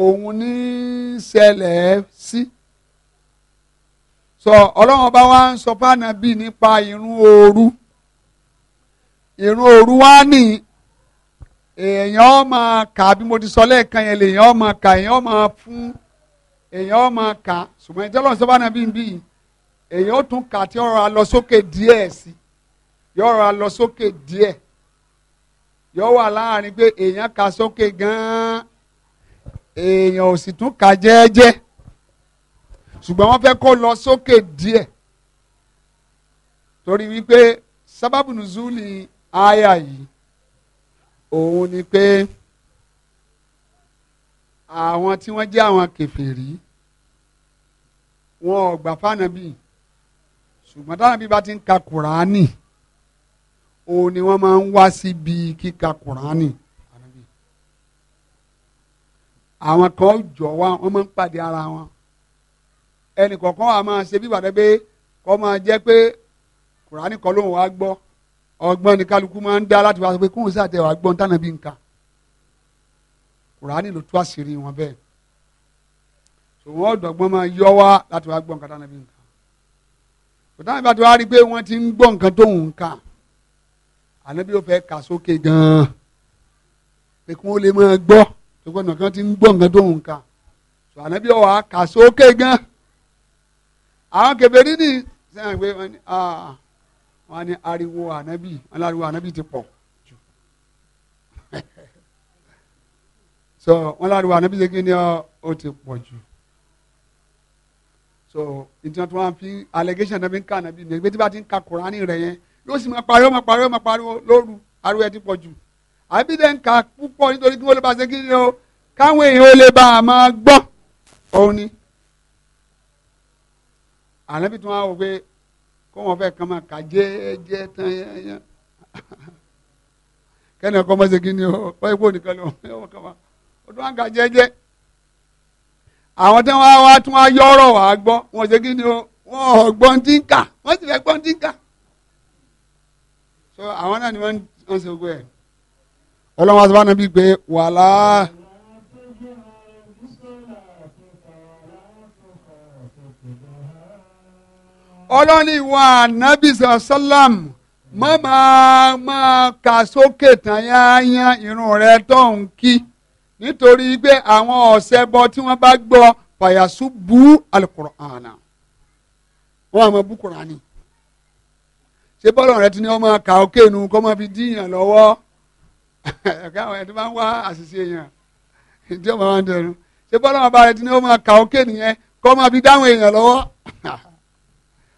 òun ní ṣẹlẹ̀ sí sọ ọlọ́run ọba wa ń sọ fáànà bíi nípa irun òru irun òru wa ní èèyàn máa kà bí mo ti sọ lẹ́ẹ̀kan yẹn lèèyàn máa kà èèyàn máa fún èèyàn máa kà ṣùgbọ́n ìjọba ìṣọ́ba náà bí n bí èèyàn ó tún kà tí ó rọra lọ sókè díẹ̀ sí yóò rọra lọ sókè díẹ̀ yóò wà láàrin pé èèyàn kà sókè gan-an èèyàn ò sì tún kà jẹ́ẹ́jẹ́ ṣùgbọ́n wọ́n fẹ́ kó lọ sókè díẹ̀ torí wípé sábàbùnù zuli aya yìí òun ni pé àwọn tí wọ́n jẹ́ àwọn kèfèrí wọn ò gbà fànàbí ṣùgbọ́n tànàbí bá ti ń ka kùránì òun ni wọ́n máa ń wá síbi kíka kùránì àwọn kan jọ wá wọ́n máa ń pàdé ara wọn ẹnì kọ̀ọ̀kan wa máa ṣe bí pé kọ́ máa jẹ́ pé kùránì kan lóun wá gbọ́ ọgbọ́n ni kálukú máa ń dá láti wá sọ pé kóun sáà tẹ wàá gbọ́n tánà bí nǹkan kùránì ló tú àṣírí wọn bẹ́ẹ̀ ṣùgbọ́n ọ̀dọ́gbọ́n máa yọ wá láti wá gbọ́n tánà bí nǹkan kùtánà bí ti wá rí i pé wọ́n ti ń gbọ́ nǹkan tóun nǹkan ànábì ó fẹ́ kà sókè gan-an pé kí wọ́n lè máa gbọ́ ṣùgbọ́n nǹkan ti ń gbọ́ nǹkan tóun nǹkan ṣùgbọ́n ànábì ó wá kà sókè gan-an àwọn kèfèrí ní sẹ́yìn pé wọ́n ní ah, wọn á ní ariwo ànábì aláriwo ànábì ti pọ̀ jù so wọn láriwo ànábì ṣe kí ni ó ti pọ̀ jù so ìtàn tí wọn fi allegation náà fi ń kà ànábì ní ẹgbẹ́ tí bá ti ń ka kùránì rẹ̀ yẹn yóò sì máa pariwo máa pariwo máa pariwo lóru ariwo ẹ ti pọ̀ jù àbí dẹ̀ ń kà púpọ̀ nítorí kí wọ́n lè bá ṣe kí ni o káwọn èèyàn ó lè bá a máa gbọ́ òun ni ànábì tí wọn á wò pé kó wọn fẹ́ kàn máa kà jẹ́ẹ́jẹ́ tán yẹ́nyẹ́ kẹ́ni ọkọ ọmọ segin ni ọ ọ ikú nìkan ló ọ kàn máa ó tún wá ń kà jẹ́ẹ́jẹ́ àwọn tí wọ́n wá tún wá yọ̀rọ̀ wá gbọ́ wọn segin ni ọ wọn ò gbọ́n tí ń kà wọ́n sì fẹ́ gbọ́n tí ń kà so àwọn náà ni wọ́n ń ṣe gbogbo ẹ̀ ọlọ́wọ́n aṣọ bá nàbí gbé wàhálà. ọlọ́ni ìwọ ànábì sọ́lám má máa máa kà sókè tán yáyán irun rẹ̀ tó ń kí nítorí pé àwọn ọ̀sẹ̀ bọ tí wọ́n bá gbọ́ fàyàsú bú alukur'ana wọ́n àmọ́ bú kur'ani ṣé bọ́lọ̀ rẹ ti ní ọmọ kà ókè nu kọ́ máa fi díyàn lọ́wọ́ ẹ̀ka àwọn ẹ̀ tó bá ń wá àṣìṣe yẹn ìdí ọmọ wa ń dẹnu ṣé bọ́lọ̀ ọba rẹ ti ní ọmọ kà ókè nìyẹn kọ́ máa fi dáhùn èèyàn lọ́wọ́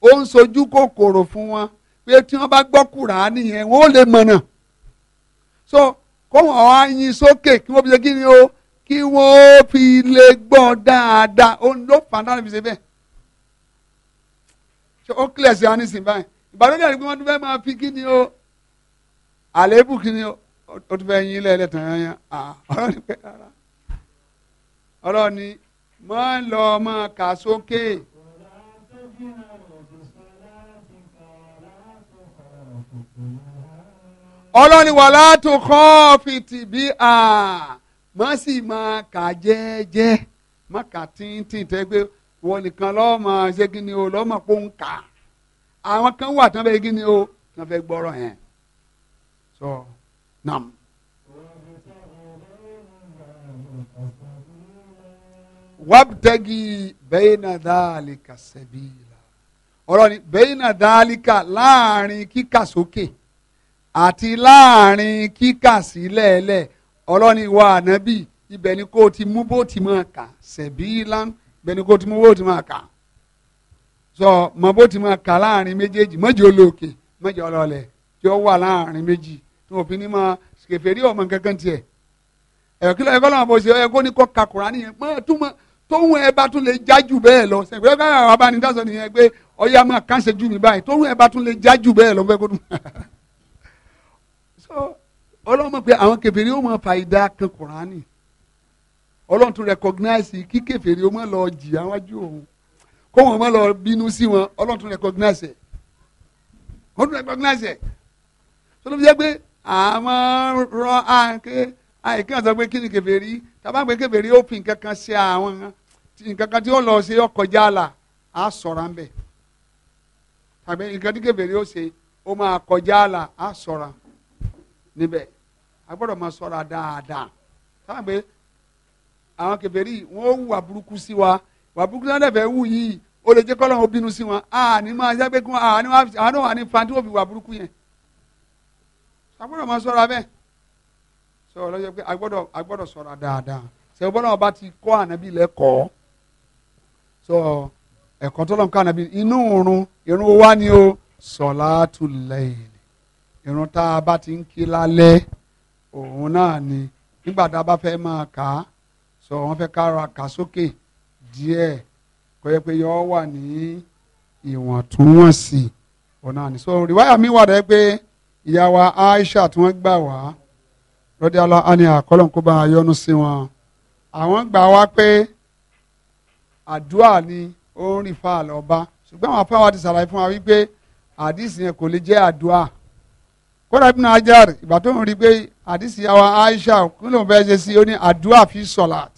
ó ń sojú kòkòrò fún wọn pé tí wọ́n bá gbọ́ kùránì yẹn wọ́n ó lè mọ̀nà so kó wọn wá yin sókè kí wọ́n fi ṣe kí ni o kí wọ́n fi lè gbọ́ dáadáa òun ló fà náà fi ṣe bẹ́ẹ̀ ṣe ó kílẹ̀ sí wọn nísìnyí báyìí ìbàdàn dàbí pé fẹ́ máa fi kí ni o àléébù kí ni o tún fẹ́ yin lẹ́ẹ̀lẹ́ tàn yán yán ọlọ́run ní pẹ́ rárá ọlọ́run ní mọ́ lọ́ọ́ máa kà sókè. ọlọ́ni wà látò kọ́ fìtì bí a má sì máa kà jẹ́ẹ́jẹ́ má kà tíntìn tẹ́ pé wọ́n nìkan lọ́ọ́ máa ṣe kí o lọ́ọ́ máa pò ń kà àwọn kan wà tán bẹ́ẹ̀ kí o tán fẹ́ gbọ́rọ̀ yẹn sọ nam. wabtagi bẹ́ẹ̀nà dáàlì kà sẹ́bìlà ọ̀rọ̀ ni bẹ́ẹ̀nà dáàlì kà láàrin kíkà sókè. Okay àti láàrin kíkà sílẹ̀ ẹlẹ̀ ọlọ́ni wa ànábì ibẹ̀ ni kò ti mú bó ti máa kà ṣẹ̀bí lán ibẹ̀ ni kò ti mú bó ti máa kà sọ mọ bó ti máa kà láàrin méjèèjì mọ́jì olóòkè mọ́jì ọlọ́ọ̀lẹ̀ tí ó wà láàrin méjì tí wọ́n fi ní máa kèfèrí ọmọ kankan tiẹ̀ ẹ̀rọ kí ló ẹ̀kọ́ làwọn bọ̀ ṣe ẹ̀kọ́ ní kọ́ ka Kùránì yẹn mọ́ túmọ̀ tóun ẹ̀ bá tún lè jájú bẹ́ẹ̀ lọ ṣẹ̀gbẹ́ bá wà bá ní dáṣọ nìyẹn pé ọyá máa kánṣe jù mí báyìí tóun ẹ̀ bá tún lè jájú bẹ́ẹ̀ lọ fẹ́ kó tún. so ọlọ́run mọ̀ pé àwọn kèfèrí ó mọ̀ fàyídà kan kùránì ọlọ́run tún recognize kí kèfèrí ó mọ̀ lọ jì àwájú òun kó wọn mọ̀ lọ bínú sí wọn ọlọ́run tún recognize ẹ̀ wọ́n tún recognize ẹ̀ tó ló fi jẹ́ pé àwọn rọ àǹkẹ́ àìkí àti ọgbẹ́ kí ni kèfèrí tàbá gbé kèfèrí ó fi nǹkan kan ṣe àwọn nǹkan kan tí ó lọ ṣe ọkọjá là á sọ̀rọ̀ à tàbí nǹkan tí kèfèrí ó ṣe ó máa kọjá là á sọ̀rọ̀ níbẹ̀ a gbọ́dọ̀ máa ṣọ́ra dáadáa táwọn pé àwọn kèfèrí wọn ó wùwà burúkú sí wa wà burúkú náà dẹ̀ fẹ́ wù yìí ó lè jẹ́ kọ́ lọ́wọ́ bínú sí wọn àní máa yá pé kí wọn àní wà ní fanti wọ́n fi wà burúkú yẹn a gbọ́dọ̀ máa ṣọ́ra bẹ́ẹ̀ sọ lọ́jọ́ pé a gbọ́dọ̀ a gbọ́dọ̀ ṣọ́ra dáadáa ṣe gbọ́dọ̀ bá ti kọ́ ànábì lẹ́kọ̀ọ́ sọ ẹ̀kọ́ tó lọ́n kọ́ ànábì inú òrun irun wa ni o sọ̀látù láyl ìrun tá a bá ti ń kí lálẹ́ òun náà ni nígbà tá a bá fẹ́ máa kà á sọ wọ́n fẹ́ ká ra kà sókè díẹ̀ kó yẹ pé yọ wà ní ìwọ̀ntúnwọ̀nsì òun náà ni. so rìwáyà mi wà dẹ́ pé ìyá wa Aisha tí wọ́n gbà wá lọ́dẹ alá àní àkọ́lọ́n kó bá a yọ́nú sí wọn àwọn gbà wá pé àdúrà ni ó ń rìn fáà lọ́ba ṣùgbọ́n àwọn afáwa ti ṣàlàyé fún wa wípé àdìsí yẹn kò lè jẹ́ àdúrà kódà Ibn Hajar ìgbà tó ń rí pé àdìsí àwa Aisha kí ló ń fẹ́ ṣe sí ó ní àdúrà fi sọ̀làt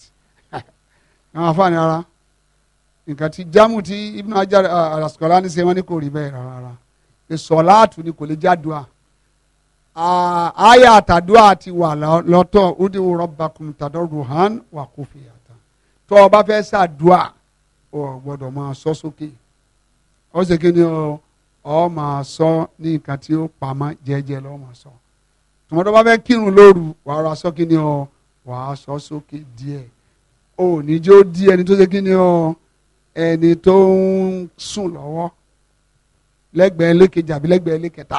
àwọn afáàní ara nǹkan tí jámù tí Ibn Hajar àràsùkọ̀lá ní ṣe wọ́n ní kò rí bẹ́ẹ̀ rárá pé sọ̀làt ni kò lè jádùá àyà àtàdúrà ti wà lọ́tọ̀ udu rabbakum tadarruhan wa khufiyatan tó o bá fẹ́ ṣàdúà o gbọ́dọ̀ máa sọ sókè ó ṣe kí ni o ọ máa sọ ní nǹkan tí ó pamọ́ jẹ́jẹ́ lọ́ máa sọ tòmọ́tò bá fẹ́ kírun lóru wàá ra sọ kí ni ọ wàá sọ sókè díẹ̀ ò ní jó di ẹni tó ṣe kí ni ọ ẹni tó ń sùn lọ́wọ́ lẹ́gbẹ̀ẹ́ lékejì àbí lẹ́gbẹ̀ẹ́ lékẹta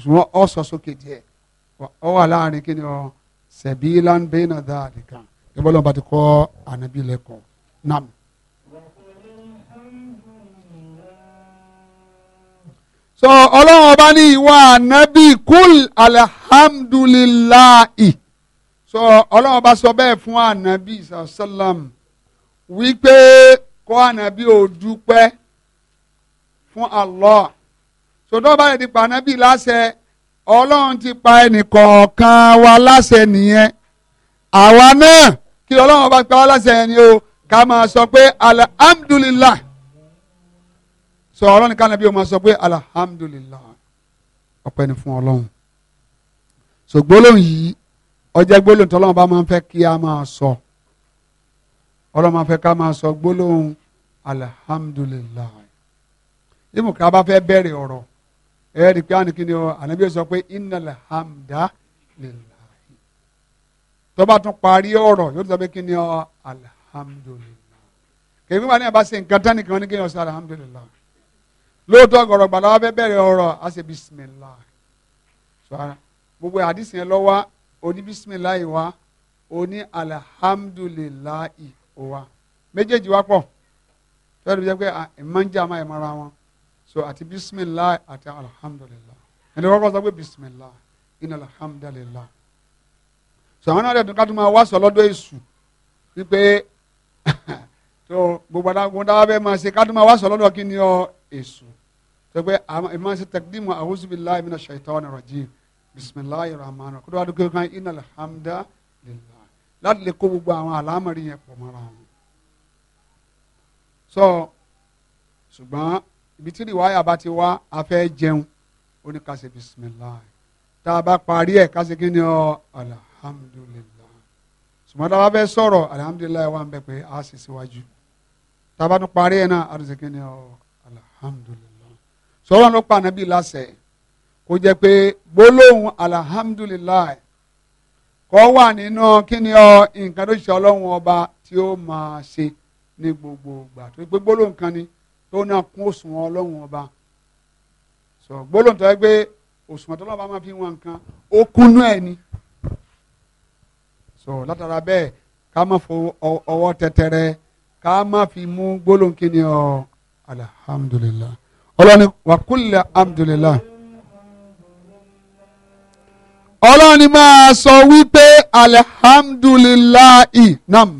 ṣùgbọ́n ọ sọ sókè díẹ̀ ọ wà láàrin kí ni ọ sẹ̀bí lánbẹ́ẹ́nà dáadé kan ìbọ́lọ́ba ti kọ́ ànábì lẹ́kọ̀ọ́ náà. so ọlọ́run ọba ní ìwà ànábì kúl alhamdulilayi so ọlọ́run ọba sọ bẹ́ẹ̀ fún ànábì sàlám wípé kọ́ ànábì ò dúpẹ́ fún Allah sọdọ́ bá yẹn ti pa ànábì láṣẹ ọlọ́run ti pa ẹnìkọ̀ọ̀kan wa láṣẹ nìyẹn àwa náà kí ọlọ́run ọba pa wá láṣẹ yẹn ni o ká máa sọ pé alhamdulilayi sọ ọlọ́run kan nàbí o máa sọ pé alhamdulilayi ọpẹ́ ni fún ọlọ́run so gbólóhùn yìí ọjọ́ gbólóhùn tọ́lọ́run bá máa ń fẹ́ kí a máa sọ ọlọ́run máa fẹ́ ká máa sọ gbólóhùn alhamdulilayi ibùn ká bá fẹ́ bẹ̀rẹ̀ ọ̀rọ̀ ẹ rí i pé ànìkí ni ànábì sọ pé innal hamda lillahi tó bá tún parí ọ̀rọ̀ yóò sọ pé kí ni alhamdulilayi kèmí wà ní abá ṣe nǹkan tán nìkan ní kí ni ọ̀sán alhamdulilayi lóòótọ́ ọ̀gọ̀rọ̀ gbàdá wa fẹ́ bẹ̀rẹ̀ ọ̀rọ̀ a ṣe bisimilá gbogbo àdìsí yẹn lọ́wọ́ oní bisimilá yìí wá oní alihamdulilayi wa méjèèjì wá pọ̀ fẹ́ẹ́ ló jẹ́ pé ìmọ̀njẹ́ àmà ìmọ̀ra wọn so àti bisimilá àti alihamdulilá ẹni kọ́kọ́ sọ pé bisimilá iná alihamdulilá so àwọn náà dẹ̀ ká tó máa wá sọ lọ́dọ̀ èṣù wípé tó gbogbo àdàgbọ́n dáwọ́ bẹ́ẹ̀ máa ṣe ká tó máa wá sọ lọ́dọ̀ kí ni ọ èṣù sọgbẹ́ ìmọ̀ọ́sẹ̀ taqdimu a'udhu billahi minash shaitani rajim bisimilahi rahman rahim kó dọ́wọ́ adúgbò kan iná alhamda lillah láti lè kó gbogbo àwọn àlámọ̀rí yẹn pọ̀ mọ́ra wọn. sọ ṣùgbọ́n ibi tí ìwáyà bá ti wá a jẹun ó ní ká ṣe tá a bá parí ẹ̀ ká kí ni ọ alhamdulillah ṣùgbọ́n tá a bá alhamdulilayi wa ń bẹ pé a sì síwájú tá tún parí ẹ̀ náà a tún ṣe kí ni ọ alhamdulillah sọ́wọ́n ló pa ànábì láṣẹ kó jẹ́ pé gbólóhùn alhamdulilayi kọ́ wà nínú kíni ọ nǹkan tó ṣe ọlọ́run ọba tí ó máa ṣe ní gbogbo ìgbà tó gbé gbólóhùn kan ni tó náà kún òṣùwọ̀n ọlọ́run ọba sọ gbólóhùn tó yẹ pé òṣùwọ̀n tó lọ́ba máa fi wọn nǹkan ó kúnú ẹ̀ ni sọ látara bẹ́ẹ̀ ká má fo ọwọ́ tẹtẹrẹ ká má fi mú gbólóhùn kíni ọ alhamdulilayi ọlọ́ni wàkúlẹ̀ amdùlélà ọlọ́ni máa sọ wípé alihamdulilayi nam.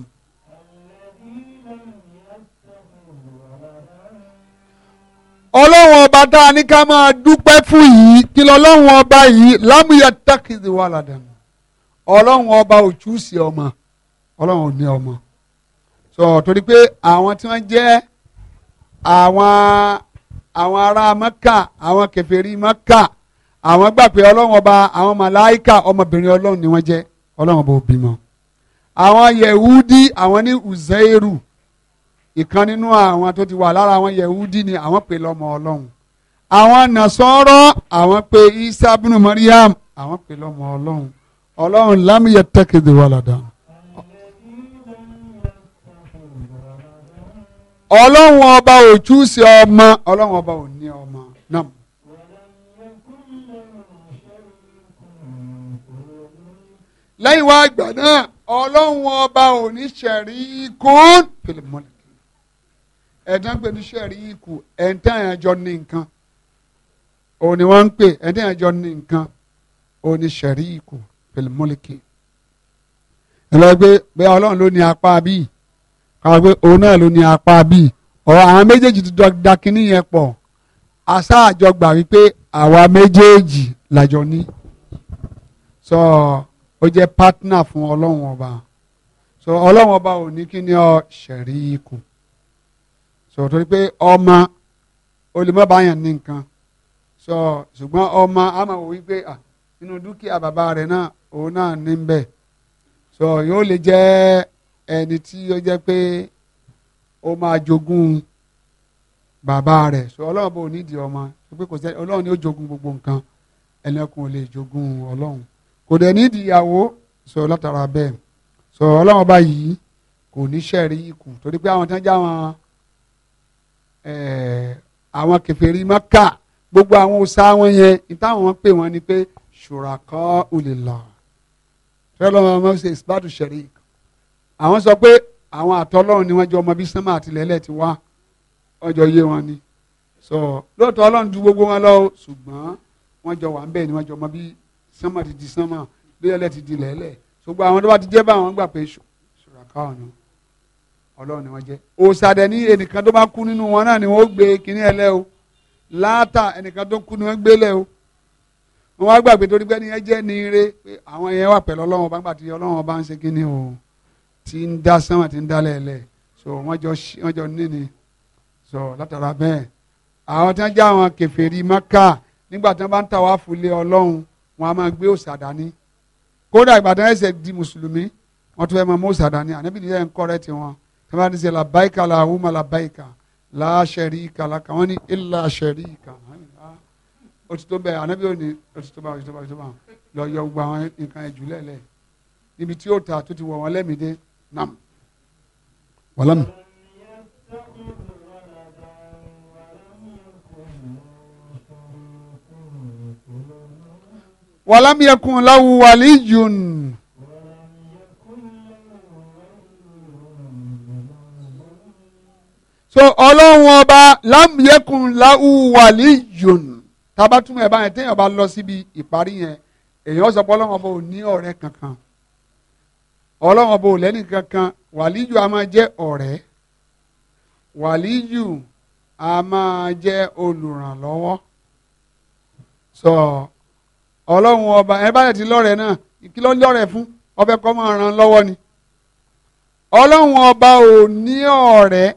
ọlọ́run ọba tá a ní ká máa dúpẹ́ fún yìí kí lọ́lọ́run ọba yìí lámúyẹ tákìdì wà ládàá ọlọ́run ọba ò túùsì ọmọ ọlọ́run ò ní ọmọ sọ torí pé àwọn tí wọ́n jẹ́ àwọn àwọn ará maka àwọn kèfèrí maka àwọn gbà pé ọlọ́run ọba àwọn màláìka ọmọbìnrin ọlọ́run ni wọ́n jẹ́ ọlọ́run ọba òbí mọ́ àwọn yẹ̀wúdí àwọn ní uzeiru ìkan nínú àwọn tó ti wà lára àwọn yẹ̀wúdí ni àwọn pè lọ́mọ ọlọ́run àwọn nàṣọ́rọ́ àwọn pé isa bínú mariam àwọn pè lọ́mọ ọlọ́run ọlọ́run lámìyẹ tẹ́kẹ̀dẹ̀ wàlàdàn. ọlọ́run ọba ò júùsì ọmọ ọlọ́run ọba ò ní ọmọ náà. lẹ́yìn wá àgbà náà ọlọ́run ọba ò ní ṣẹ̀rí kún pèlémọ́lẹ̀kì ẹ̀dá ń pè ní ṣẹ̀rí ikú ẹ̀ńtẹ́ àyànjọ ní nǹkan òun ni wọ́n ń pè ẹ̀ńtẹ́ àyànjọ ní nǹkan òun ni ṣẹ̀rí ikú pèlémọ́lẹ̀kì ẹ̀ lọ́ọ́ gbé bẹ́ẹ̀ ọlọ́run ló ní apá bíi káwọn pé òun náà ló ní apá bíi ọ̀rọ̀ àwọn méjèèjì ti da kínní yẹn pọ̀ àṣà àjọgbà wípé àwa méjèèjì làjọ ní sọ ó jẹ́ partner fún ọlọ́run ọba so ọlọ́run ọba ò ní kí ni ọ ṣẹ̀rí ikù so torí pé ọmọ olùmọ̀báyàn ní nǹkan so ṣùgbọ́n ọmọ àmọ̀ wò wípé inú dúkìá bàbá rẹ̀ náà òun náà ní bẹ́ẹ̀ so yóò lè jẹ́ ẹni tí ó jẹ́ pé ó máa jogún bàbá rẹ̀ so ọlọ́run bò nídìí ọmọ pé kò sẹ́ ọlọ́run ni ó jogún gbogbo nǹkan ẹnìkan ò lè jogún ọlọ́run kò dẹ̀ nídìí ìyàwó so látara bẹ́ẹ̀ so ọlọ́run ọba yìí kò ní sẹ́ẹ̀rí ikù torí pé àwọn tán já wọn àwọn kèfèrí Mákà gbogbo àwọn òòṣà wọn yẹn ìtàwọn pè wọ́n ni pé ṣùràkọ́ ulillah fẹ́ẹ́ lọ́wọ́ ọmọ ṣe ìsìbátù ṣẹ̀rík àwọn sọ pé àwọn àtọ́lọ́run ni wọ́n jọ ọmọ bí sánmà àtìlẹ́lẹ̀ ti wá ọjọ́ yé wọn ni sọ lóòótọ́ ọlọ́run ju gbogbo wọn lọ ṣùgbọ́n wọ́n jọ wà ń bẹ̀ ni wọ́n jọ ọmọ bí sánmà ti di sánmà lẹ́lẹ̀ ti di lẹ́lẹ̀ ṣùgbọ́n àwọn tó bá ti jẹ́ bá àwọn gbà pé ṣùràká ọ̀nà ọlọ́run ni wọ́n jẹ́ òsàdẹ̀ ní ẹnìkan tó bá kú nínú wọn náà ni wọ́n gbé kinní ẹlẹ́ o láàtà ẹnìkan tó kú ni wọ́n gbélé o wọ́n wá gbàgbé torí pé ẹni ẹ jẹ́ ni ire pé àwọn yẹn wà pẹ̀lú ọlọ́run ọba ńgbà tí ọba ń ṣe kinní o tí ń dá sánmà tí ń dá lẹ́ẹ̀lẹ́ so wọ́n jọ wọ́n jọ níní so látara bẹ́ẹ̀ àwọn tí wọ́n já àwọn kèfèrí maka nígbà tí wọ́n bá ń ta wá fúlé ọlọ́run wọn a máa gbé òòṣà dání kódà ìgbà tí wọ́n ṣe di mùsùlùmí wọ́n tún fẹ́ máa mú òòṣà dání ànábì nìyẹn ń kọ́rẹ́ ti wọn tí wọ́n bá ti ṣe làbáìkà làwùmọ̀ làbáìkà láṣẹ̀ríkà làkà wọ́n ní ìlà ṣẹ̀ríkà òtítọ́ bẹ́ẹ̀ ànábì ò ní òtítọ́ bá òtítọ́ bá òtítọ́ bá lọ yọ gbogbo àwọn nǹkan ẹ̀jú lẹ́lẹ̀ níbi tí ó ta tó ti wọ̀ wọ́n lẹ́mìí dé نعم ولم ولم يكن له ولي so ọlọ́run ọba lam yakun lahu waliyun tabatuma ẹ̀ báyẹn téèyàn bá lọ síbi ìparí yẹn èèyàn sọ pé ọlọ́run ọba ò ní ọ̀rẹ́ kankan ọlọ́run ọba ò lẹ́nì kankan wàlíyù a máa jẹ́ ọ̀rẹ́ wàlíyù a máa jẹ́ olùrànlọ́wọ́ sọ ọlọ́run ọba ẹ bá ti lọ́rẹ̀ náà kí ló lọ́rẹ̀ fún ọbẹ̀ kọ́ máa ràn lọ́wọ́ ni ọlọ́run ọba ò ní ọ̀rẹ́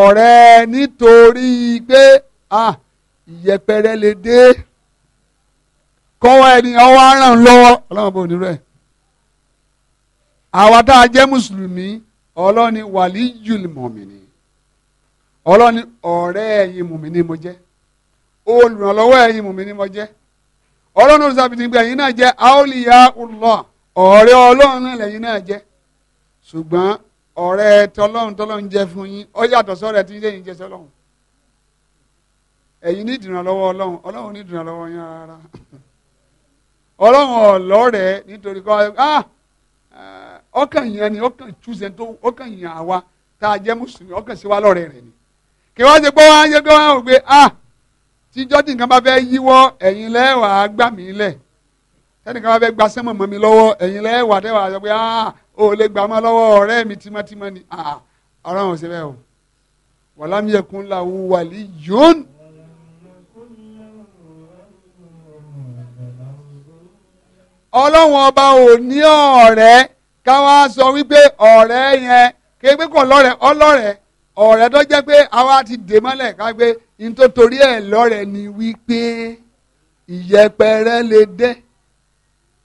ọ̀rẹ́ nítorí pé ah ìyẹpẹrẹ lè dé kọ́wọ́ ẹni ọwọ́ á ràn lọ́wọ́ ọlọ́run ọba ò ní rẹ̀. àwa tá a jẹ́ mùsùlùmí ọlọ́ni wàlíyùl mọ̀mìnì ọlọ́ni ọ̀rẹ́ ẹ̀yin mùmìnì mo jẹ́ olùrànlọ́wọ́ ẹ̀yin mùmìnì mo jẹ́ ẹ̀yin náà jẹ́ aoliya ulọ ọ̀rẹ́ ọlọ́run náà lẹ́yìn náà jẹ́ ṣùgbọ́n ọ̀rẹ́ tọlọ́run tọlọ́run jẹ́ fún yín ọkàn yẹn ni ọkàn túnṣe tó ọkàn yẹn àwa tá a jẹ́ mùsùlùmí ọkàn sí wa lọ́rẹ̀ rẹ̀ ni kí wọ́n ṣe pé wọ́n ṣe pé wọ́n á wò pé ah tíjọ́ tí nǹkan bá fẹ́ yíwọ́ ẹ̀yin lẹ́wàá gbà mí lẹ̀ tẹ́nìkan bá fẹ́ gba sẹ́mọ̀ mọ́ mi lọ́wọ́ ẹ̀yin lẹ́wàá tẹ́wàá sọ pé ah o lè gbà mọ́ lọ́wọ́ ọ̀rẹ́ mi tímọ́tímọ́ ni ah ọ̀rọ̀ wọn ò ṣe bẹ́ẹ̀ o wàlámù yẹ kún làwù wàlí yón. ọlọ́run ọba ò ní ọ̀rẹ́ ká wá sọ wípé ọ̀rẹ́ yẹn kéèpé kò lọ́rẹ̀ ọlọ́rẹ̀ ọ̀rẹ́ tó jẹ́ pé àwa ti dè mọ́lẹ̀ ká pé n ẹ̀ lọ́rẹ̀ ni wípé ìyẹpẹrẹ lè dé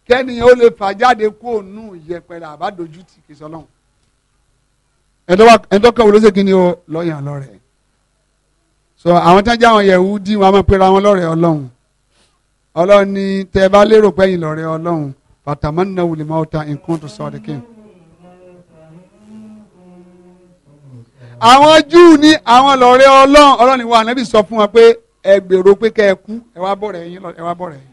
kẹ́niyàn ó lè fà jáde kó o nù ìyẹpẹrẹ àbádójútì kìí sọ ẹ̀ńtọ́ kọ̀wé ló ṣe kí ni o lọ́yàn lọ́rẹ̀ so àwọn tí wọ́n já àwọn yẹ̀wù dí wọn a máa pera wọn lọ́rẹ̀ ọlọ́run ọlọ́run ni tẹ́ ẹ bá lérò pẹ́yìn lọ́rẹ̀ ọlọ́run fatamannaw limauta in kuntum sadiqin. àwọn júù ní àwọn lọ́rẹ́ ọlọ́run ọlọ́run ìwà ànábì sọ fún wọn pé ẹ gbèrò pé kẹ́ ẹ kú ẹ wá bọ̀rẹ̀ yín ẹ wá bọ̀rẹ̀ yín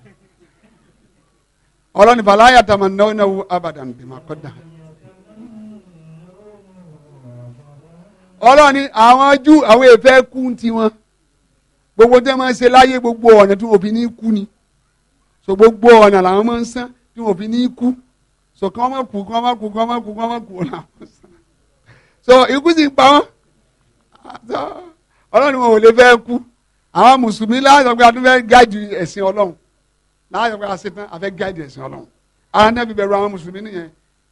ọlọ́run ìfàlà ayàtàmà náwó náwó abadan bímọ kọ́dà. àwọn júù àwọn èèfẹ́ kú tiwọn gbogbo tẹ́ máa ń ṣe láyé gbogbo ọ̀nà tí òbí kú ni so gbogbo ọ̀nà làwọn máa ń sán tí wọn fi ní kú so kí wọn má kú kí wọn má kú kí wọn má kú kí wọn má kú ọ̀nà so ikú sì ń pa wọn ọlọ́run wọn ò lè fẹ́ kú àwọn mùsùlùmí láàyò pé a tún fẹ́ gáàdì ẹ̀sìn ọlọ́run láàyò pé a ṣe tán a fẹ́ gáàdì ẹ̀sìn ọlọ́run àwọn náà fi bẹ̀rù àwọn mùsùlùmí nìyẹn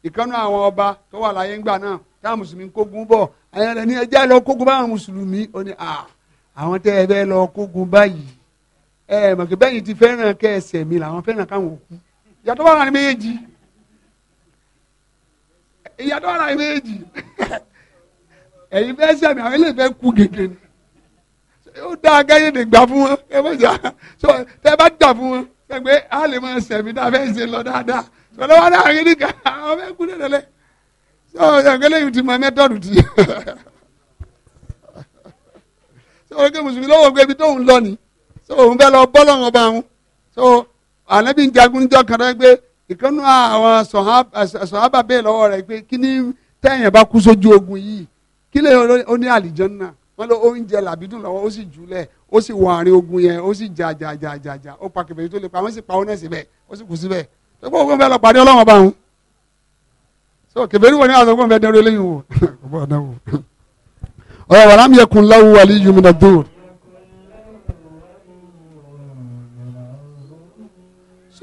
ìkànnì àwọn ọba tó wà láyé ńgbà náà táwọn mùsùlùmí kógun bọ̀ àyàn rẹ̀ ní ẹjẹ́ lọ kógun báwọn mùsùlùmí ó ní à àwọn tẹ́ ẹ fẹ́ lọ kógun báyìí ẹ bẹ́yìn ti fẹ́ràn kẹ́ ẹsẹ̀ mi làwọn fẹ́ràn káwọn òkú ìyàtọ̀ wà láàrin méjì ìyàtọ̀ wà láàrin méjì ẹ̀yin fẹ́ sẹ́mi àwọn eléyìí fẹ́ kú gègé ni ó dáa káyé lè gbà fún wọn ẹ mọ̀ sá so tẹ bá gbà fún wọn pẹ̀pẹ́ á lè máa sẹ̀mí tá a fẹ́ ṣe lọ dáadáa sọlá wà láàrin nìkan àwọn fẹ́ kú lẹ́lẹ́lẹ́ so ẹ̀gbẹ́lẹ́ yìí ti mọ mẹ́tọ́dù ti so ọ̀rẹ́kẹ́ mùsùlùmí lọ́wọ́ gbé ibi tóun lọ ni so òun fẹ́ lọ bọ́ lọ́wọ́ bá wọn so ànábì ń jagun níjọ́ kan rẹ pé ìkànnù àwọn sọ̀hábà bẹ́ẹ̀ lọ́wọ́ rẹ̀ pé kí ni tẹ́yìn bá kú sójú ogun yìí kí lè ó ní àlìjànnà wọ́n lọ oúnjẹ làbídùn lọ́wọ́ ó sì jùlẹ̀ ó sì wọ àárín ogun yẹn ó sì jà jà jà jà jà ó pa kẹfẹ́ tó lè pa wọ́n sì pa ọ́nẹ́sì bẹ́ẹ̀ ó sì kù síbẹ̀ tó gbọ́ ogun fẹ́ lọ pàdé ọlọ́wọ́n bá wọn so kèfèrí wọn ni àwọn ọgbọn bẹ dẹrù eléyìí wò ọlọwàlámiyẹkùn láwùwalí yumina dùn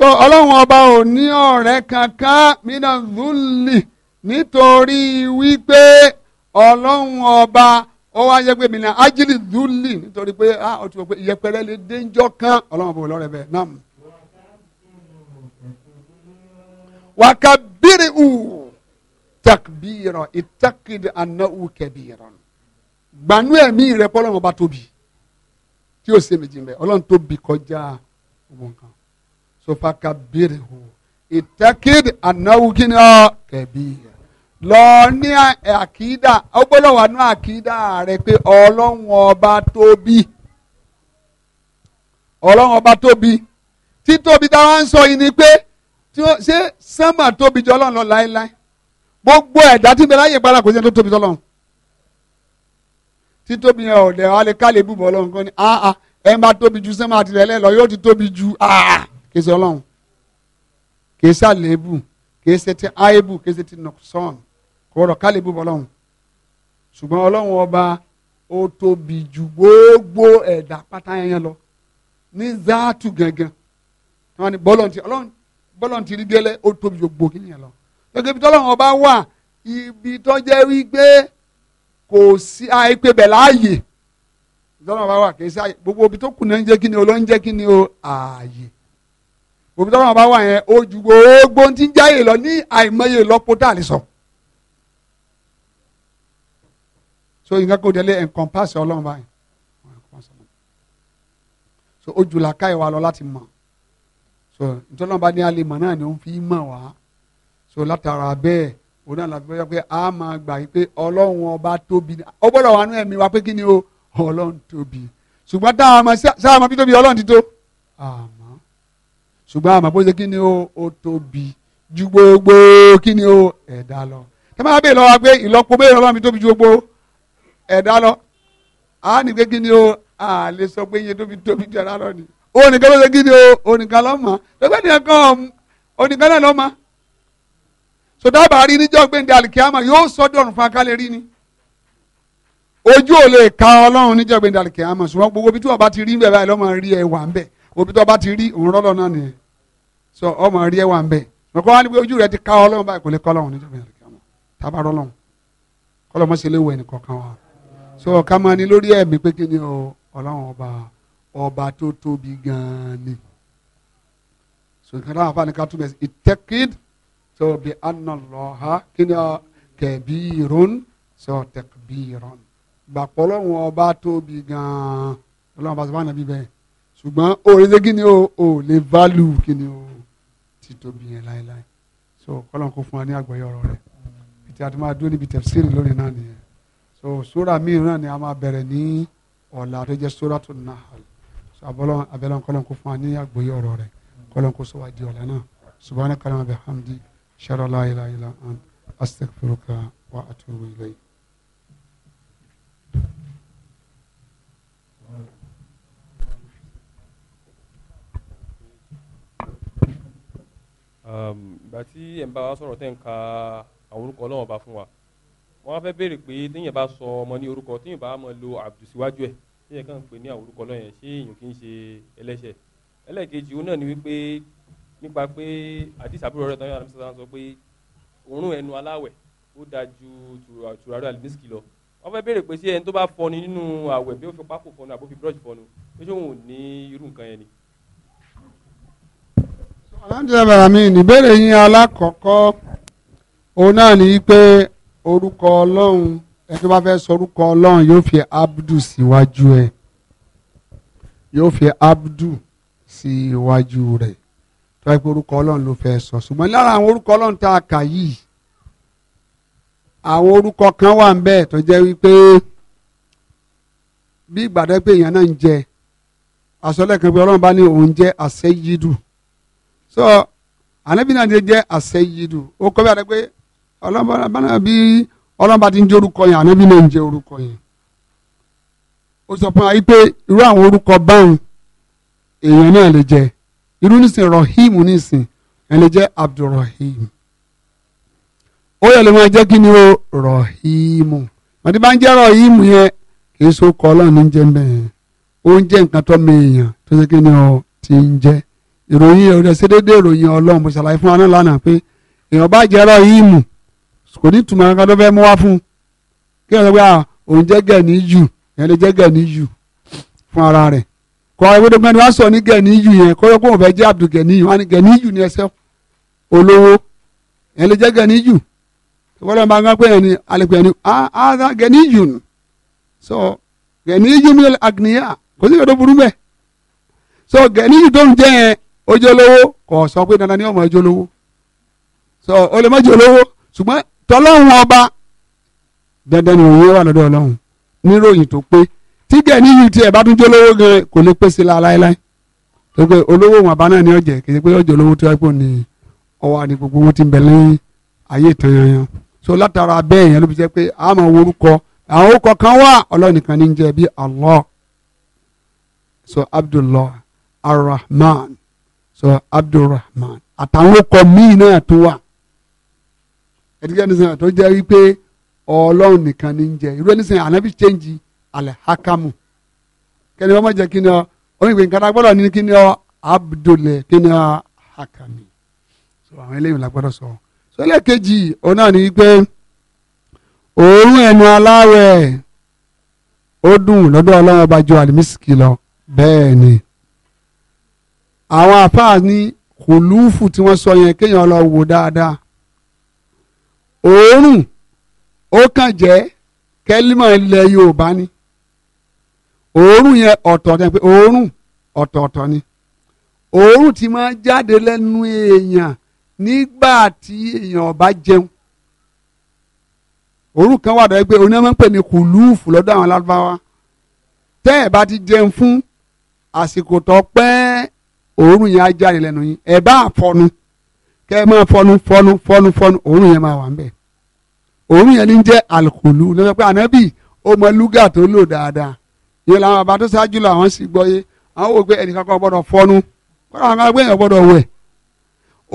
so ọlọ́run ọba ò ní ọ̀rẹ́ kankan mina zulli nítorí wípé ọlọ́run ọba ó wá yẹ pé mina ajili zulli nítorí pé ah ó ti wọ pé ìyẹpẹrẹ lè déńjọ kan ọlọ́run ọba ò lọ́rẹ́ bẹ́ẹ̀ náà. wakabiri u takbiro itakid anahu kabiro gbanú ẹ̀mí rẹ̀ pé tóbi tí ó ṣe méjì mẹ́ ọlọ́run tóbi kọjá ọmọ nǹkan sofakabirihu ìtẹ́kìd anáwùkínà kẹ̀bí lọ ní àkídà ó gbọ́dọ̀ wà ní àkídà rẹ pé ọlọ́run ọba tóbi ọlọ́run ọba tóbi títóbi táwa ń sọ yìí ni pé ṣé sánmà tóbi jọ ọlọ́run lọ láéláé gbogbo ẹ̀dá tí ń bẹ láyé ìpara kò sí ẹni tó tóbi tọ́lọ́run títóbi yẹn ọ̀dẹ̀ alẹ́ ká lè búbọ̀ ọlọ́run kan ni ẹ máa tóbi ju sánmà àtìlẹ́lẹ́ lọ yóò ti tóbi ju àà kìí ṣe ọlọ́run kìí ṣe àléébù kìí ṣe ti áìbù kìí ṣe ti nọ̀sán kọ̀ọ̀rọ̀ kálíbù ọlọ́run ṣùgbọ́n ọlọ́run ọba ó tóbi ju gbogbo ẹ̀dá pátá yẹn lọ ní záàtù gangan wọn ni bọ́lọ̀ntì ọlọ́run bọ́lọ̀ntì rí gẹ́lẹ́ ó tóbi ju gbogbo kìnìyàn lọ gẹ́gẹ́ bí tọ́lọ́run ọba wà ibi tó jẹ́ wípé kò sí àìpé bẹ̀ láàyè tọ́lọ́run ọba wà kì ṣe àyè gbogbo ibi tó kù náà ń jẹ́ kí ni o kí ni o ààyè òbí tọ́lọ́wọ́n bá wà yẹn ojú gbogbo ti ń jáyè lọ ní àìmọye lọ́pọ̀ tá a lè sọ. so nǹkan kò délé encompass ọlọ́run báyìí so ojú la ká ìwà lọ láti mọ̀ so ntọ́lọ́run bá ní alẹ́ mọ̀ náà ni ó fi mọ̀ wá so látara bẹ́ẹ̀ òun náà láti bọ́yá pé a máa gbà yí pé ọlọ́run ọba tóbi ọ gbọ́dọ̀ wà nú ẹ̀mí wa pé kí ni o ọlọ́run tóbi ṣùgbọ́n táwọn ọmọ sáà ọmọ bí tóbi ọlọ́run ti tó àmín ṣùgbọ́n àmọ́ bó ṣe kí ni o ó tóbi ju gbogbo kí ni o ẹ̀dá lọ tẹ́ máa bèèrè lọ́wọ́ pé ìlọ́po bẹ́ẹ̀ lọ́wọ́ mi tóbi ju gbogbo ẹ̀dá lọ á ní pé kí ni o à lè sọ pé iye tóbi tóbi ju ẹ̀dá lọ ni onìkan ló ṣe kí ni o onìkan lọ́mọ lọ́gbẹ́ nìyẹn kan onìkan náà lọ́mọ sọdábà rí níjọ́ gbẹ̀ndé àlìkíyàmọ̀ yóò sọ dọ̀rùn fún akálẹ̀ rí ni ojú ò lè ka ọlọ́run níjọ́ gbẹ̀ndé àlìkíyàmọ̀ ṣùgbọ́n gbogbo ibi tí wọ́n bá ti rí bẹ́ẹ̀ báyìí lọ́mọ rí ẹwà ń bẹ̀ òbí tí wọ́n bá ti rí òun rọ́lọ́ náà nìyẹn so ọmọ rí ẹ wà ń bẹ ọkọ wa ni pé ojú rẹ ti ká ọlọ́run báyìí kò lè kọ́ ọlọ́run níjọba yàrá kí ọmọ tábàárọ̀ ọlọ́run kọ́lọ́ mọ́ sí ilé ìwé nìkọ̀ọ̀kan wa so ká máa ní lórí ẹ̀mí pé kí ni o ọlọ́run ọba ọba tó tóbi gan-an ni so nǹkan táwọn afáàní ká túbẹ̀ ìtẹ́kìd so bí anàlọ́ha kí ni kẹ̀bírún so tẹ̀kbírún gbàpọ̀ ọlọ́run ọba tóbi gan-an ọlọ́run ọba sọ fún àná bíbẹ̀ ṣùgbọ́n òrìṣẹ́ kí ni o ò lè value kí ni o sì tóbi yẹn láéláé so kọ́lọ́n kó fún wa ní àgbọ́yé ọ̀rọ̀ rẹ̀ ètò àti máa dúró níbi tẹ̀síìrì lónìí náà nìyẹn so sóra míì náà ni a máa bẹ̀rẹ̀ ní ọ̀la tó jẹ́ sóra tó Nahl so abẹ́lẹ́ kọ́lọ́n kó fún wa ní àgbọ́yé ọ̀rọ̀ rẹ̀ kọ́lọ́n kó sọ wa di ọ̀la náà subhanaka wa bihamdi shara la ilaha illa ant wa atubu ilayk Ehm, ìgbà tí ẹ̀ ń bá wa sọ̀rọ̀ tẹ́ ń ka àwọn orúkọ ọlọ́run ọba fún wa wọ́n á fẹ́ béèrè pé téèyàn bá sọ ọmọ ní orúkọ téèyàn bá mọ lo àbùdù síwájú ẹ̀ téèyàn kàn ń pè ní àwọn orúkọ ọlọ́run yẹn ṣé èèyàn kì í ṣe ẹlẹ́ṣẹ̀ ẹlẹ́ẹ̀kejì òun náà ni wípé nípa pé àdìs àbúrò rẹ̀ tán yàrá sọ pé òórùn ẹnu aláwẹ̀ ó dáa ju tùràrí àlùmísìkì lọ wọ́n fẹ́ béèrè pé ṣé ẹni tó bá fọnu nínú àwẹ̀ bí ó fi pákó fọnu àbó fi búrọ́ọ̀ṣì fọnu pé ṣé òun ò ní irú nǹkan yẹn ni alhamdulilayi mi ìbéèrè yín alákọ̀ọ́kọ́ òun náà ní pé orúkọ ọlọ́run ẹ tó bá fẹ́ sọ orúkọ ọlọ́run yóò fi abdu síwájú ẹ yóò fi abdu síwájú rẹ̀ tó bá yẹ pé orúkọ ọlọ́run ló fẹ́ sọ ṣùgbọ́n lára àwọn orúkọ ọlọ́run tá a kà yìí àwọn orúkọ kan wà ń bẹ tó jẹ́ wípé bí ìgbàdẹ́gbẹ̀ èèyàn náà ń jẹ àsọlẹ̀ kan pé ọlọ́run bá ní òun jẹ́ àṣẹ́yídù so ànábì náà jẹ́ àṣẹyìdù ó kọ́ bí àdàgbé ọlọ́mọbàdàn bi ọlọ́mọba ti ń jẹ́ orúkọ yẹn ànábì náà orúkọ yẹn o sọ fún wa yìí pé irú àwọn orúkọ báwọn èèyàn náà lè jẹ irú o ń yẹn so ní jẹ́ mẹ́rin ó ń nǹkan tó ti ń ìròyìn ìròyìn ṣe déédéé ìròyìn ọlọ́run mo ṣàlàyé fún wa náà lánàá pé èèyàn bá jẹ́rọ yìí mù kò ní túmọ̀ kankan tó fẹ́ mú wá fún kí èèyàn sọ pé òun jẹ́ gẹ̀ẹ́nì jù èèyàn lè jẹ́ gẹ̀ẹ́nì jù fún ara rẹ̀ kọ́ àwọn ìwédò mẹ́rin wá sọ ní gẹ̀ẹ́nì jù yẹn kọ́ yọkùn òun fẹ́ jẹ́ Abdul gẹ̀ẹ́nì jù wọ́n ní gẹ̀ẹ́nì jù ní ẹsẹ̀ olówó èèyàn lè jẹ́ gẹ̀ẹ́nì jù ìwọ́lọ́ máa gbọ́ pé èèyàn ni alẹ́pẹ́ ẹni áá gẹ̀ẹ́nì jù so gẹ̀ẹ́nì jù mi agniya kò sí ìwé tó burú bẹ́ẹ̀ so gẹ̀ẹ́nì jù tó ń jẹ́ yẹn ó jẹ́ kò sọ pé dandan ni ọmọ sọ ó lè má jẹ́ ṣùgbọ́n tọ́lọ́hún ọba dandan ni òun yóò wà lọ́dọ̀ ọlọ́hun níròyìn tó pé tí gẹ̀ẹ́nì yìí tiẹ̀ bá tún jẹ́ kò lè pèsè la láéláé tó pé olówó náà ọ̀jẹ̀ kì í pé olówó tó yẹ kó ọwọ́ gbogbo ti lẹ́yìn ayé yanyan so látara bẹ́ẹ̀ yẹn ló fi jẹ́ pé so abdulrahman àtàwọn ọkọ míì náà tó wà ẹdíjẹ nísìnyí àtọ jẹ wípé Ọlọ́run nìkan ní í jẹ irú nísìnyí ànábì chẹnji alhakamu kẹni wọn má jẹ kí ni ọ onígbè nǹkan agbọ́dọ̀ ní kí ni ọ abdulẹ kí ni ọ hakami so àwọn eléyìí la gbọ́dọ̀ sọ so ẹlẹ́ẹ̀kejì òun náà ní wípé òórùn ẹnu aláwẹ̀ ó dùn lọ́dọ̀ Ọlọ́run ọba ju àlìmísìkì lọ bẹ́ẹ̀ ni àwọn àfáà ní kùlúùfù tí wọ́n sọ yẹn kéèyàn lọ wò dáadáa òórùn ó kàn jẹ́ kẹ́límọ̀ ilẹ̀ Yorùbá ni òórùn yẹn ọ̀tọ̀ ni pé òórùn ọ̀tọ̀ọ̀tọ̀ ni òórùn ti máa jáde lẹ́nu èèyàn nígbà tí èèyàn bá jẹun òórùn kan wà dọ́ẹ́ pé onímọ̀ ń pè ní kùlúùfù lọ́dọ̀ àwọn alábáwá tẹ́ ẹ̀ bá ti jẹun fún àsìkò tó pẹ́ẹ́ òórùn yẹn á jáde lẹ́nu yín ẹ bá fọnu kẹ ẹ máa fọnu fọnu fọnu fọnu òórùn yẹn máa wà ń bẹ̀ òórùn yẹn ní jẹ́ alukolu lọ́sọ̀ pé ànábì ó mọ lúgà tó lò dáadáa ìyẹn làwọn bàbá tó ṣáájú lọ àwọn sì gbọ́ yé àwọn wò pé ẹnìkan kan gbọ́dọ̀ fọnu kọ́ra àwọn agbẹ́ yẹn gbọ́dọ̀ wẹ̀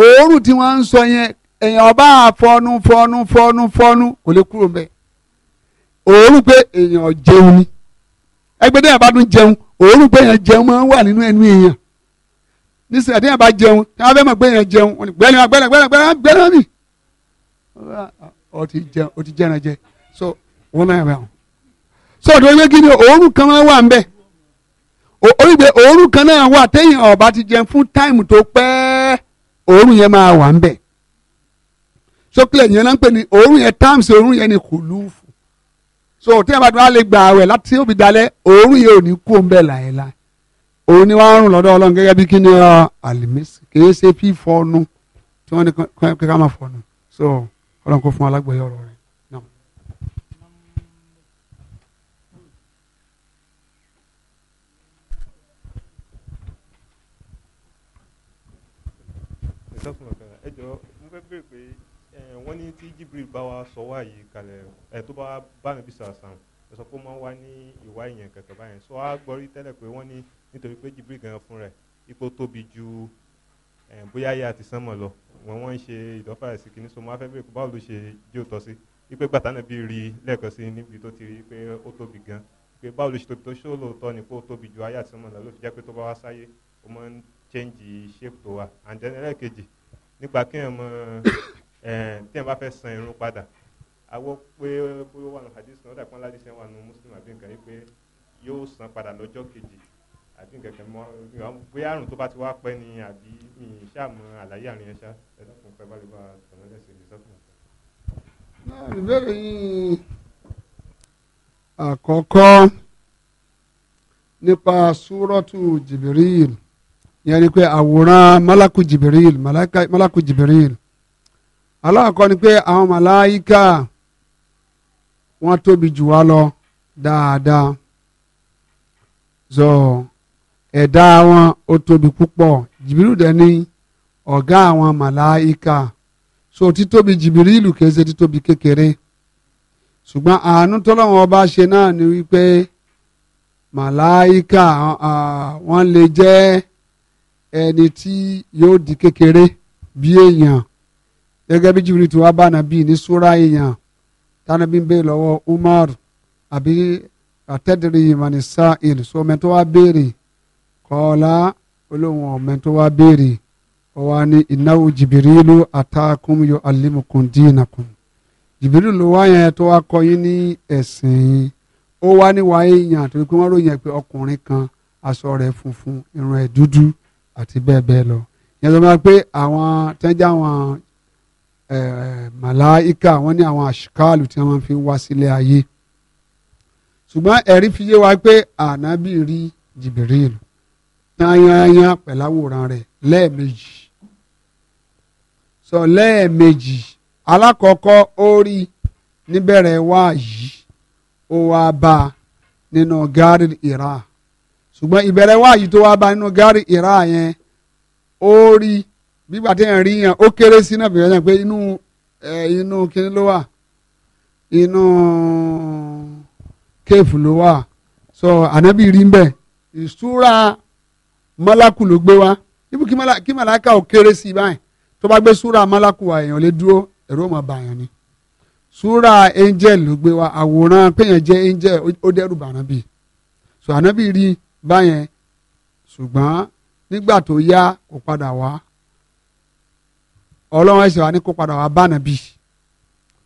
òórùn tí wọ́n ń sọ yẹn èèyàn bá fọnu fọnu fọnu fọnu kò lè kúrò mbẹ òórùn pé èèyàn jẹun ni ẹgbẹ́ dẹ́yà bá tún jẹun òórùn pé èèyàn jẹun máa ń wà nínú ẹnu èèyàn nísìnyí àti yẹn bá jẹun tí wọn fẹ́ mọ̀ pé yẹn jẹun wọn ni gbẹ́ni wa gbẹ́ni gbẹ́ni gbẹ́ni gbẹ́ni mi ọtí jẹun ọtí jẹun jẹ so wọn náà yẹn so ọdún ẹgbẹ́ kí ni òórùn kan máa wà nbẹ orígbẹ òórùn kan náà wà téèyàn ọba ti jẹun fún táìmù tó pẹ́ òórùn yẹn máa wà nbẹ sókèlè yẹn náà ń pè ní òórùn yẹn táàmùsì òórùn yẹn ni kò lùfù so téèyàn bá dùn á lè gbà àwẹ̀ láti ó fi dalẹ̀ òórùn yẹn ò ní kú òun bẹ́ẹ̀ láyé láyé òun ni wàá rùn lọ́dọ̀ ọlọ́run gẹ́gẹ́ bí kí ni àlìmísì kìí ṣe fífọ́nù tí wọ́n ní kíkà máa fọ́nù so ọlọ́run kò fún alágbèyẹ ọ̀rọ̀ rẹ̀. ẹ jọ mo fẹ́ bèèrè pé wọ́n ní tí Jibril bá wa sọ wá yìí kalẹ̀ ẹ̀ tó bá bá mi bí sàṣàn ẹ̀ sọ pé ó máa ń wá ní ìwà ìyẹn kẹ̀kẹ́ báyẹn sọ á gbọ́rí tẹ́lẹ̀ pé wọ́n ní nítorí pé Jibril gan fún rẹ̀ ipò tóbi ju eh, bóyá ayé àti sánmọ̀ lọ wọn wọ́n ń ṣe ìdọ́fà ẹ̀sìn kìíní so mo á fẹ́ bẹ̀rẹ̀ báwo ló ṣe jẹ́ òótọ́ sí wípé gbàtánà bí rí lẹ́ẹ̀kan sí níbi tó ti rí pé ó tóbi gan pé báwo ló ṣe tóbi tó ṣó lóòótọ́ ni pé ó tóbi ju ayé àti sánmọ̀ lọ ló fi jẹ́ pé tó bá wá sáyé ó máa ń chẹ́ǹjì shape tó wà and then ẹlẹ́ẹ̀kejì nípa kéèyàn mọ eh, téèyàn bá fẹ́ san irun padà awọ pé bóyá wà nù hadith náà ó dà pọ́n ládìsẹ́ wà nù muslim àbí nǹkan yìí pé yóò san padà lọ́jọ́ kejì àbí nǹkan kan mọ́ bóyá àrùn tó bá ti wá pẹ́ ni àbí mi ì ṣàmọ àlàyé àrùn yẹn ṣá ẹ̀dọ́kùn pẹ́ bá lè bá tọ̀nà lẹ́sẹ̀ lè sọ́kùn. náà ìbéèrè yìí àkọ́kọ́ nípa súrọ́tù jìbìrìl yẹn ni pé àwòrán malaku jìbìrìl malaku jìbìrìl aláàkọ́ ni pé àwọn màláyíkà wọ́n tóbi jù wá lọ dáadáa. ẹ̀dá wọn ó tóbi púpọ̀ jìbìrì dẹ̀ ní ọ̀gá àwọn màláìka so títóbi jìbìrìlù kìí ṣe títóbi kékeré ṣùgbọ́n àánú tọ́lọ́wọ́n ọba ṣe náà ni wípé màláìka wọ́n lè jẹ́ ẹni tí yóò di kékeré bí èèyàn gẹ́gẹ́ bí tí bá ní súra èèyàn ń lọ́wọ́ Umar àbí yìí mà ní ìlú sọ́mẹ́tọ́ béèrè. So, kọ́ọ́lá olóhùn ọ̀mẹ́ tó wá béèrè ó ní jìbìrìlù àtàkùn yóò alimukum dínàkùn jìbìrìlù ló wá yẹn tó wá kọ́ yín ní ẹ̀sìn yín ó wá ní wàá èèyàn torí pé wọ́n ròyìn ẹ̀ pé ọkùnrin kan aṣọ rẹ̀ funfun irun dúdú àti lọ yẹn tó máa pé àwọn wọn màláìka wọn ní àwọn àṣìkáàlù tí fi wá ayé fi yé wa pé ànábì yányányá pẹ̀láwòrán rẹ̀ lẹ́ẹ̀mejì sọ lẹ́ẹ̀mejì alákọ̀ọ́kọ́ ó rí níbẹ̀rẹ̀ wá yìí ó wá bá a nínú gari ìrà ṣùgbọ́n ìbẹ̀rẹ̀ wá yìí tó wá bá a nínú gari ìrà yẹn ó rí bígbà tí ẹ̀ ń rí yẹn ó kéré sí náà bìrẹ̀ yẹn pé inú inú kíní ló wà inú kéèfù ló wà sọ ànábì rí ń ìṣúra Malaku ló gbé wá ibú kí màláìka ò kéré sí i báyìí tó bá gbé súra mọ́lákù wá èèyàn lè dúró ẹ̀rọ ọmọ bàyàn ni súra angel ló gbé wá àwòrán péyàn jẹ́ angel ó dẹ́rù bà ànábì so ànábì rí báyẹn ṣùgbọ́n nígbà tó yá kó padà wá ọlọ́run ẹ̀sìn wa ní kó padà wá bá ànábì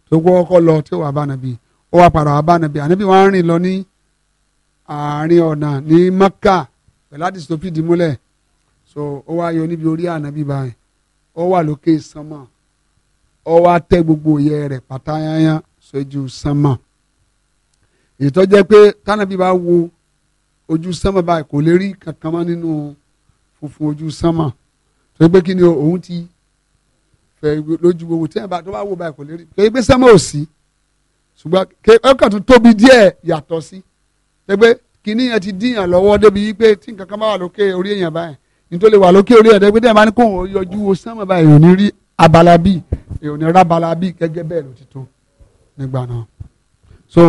tó gbọ́ ọkọ̀ lọ tí ó wà bá ànábì ó wà padà wá bá ànábì ànábì wọn rìn lọ ní àárín ọ̀nà ní Mẹ́kà pẹ̀lú àdìsí tó fìdí múlẹ̀ so ó wá yọ níbi orí ànábì báyìí ó wà lókè sánmà ó wá tẹ gbogbo òye rẹ̀ pátáyáyá sójú sánmà ètò jẹ́ pé tànàbí bá wo ojú sánmà báyìí kò lè rí kankan mọ́ nínú funfun ojú sánmà tó yẹ pé kí ni òun ti fẹ́ lójú gbogbo tí yẹn bá tó bá wò báyìí kò lè rí pé pé sánmà ò sí ṣùgbọ́n ọkàn tó tóbi díẹ̀ yàtọ̀ sí pé pé kíní yẹn ti dín yàn lọ́wọ́ débi wípé tí nǹkan kan bá wà lókè orí èèyàn báyìí nítorí wà lókè orí èèyàn débi dẹ́ẹ̀ máa ní kó òun yọjú wo sánmọ̀ báyìí èèyàn rí abala bíi èèyàn ní rábala bíi gẹ́gẹ́ bẹ́ẹ̀ ló ti tó nígbà náà so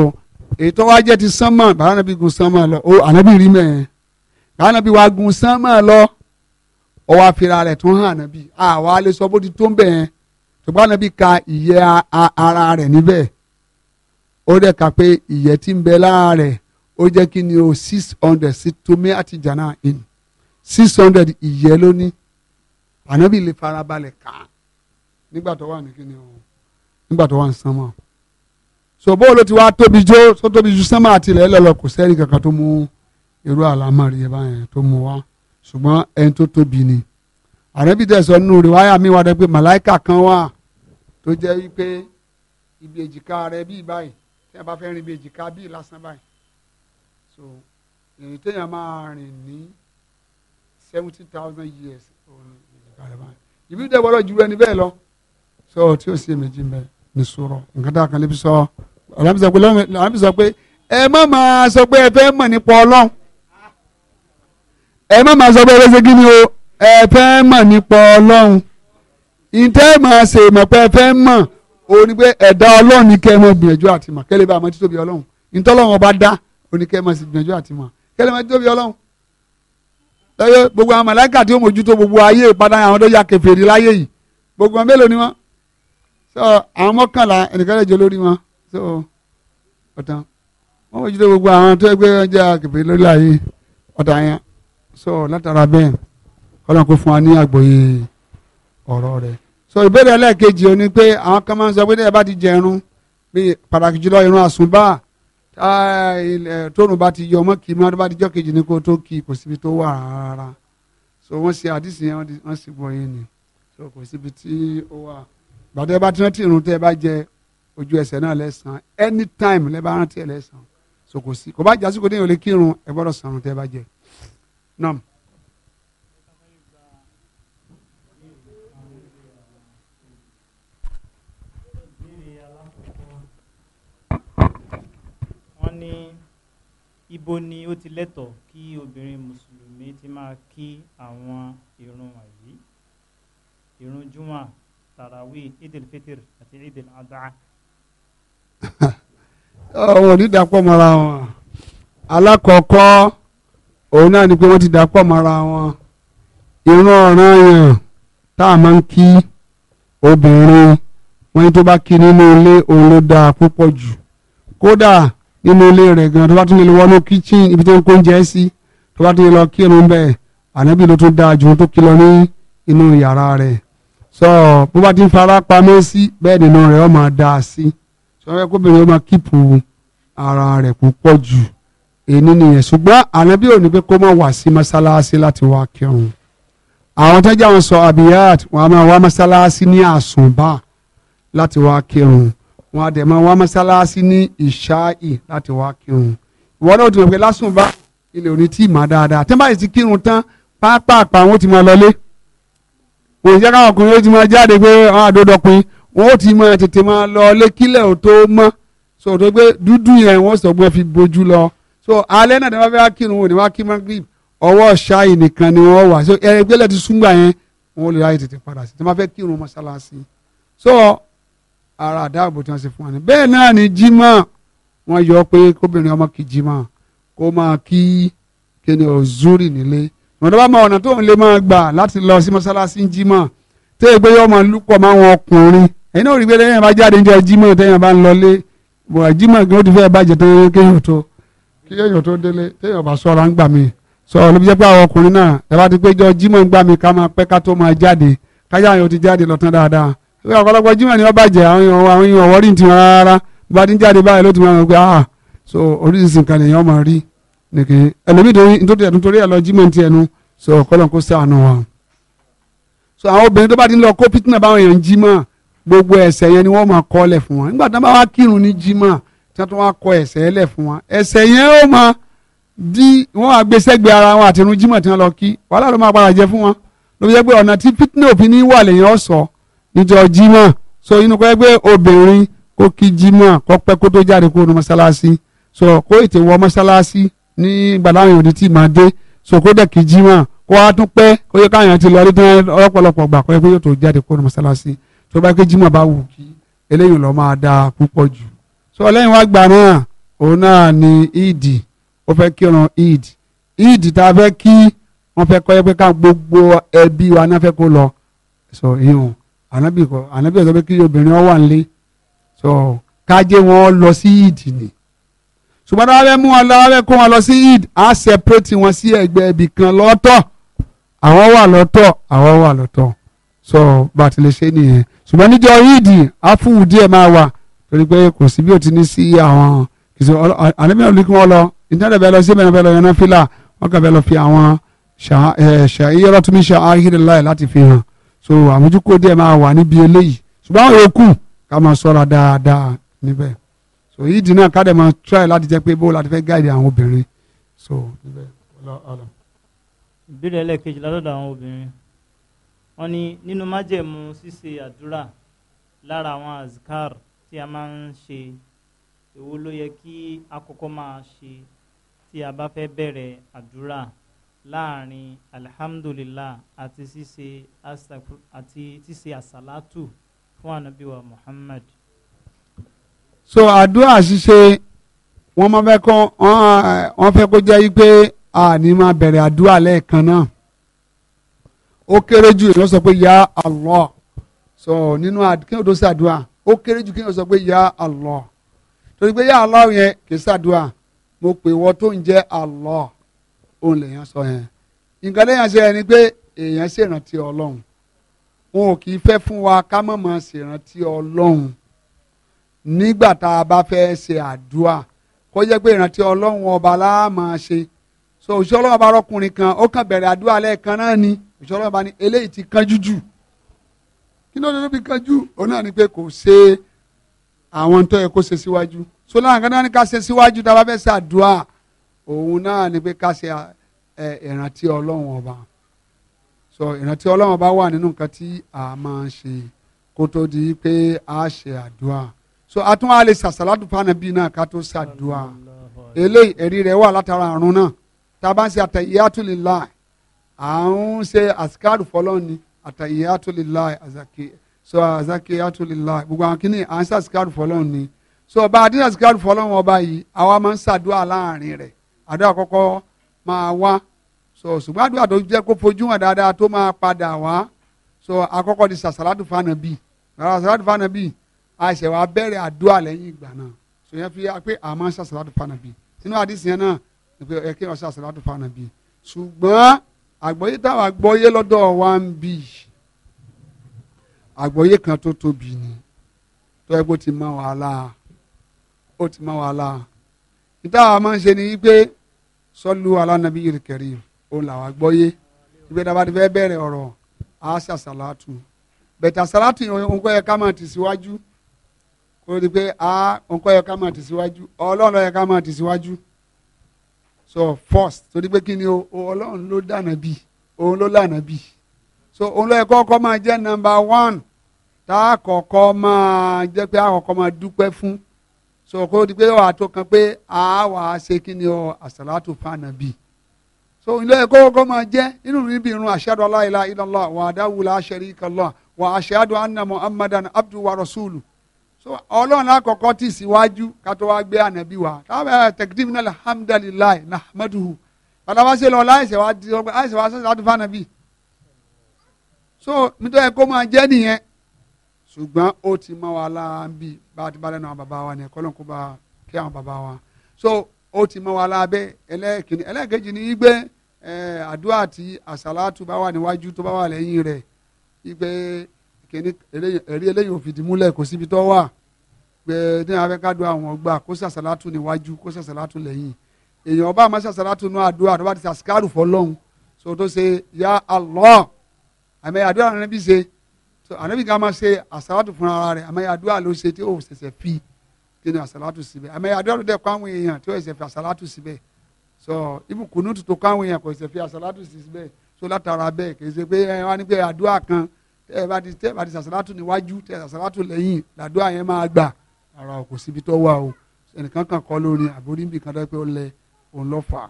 èyí tó wá jẹ́ ti sánmọ̀ bàbá nàbí gun sánmọ̀ lọ ó ànábì rí mẹ́ẹ̀ bàbá nàbí wa gun sánmọ̀ lọ ó wá fira rẹ̀ tún hàn nàbí àwa lè sọ bó ti tó ń bẹ̀ ka ìyẹ́ ara rẹ̀ níbẹ̀ ó dẹ̀ ka ó jẹ́ kí ni o six hundred sí tomi àti jana in six hundred ìyẹ́ ló ní ànábì lè farabalẹ̀ kà á nígbà tó wà ní kí ni o nígbà tó wà ní sánmà so bó ló ti wá tóbi jó tó tóbi ju sánmà àti ilẹ̀ lọ́lọ́ kò sẹ́ni kankan tó mú irú àlámọ̀rí yẹn báyẹn tó mú wá ṣùgbọ́n ẹni tó tóbi ni ànábì tẹ̀sán nù rí wáyà mi wá dẹ́ pé màláìkà kan wà tó jẹ́ wípé ibi èjìká rẹ bíi báyìí tí a bá fẹ́ rin ibi èjìká bíi lásán báyìí so ìrìn téèyàn máa rìn ní seventy thousand years òun ìjìkàlẹ̀ báyìí ìbí dẹ́ wọ́rọ̀ ju ẹni bẹ́ẹ̀ lọ so tí o sì méjì mẹ́ ní sọ̀rọ̀ nǹkan tá a kan lè fi sọ ọ̀làmì sọ pé ẹ má máa sọ pé ẹ fẹ́ mọ̀ nípa ọlọ́run ẹ má máa sọ pé ẹ fẹ́ ṣe kí ni o ẹ fẹ́ mọ̀ nípa ọlọ́run ìtẹ́ máa ṣe mọ̀ pé ẹ fẹ́ mọ̀ òun ni pé ẹ̀dá ọlọ́run ni kẹ́ ẹ mọ̀ gbìyànjú àti kẹ́lẹ́ bá àmọ́ títóbi ọlọ́run ìtọ́lọ́run ọba dá oníkẹ́ máa sì gbìyànjú àti mọ̀ kẹ́lẹ́ máa tóbi ọlọ́run lọ́yọ́ gbogbo àwọn màláìkà tí ó mójútó gbogbo ayé ìpadà àwọn tó ya kèfèrí láyé yìí gbogbo wọn mélòó ni wọn so àwọn mọ́kànlá ẹnìkan lè jẹ lórí wọn so ọ̀tàn wọn mójútó gbogbo àwọn tó ẹgbẹ́ wọn jẹ́ kèfèrí lórí ayé ọ̀tàn yẹn so látara bẹ́ẹ̀ ọlọ́run kò fún wa ní àgbọ́yé ọ̀rọ̀ rẹ̀ so ìbéèrè ẹlẹ́ẹ̀kejì ó ní pé àwọn kan máa ń sọ pé ẹ bá ti jẹ irun bí pàtàkì jùlọ irun àsùnbà Eh, tóun bá ti yọ ọmọ kì í mọ́ tó bá ti kejì ní kó tó kì í kò síbi tó wà rárá so wọ́n ṣe àdìsí yẹn wọ́n sì gbọ́ yín ni so kò síbi tí ó wà gbàdúrà bá ti rántí irun tẹ́ ẹ bá jẹ ojú ẹsẹ̀ náà lẹ́sàn anytime lẹ́ bá rántí ẹ lẹ́sàn so kò sí kò bá jásí kò déyìn ò lè kírun ẹ gbọ́dọ̀ sàrùn tẹ́ ẹ bá jẹ náà. ibo ni ó ti lẹ́tọ̀ kí obìnrin mùsùlùmí ti máa kí àwọn irun wọ̀nyí irun juma tarawih idil fitr àti idil adha. àwọn onídàápọ̀ mọ́ra wọn alákọ̀ọ́kọ́ òun náà ni pé wọ́n ti dàápọ̀ mọ́ra wọn irun ọ̀ràn yẹn tá a máa ń kí obìnrin wọ́n ní tó bá kí nínú ilé òun ló dáa púpọ̀ jù kódà nínú ilé rẹ̀ gan tó bá tún lè lọ wọnú kíchìn ibi tó ń kó oúnjẹ sí tó bá tún lè lọ kírun bẹ́ẹ̀ ànábì ló tún dáa ju tó kí lọ ní inú yàrá rẹ̀ sọ bó bá ti ń fara pamọ́ sí bẹ́ẹ̀ nínú rẹ̀ ó máa dáa sí sọ fẹ́ kóbìnrin ó kíìpù ara rẹ̀ púpọ̀ jù èyí nìyẹn ṣùgbọ́n ànábì ò ní pé kó má wá sí mọ́sálásí láti wá kírun àwọn tẹ́jà wọn sọ àbíyá wọn a máa wá mọ́sálásí ní àsùnbà láti wá kírun wọn àdẹ̀ máa wá mọ́sálásí ní ìṣáì láti wá kírun ìwọ náà ti mọ̀ pé lásùn bá ilẹ̀ òní tí mà dáadáa tí wọ́n bá yìí ti kírun tán pápápá wọn ti máa lọlé wọn ìjẹ́ káwọn ọkùnrin ti máa jáde pé àwọn àdódọ́pin wọn ó ti máa tètè máa lọlé kílẹ̀ ò tó mọ́ so tó gbé dúdú yẹn wọ́n sọ pé fi bójú lọ so alẹ́ náà tí wọ́n fẹ́ wá kírun wọn ò ní wá kí magrib ọwọ́ ṣáì nìkan ni wọ́n wà so ẹ̀rẹ́gbẹ́lẹ̀ ti súngbà yẹn wọn ò lè ráyè tètè padà sí tí wọ́n fẹ́ kírun mọ́sálásí so ara àdáàbò tí wọ́n ṣe fún wa ni bẹ́ẹ̀ náà ni jimá wọ́n yọ pé kóbìnrin ọmọ kì í jimá kó máa kí kíni ọ̀zúrì nílé ìwọ̀n tó bá máa ọ̀nà tó ń lè máa gbà láti lọ sí mọ́sálásí jimá tó yẹ pé yọ máa lúpọ̀ máa wọn ọkùnrin ẹ̀yin náà rí pé lẹ́yìn bá jáde níjọ jimá tẹ́yìn bá ń lọlé bọ̀ jimá kí wọ́n ti fẹ́ bàjẹ́ tó kéèyàn tó kéèyàn tó délé téèyàn bá sọ̀rọ̀ ń gbà mí sọ̀rọ̀ ló fi jẹ́ pé àwọn ọkùnrin náà ẹ bá ti pé jọ jimá ń gbà mí ká máa pẹ́ ká tó máa jáde káyà yẹn ti jáde lọ tán dáadáa ọ̀pọ̀lọpọ̀ jimá ni wọ́n bàjẹ́ àwọn èèyàn àwọn èèyàn wọ́rí ti wọn rárá bá ti ń jáde báyìí ló ti máa ń gbé ah so oríṣiríṣi nǹkan lèèyàn máa rí nìké ẹlòmíì tó ń torí ẹ̀dùn torí ẹ̀ lọ jimá ti ẹnu so ọ̀kọ́lọ̀ kó sànù wa. so àwọn obìnrin tó bá ti ń lọ kó pitina báwọn èèyàn jimá gbogbo ẹ̀ṣẹ̀ yẹn ni wọ́n máa kọ́ lẹ̀ fún wọn nígbà tí bá wá kírun ní jimá tí wọ́n tún wá kọ ẹ̀ṣẹ̀ di wọn àgbésẹ́gbẹ̀ ara wọn àti irun jimá tí wọ́n lọ kí wàhálà ló máa padà jẹ fún wọn ló fi jẹ́ níjọ́ jímọ̀ so inú kọ́ ẹgbẹ́ obìnrin kó kí jímọ̀ kó pẹ́ kó tó jáde kó nu mọ́ṣáláṣí so kó ètè wọ mọ́ṣáláṣí ní gbàdáwọn ìròyìn tí màá dé so kó dẹ̀ kí jímọ̀ kó wá tún pẹ́ kó yẹ káyọ̀ ti lọ nítorí ọ̀pọ̀lọpọ̀ gbà kó yẹ kó yóò tó jáde kó nu mọ́ṣáláṣí tó bá kí jímọ̀ bá wù kí eléyìí lọ máa da púpọ̀ jù so lẹ́yìn wá gbà náà òun náà ni ìdì ó fẹ́ kírun ìdì ìdì tá a fẹ́ kí wọ́n fẹ́ kọ́ yẹ ká gbogbo ẹbí wa náà fẹ́ kó lọ so ìhùn ànábì kọ ànábì ọ̀sọ́ pé kí obìnrin ọ wà ń lé sọ kájé wọn lọ sí ìdì ni ṣùgbọ́n tí wọ́n fẹ́ mú wọn lọ wọ́n fẹ́ kó wọn lọ sí ìdì á sẹpẹ́rẹ́tì wọn sí ẹgbẹ́ ibì kan lọ́tọ̀ àwọn wà lọ́tọ̀ àwọn wà lọ́tọ̀ sọ bá a ti lè ṣe nìyẹn ṣùgbọ́n níjọ ìdì á fún un díẹ̀ máa wà torí pé kò sí bí o ti ní sí àwọn kìsọ ànábì ọ̀lú kí wọ́n lọ ìtẹ́lẹ̀ bẹ́ẹ̀ lọ sí ìbẹ̀rẹ̀ lọ yẹn náà fìlà wọ́n kà bẹ́ẹ̀ lọ fi àwọn ṣàyẹ̀rọ̀ tún mi ṣe àhírí láì láti fi hàn so àmójúkó díẹ̀ máa wà níbi eléyìí ṣùgbọ́n àwọn yòókù ká máa ṣọ́ra dáadáa níbẹ̀ so yìí dì náà ká dẹ̀ máa try láti jẹ́ pé bó láti fẹ́ gáàdì àwọn obìnrin so níbẹ̀ ọlọ. ìbéèrè ẹlẹ́ẹ̀kejì látọ̀dọ̀ àwọn obìnrin wọn ní nínú májẹ̀mú ṣíṣe àdúrà lára àwọn azkar tí a máa ń ṣe èwo ló yẹ kí a máa ṣe tí a bá fẹ́ bẹ̀rẹ̀ àdúrà láàrin alhamdulillah àti ṣíṣe àti ṣíṣe àsàlátù fún anabiwa muhammad. so àdúrà ṣíṣe wọ́n máa fẹ́ kó wọ́n fẹ́ kó jẹ́ wípé àní máa bẹ̀rẹ̀ àdúrà lẹ́ẹ̀kan náà ó kéré jù èèyàn sọ pé ya Allah so nínú kéèyàn tó ṣàdúrà ó kéré jù kéèyàn sọ pé ya Allah torí pé ya Allah yẹn kì í ṣàdúrà mo pè wọ́n tó ń jẹ́ Allah òun lèèyàn sọ yẹn nǹkan lèèyàn ṣe yẹn ni pé èèyàn ṣèrántí ọlọ́run wọn ò kì í fẹ́ fún wa ká mọ̀ mọ̀ ṣèrántí ọlọ́run nígbà tá a bá fẹ́ ṣe àdúrà kó jẹ́ pé ìrántí ọlọ́run ọba la máa ṣe so òṣìṣẹ́ ọlọ́run ọba arọ́kùnrin kan ó kàn bẹ̀rẹ̀ àdúrà lẹ́ẹ̀kan náà ni òṣìṣẹ́ ọlọ́run ọba ní eléyìí ti kánjú jù kí ló dé tó fi òun náà ni pé kò ṣe àwọn tó yẹ kó ṣe síwájú so láwọn kan náà ní ká ṣe síwájú tá a bá fẹ́ ṣe àdúrà òun náà ni pé ká ṣe ìrántí ọlọ́run ọba so ìrántí ọlọ́run ọba wà nínú nǹkan tí a máa ń ṣe kó tó di pé a ṣe àdúrà so a tún wá lè ṣàṣàládù fáànà bíi náà ká tó ṣàdúrà eléyìí ẹ̀rí rẹ̀ wà látara àrùn náà tá a bá ń ṣe àtàyíyátùlélà à ń ṣe àṣìkáàrù fọlọ́ni àtàyíyátùlélà àzàkè so àzàkèyátùlélà gbogbo àwọn kìíní à ń ṣàṣìkáàrù fọlọ́ni so bá a dín àṣìkáàrù fọlọ́ni ọba yìí àwa máa ń ṣàdúrà láàrin rẹ̀ àdúrà kọ́kọ́ máa wá so ṣùgbọ́n àdúrà tó jẹ́ kó fojú hàn dáadáa tó máa padà wá so àkọ́kọ́ di sàṣàlátù fànà bíi sàṣàlátù fànà bíi àṣẹ wa bẹ̀rẹ̀ àdúrà lẹ́yìn ìgbà náà so yẹn fi pé àmọ́ sàṣàlátù fànà bíi sínú àdìsí yẹn náà ẹ kí wọ́n sàṣàlátù fànà bíi ṣùgbọ́n àgbọ́yé táwọn àgbọ́yé lọ́dọ̀ wa ń bì àgbọ́yé kan tó tóbi ni tó yẹ kó ti mọ wàhálà ó ti mọ wàhálà ìtawà máa ń ṣe ni wípé sọlú alánàbí yìí kẹrì òun làwọn àgbọ́yé ibi tí a bá ti fẹ́ bẹ̀rẹ̀ ọ̀rọ̀ àṣà sàlátù bẹ̀tà sàlátù nǹkan yẹ ká máa tì síwájú kó di pé a nǹkan yẹ ká máa tì síwájú ọlọ́run yẹ ká máa so first torí pé kí ni o ọlọ́run ló dànà bí òun ló lànà bí so òun ló yẹ kọ́kọ́ máa jẹ́ number one tá a kọ́kọ́ máa jẹ́ pé a kọ́kọ́ máa dúpẹ́ fún so kó di pé wà á tó kan pé a wà á ṣe kí ni ọ àsàlátù fáànà so ilé ẹ̀kọ́ kọ́ máa jẹ́ nínú níbi irun ashadu alla ilaha illallah wa adahu la sharika Allah wa ashadu anna muhammadan abdu wa rasulu so ọlọ́run lákọ̀ọ́kọ́ tì síwájú ká tó wá gbé ànábì wa táwọn tẹkidimu náà alhamdulilayi nahmaduhu bàtàwá ṣe lọ láìsẹ̀ wá di ọgbẹ́ àìsẹ̀ wá sàlátù fáànà bì so nítorí ẹ̀kọ́ máa jẹ́ nìyẹn ṣùgbọ́n ó ti mọ́ wa lára ń bì bá a ti bá lẹ́nu àwọn bàbá wa ni kọ́lọ́n kó bá kí àwọn bàbá wa so ó ti mọ́ wa lára bẹ́ẹ̀ ẹlẹ́ẹ̀kìnní ẹlẹ́ẹ̀kejì ni igbe àdúrà àti àsàlátù bá wà níwájú tó bá wà lẹ́yìn rẹ̀ igbe kìnní ẹ̀rí eléyìí òfin ìdìmúlẹ̀ kò síbi tó wà pé ní abẹ́ ká do àwọn ọgbà kó sàsàlátù níwájú kó sàsàlátù lẹ́yìn èèyàn ọba àmọ́ sàsàlátù nù àdúrà tó bá ti sàsìkárù fọlọ́hún so tó ṣe ya Allah àmì àdúrà rẹ̀ bí ṣe so anabi ká máa asalatu àsàlátù fúnra ara rẹ̀ àmọ́ àdúrà ló ṣe tí ó ṣẹ̀ṣẹ̀ fi kí ni àsàlátù síbẹ̀ àmọ́ àdúrà ló dẹ̀ kọ́ àwọn èèyàn tí ó ṣẹ̀ṣẹ̀ fi àsàlátù síbẹ̀ so ibu ní tuntun kọ́ àwọn èèyàn kò ṣẹ̀ṣẹ̀ fi àsàlátù síbẹ̀ so látara bẹ́ẹ̀ kì í ṣe pé ẹ wá ní pé àdúrà kan tẹ ẹ bá ti tẹ ẹ bá ti sàṣàlátù níwájú tẹ sàṣàlátù lẹ́yìn làdúrà yẹn máa gbà ara kò síbi tó wà o ẹnìkan kan kọ́ lórí àbórí níbi kan tó pé ó lẹ òun lọ fà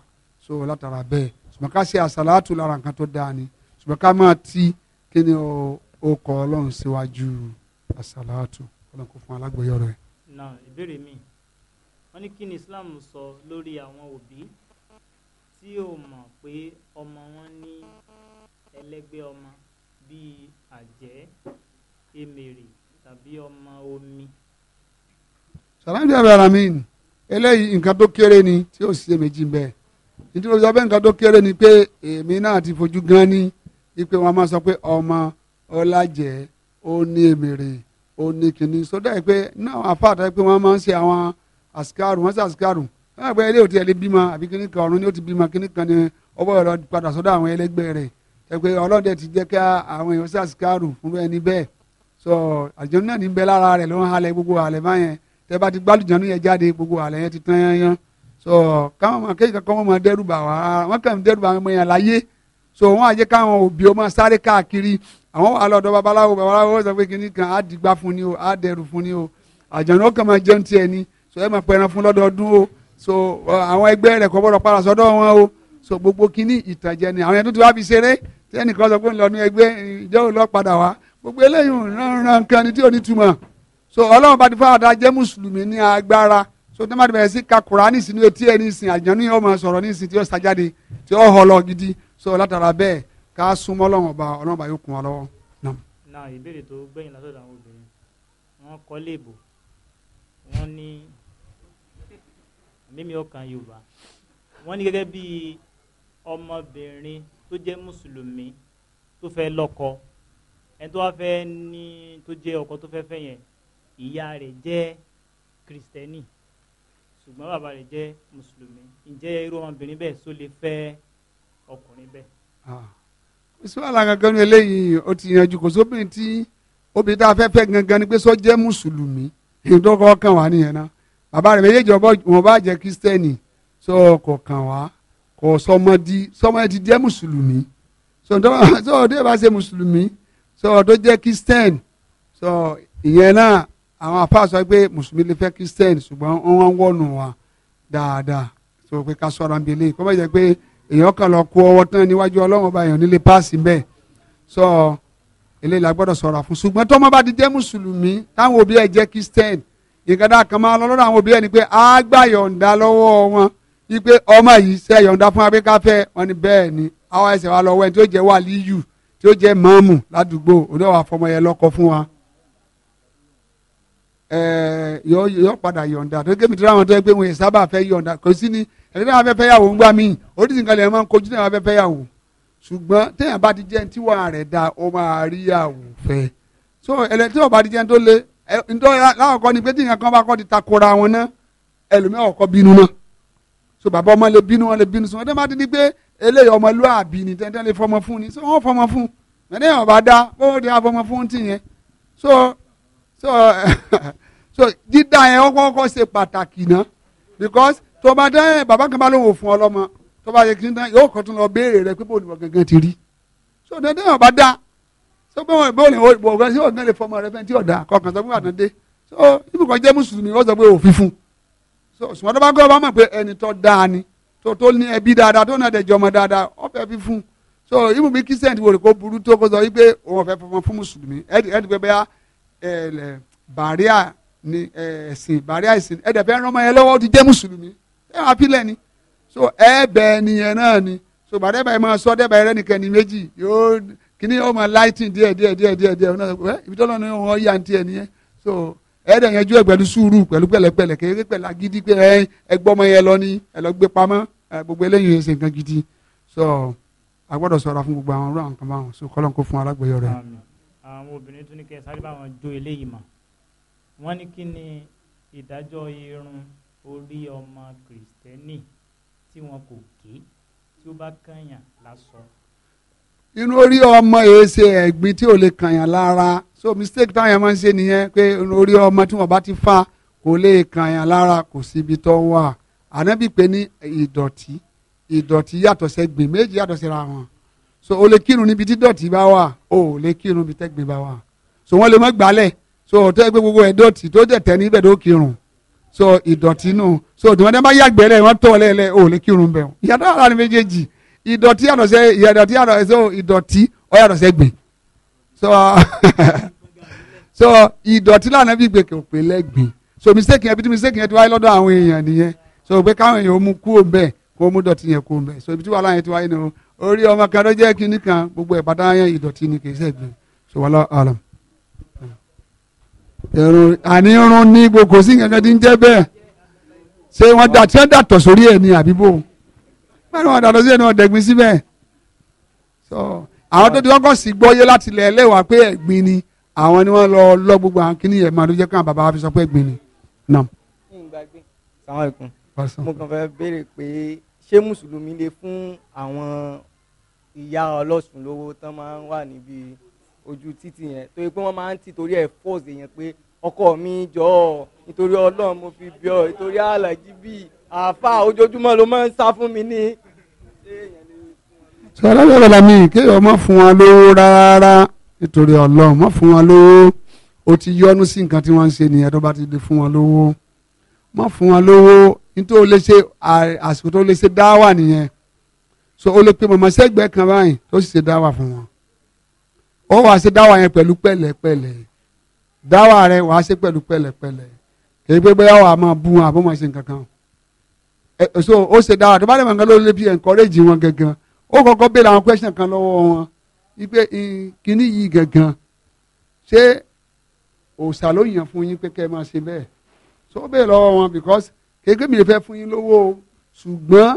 so látara bẹ́ẹ̀ ṣùgbọ́n ká ṣe àṣàlátù lára tó dáa ni ṣùgbọ́n ká ti kí o ó kọ ọlọ́run síwájú àsàlátù ọlọ́run kò fún alágbèyọ rẹ. na ìbéèrè mi wọ́n ní kí ni Islam sọ lórí àwọn òbí tí ò mọ̀ pé ọmọ wọn ní ẹlẹ́gbẹ́ ọmọ bíi àjẹ́ emèrè tàbí ọmọ omi. sàlámì ẹ̀rọ ara mi eléyìí nǹkan tó kéré ni tí ó sì ṣe méjì bẹ́ẹ̀ nítorí ọjọ́ bẹ́ẹ̀ nǹkan tó kéré ni pé èmi náà ti fojú gan ni ipe wọn máa sọ pé ọmọ ọlájẹ ó ní èmèrè ó ní kínní sódà yìí pé náà àwọn afáàtà yìí pé wọ́n máa ń ṣe àwọn àsìkárù wọ́n ṣe àsìkárù wọ́n yà pé ilé òtí ẹ̀lẹ́ bímọ àbí kínní kan ọ̀run ni ó ti bímọ kínní kan ni ọwọ́ ẹ̀rọ padà sọ́dọ̀ àwọn ẹlẹ́gbẹ́ rẹ̀ ẹ pé ọlọ́dẹ ti jẹ́ ká àwọn èèyàn ṣe àsìkárù fún ẹni bẹ́ẹ̀ sọ àlùjànnú náà ní bẹ lára rẹ̀ ló ń halẹ̀ gbogbo halẹ̀ báyẹn tẹ bá ti gbàlùjànnú yẹn jáde gbogbo halẹ̀ yẹn ti tán yán yán sọ káwọn ọmọ kọ́ wọn máa dẹ́rù so wọn àjẹ káwọn òbí ọmọ sáré káàkiri àwọn wà lọ́dọ̀ babaláwo babaláwo sọ pé kìnnìkan kan á dìgbà fún ni o á dẹrù fún ni o àjànà ó máa jẹun tiẹ̀ ni so ẹ máa pẹran fún lọ́dọọdún o so àwọn ẹgbẹ́ rẹ̀ kọ́ bọ́dọ̀ para sọ́dọ̀ wọn o so gbogbo kínní ìtànjẹ ni àwọn yẹn tó ti wá fi ṣeré tẹ́nìkan sọ pé ńlọdún ẹgbẹ́ ìjọ ò lọ padà wá gbogbo eléyìí ránran kan ni tí ò ní túmọ̀ so ọlọ́run bá ti fọ́ àdá jẹ́ mùsùlùmí ní agbára so tẹ́lẹ̀ bá ti bẹ̀rẹ̀ sí ka Kùránì sínú etí ẹ̀ nísìn àjànú yẹn ó máa sọ̀rọ̀ nísìn tí ó sàjáde tí ó họ̀ gidi so látara bẹ́ẹ̀ ká súnmọ́ Ọlọ́run ọba Ọlọ́run ọba yóò kún wa lọ́wọ́ na ìbéèrè tó gbẹ̀yìn látọ̀dọ̀ àwọn obìnrin wọ́n kọ́ léèbò wọ́n ní mímí ọkàn Yorùbá wọ́n ní gẹ́gẹ́ bí ọmọbìnrin tó jẹ́ mùsùlùmí tó fẹ́ lọ́kọ ẹni tó wá fẹ́ ní tó jẹ́ ọkọ tó fẹ́ fẹ́ yẹn ìyá rẹ̀ jẹ́ kristẹni ṣùgbọ́n bàbá rẹ̀ jẹ́ mùsùlùmí ǹjẹ́ irú ọmọbìnrin bẹ́ẹ̀ só lè fẹ́ ọkùnrin bẹ́ẹ̀. bísí ah. wàhálà gangan ní eléyìí ó ti yanjú kò sóbìnrin tí obìnrin tá a fẹ́ fẹ́ gangan ni pé sọ jẹ́ mùsùlùmí ìdókòwò kan wà nìyẹn náà bàbá rẹ̀ méjèèjì wọn bá jẹ́ kírísítẹ́nì sọ kò kàn wá kò sọmọdí sọmọdí jẹ́ mùsùlùmí sọ ọdún ìbá ṣe mùsùlùmí sọ ọdún jẹ́ kírísítẹ́nì sọ ìyẹn náà àwọn àpá sọ pé mùsùlùmí lè fẹ́ kírísítẹ́nì ṣùgbọ́n wọ́n wọ́n wọ́nù wa dáadáa sọ pé ká sọ̀rọ̀ àbí eléyìí kọ́ bá èèyàn kan lọ kó ọwọ́ tán níwájú ọlọ́run ọba èèyàn nílé páàsì bẹ́ẹ̀ sọ eléyìí la gbọ́dọ̀ sọ̀rọ̀ fún ṣùgbọ́n tọ́mọ bá ti jẹ́ mùsùlùmí táwọn òbí ẹ̀ jẹ́ christian ìkàdá kan máa lọ lọ́dọ̀ àwọn òbí ẹ̀ ni pé á gbà yọ̀ǹda lọ́wọ́ wọn wípé ọmọ yìí ṣe yọ̀ǹda fún abẹ́káfẹ́ wọn ni bẹ́ẹ̀ ni àwọn ẹsẹ̀ wa lọ́wọ́ ẹni tí ó jẹ́ wàlíyù tí ó jẹ́ máàmù ládùúgbò oníwà fọmọ yẹn lọ́kọ fún wa yọ padà yọ̀ǹda tó kémi tí wọ́n tó yẹ pé wọ́n yẹ sábà fẹ́ yọ̀ǹda kò sí ni ẹni náà fẹ́ fẹ́ yàwó ń gbà mí oríṣi nǹkan lè máa ń kojú náà fẹ́ fẹ́ yàwó ṣùgbọ́n téèyàn bá ti jẹ́ ní tíwà rẹ̀ da ó máa rí yàwó fẹ́ so ẹlẹ́tí ò bá ti jẹ́ ní tó lé ntọ́ láwọ̀kọ́ ni pé tíyàn kan bá kọ́ ti takora wọn ná ẹlòmíràn ọ̀kọ́ bínú náà so bàbá ọmọ lè bínú wọn lè bínú sùn ọdẹ má ti di pé eléyìí ọmọlúwàbí ni tẹ́ntẹ́n lè fọmọ fún ni so wọ́n fọmọ fún mẹ́tẹ́ yàn bá dá bọ́wọ́ ti so so so dídá yẹn ó kọ́kọ́ ṣe pàtàkì ná because tó bá dẹ́ bàbá kan bá ló wò fún ọ lọ́mọ tó bá yẹ kí n tán yóò kọ́ tún lọ béèrè rẹ pé bóun ìwọ gangan ti rí so dandan yóò bá dá so bóun ìbóun ìwọ ìbò ọ̀gá sí ọ̀gá lè fọmọ rẹ fẹ́ tí ọ̀dà kọkàn sọ pé wà dé so ibi kan jẹ́ mùsùlùmí wọ́n sọ pé òfin fún so sùmọ́ tó bá gbọ́ bá mọ̀ pé ẹni tó dáa ni tó tó ní ẹbí dáadáa tó náà dẹ̀ jọmọ dáadáa ọ fẹ́ fi fún so ibi bí kristian ti wò lè kó burú tó kó sọ wípé òun fẹ́ fọmọ fún mùsùlùmí ẹ̀ẹ́dì pé bẹ́ẹ̀ bàríà ẹ̀sìn bàríà ẹ̀sìn ẹ̀ẹ́dẹ̀ fẹ́ ọmọ yẹn lọ́wọ́ ti jẹ́ mùsùlùmí ẹ máa filẹ̀ ni so ẹ bẹ nìyẹn náà ni so bàdẹ́bà yìí máa sọ dẹ́bà yìí rẹ́nìkan ní méjì yóò kíní yóò máa láìtìn díẹ̀ díẹ̀ díẹ̀ díẹ̀ díẹ̀ ọ̀nà ẹ ibi tọ́lọ́ ni wọ́n yà ń tiẹ̀ nìyẹn so ẹ dẹ̀ yẹn jú ẹ pẹ̀lú sùúrù pẹ̀lú pẹ̀lẹ́pẹ̀lẹ́ kékeré pẹ̀lú agídí pé ẹ gbọ́mọ yẹn lọ ní ẹ lọ gbé pamọ́ gbogbo eléyìí ẹ ṣe nǹkan gidi so a gbọ́dọ̀ sọra fún gbogbo àwọn ọ̀rọ̀ àwọn kan báwọn so kọ́lọ́n kó fún alágbèyọ rẹ. àwọn obìnrin tún ní kẹ́ sáré báwọn jó eléyìí mọ̀ ó rí ọmọ kìrìsìtẹ́nì tí wọn kò ké tí ó bá kànyàn lásọ. inú orí ọmọ yìí ṣe ẹ̀gbin tí ò lè kànyàn lára so mistake táwọn yẹn máa ń ṣe nìyẹn pé orí ọmọ tí wọn bá ti fa kò lè kànyàn lára kò síbi tó wà ànábì pé ní ìdọ̀tí ìdọ̀tí yàtọ̀ sẹ́gbìn méjì yàtọ̀ síra wọn so o lè kírun níbi tí dọ̀tí bá wà o ò lè kírun níbi tẹ́gbìn bá wà so wọ́n lè má gbálẹ̀ so ọ̀tọ́ ẹgbẹ́ gbogbo ẹ̀ dọ̀tí tó dẹ̀ tẹ́ níbẹ̀ tó kírun so ìdọ̀tí nù so tòmọdé bá yàgbẹ́ lẹ̀ wọ́n tọ̀ lẹ́lẹ̀ ò lè kírun bẹ̀ wọ́n ìyàtọ̀ ara ni méjèèjì ìdọ̀tí yàtọ̀ sẹ́ ìdọ̀tí yàtọ̀ sẹ́ ìdọ̀tí ọ yàtọ̀ sẹ́ gbìn so so ìdọ̀tí lànà bí gbèkè òpè lẹ́gbìn so mistake yẹn bí mistake yẹn ti wáyé lọ́dọ̀ àwọn èèyàn nìyẹn so pé káwọn èèyàn ó mú kúrò bẹ́ẹ̀ kó mú dọ̀tí yẹn kúrò bẹ́ẹ̀ so ibi tí wàhálà yẹn ti wáyé nìyẹn orí ọmọ kan tó jẹ́ kinní kan gbogbo ẹ̀ bàtà yẹn ìdọ̀tí ni kì í sẹ́gbìn so wàhálà àlọ́ irun àní irun ní gbogbo sí nǹkan kan tí ń jẹ́ bẹ́ẹ̀ ṣé wọ́n dà tí wọ́n dàtọ̀ sórí ẹ̀ ní àbíbò wọ́n ní wọ́n sí ẹ̀ ní wọ́n dẹ̀gbin síbẹ̀ àwọn tó ti kọ́kọ́ sì gbọ́yé láti ilẹ̀ ẹlẹ́wàá pé ẹ̀gbin ni àwọn ni wọ́n lọ lọ gbogbo àwọn kìnìyẹ máa ló jẹ́ káwọn bàbá wa fi sọ pé ẹ̀gbin ni. mo kàn fẹ́ béèrè pé ṣé mùsùlùmí lè fún àwọn ìyá ọlọ́sùn lówó tán máa ń wà níbi ojú títì yẹn torí pé wọ́n máa ń tì torí ẹ̀ fọ́ọ̀sì yẹn pé ọkọ mi jọ ọ nítorí ọlọ́run mo fi bí ọ nítorí àlàjì bíi àáfà ojoojúmọ́ ló máa ń sá fún mi ní. sọ alájọ́ bàbá mi kéèyàn má fún wa lówó rárá nítorí ọlọ́run má fún wa lówó o ti yọnu sí nǹkan tí wọ́n ń ṣe nìyẹn tó bá ti di fún wọn lówó má fún wọn lówó nítorí o lè ṣe àsìkò tó lè ṣe dáwà nìyẹn so o lè pe mọ̀mọ́sẹ́gbẹ́ kan báyìí tó sì ṣe dáwà fún wọn ó wàá ṣe dáwà yẹn pẹ̀lú pẹ̀lẹ́pẹ̀lẹ́ dáwà rẹ wàá ṣe pẹ̀lú pẹ̀lẹ́pẹ̀lẹ́ èyí pé bóyá wàá máa bú àbọ̀ máa ṣe nǹkan kan so ó ṣe dáwà tó bá dẹ̀ nǹkan ló lè fi encourage wọn gangan ó kọ́kọ́ béèrè àwọn question kan lọ́wọ́ wọn wípé kíní yìí gangan ṣé òòṣà ló yàn fún yín pé kẹ́ ẹ máa ṣe bẹ́ẹ̀ so ó béèrè lọ́wọ́ wọn because kéèké mi lè fẹ́ fún yín lówó ṣùgbọ́n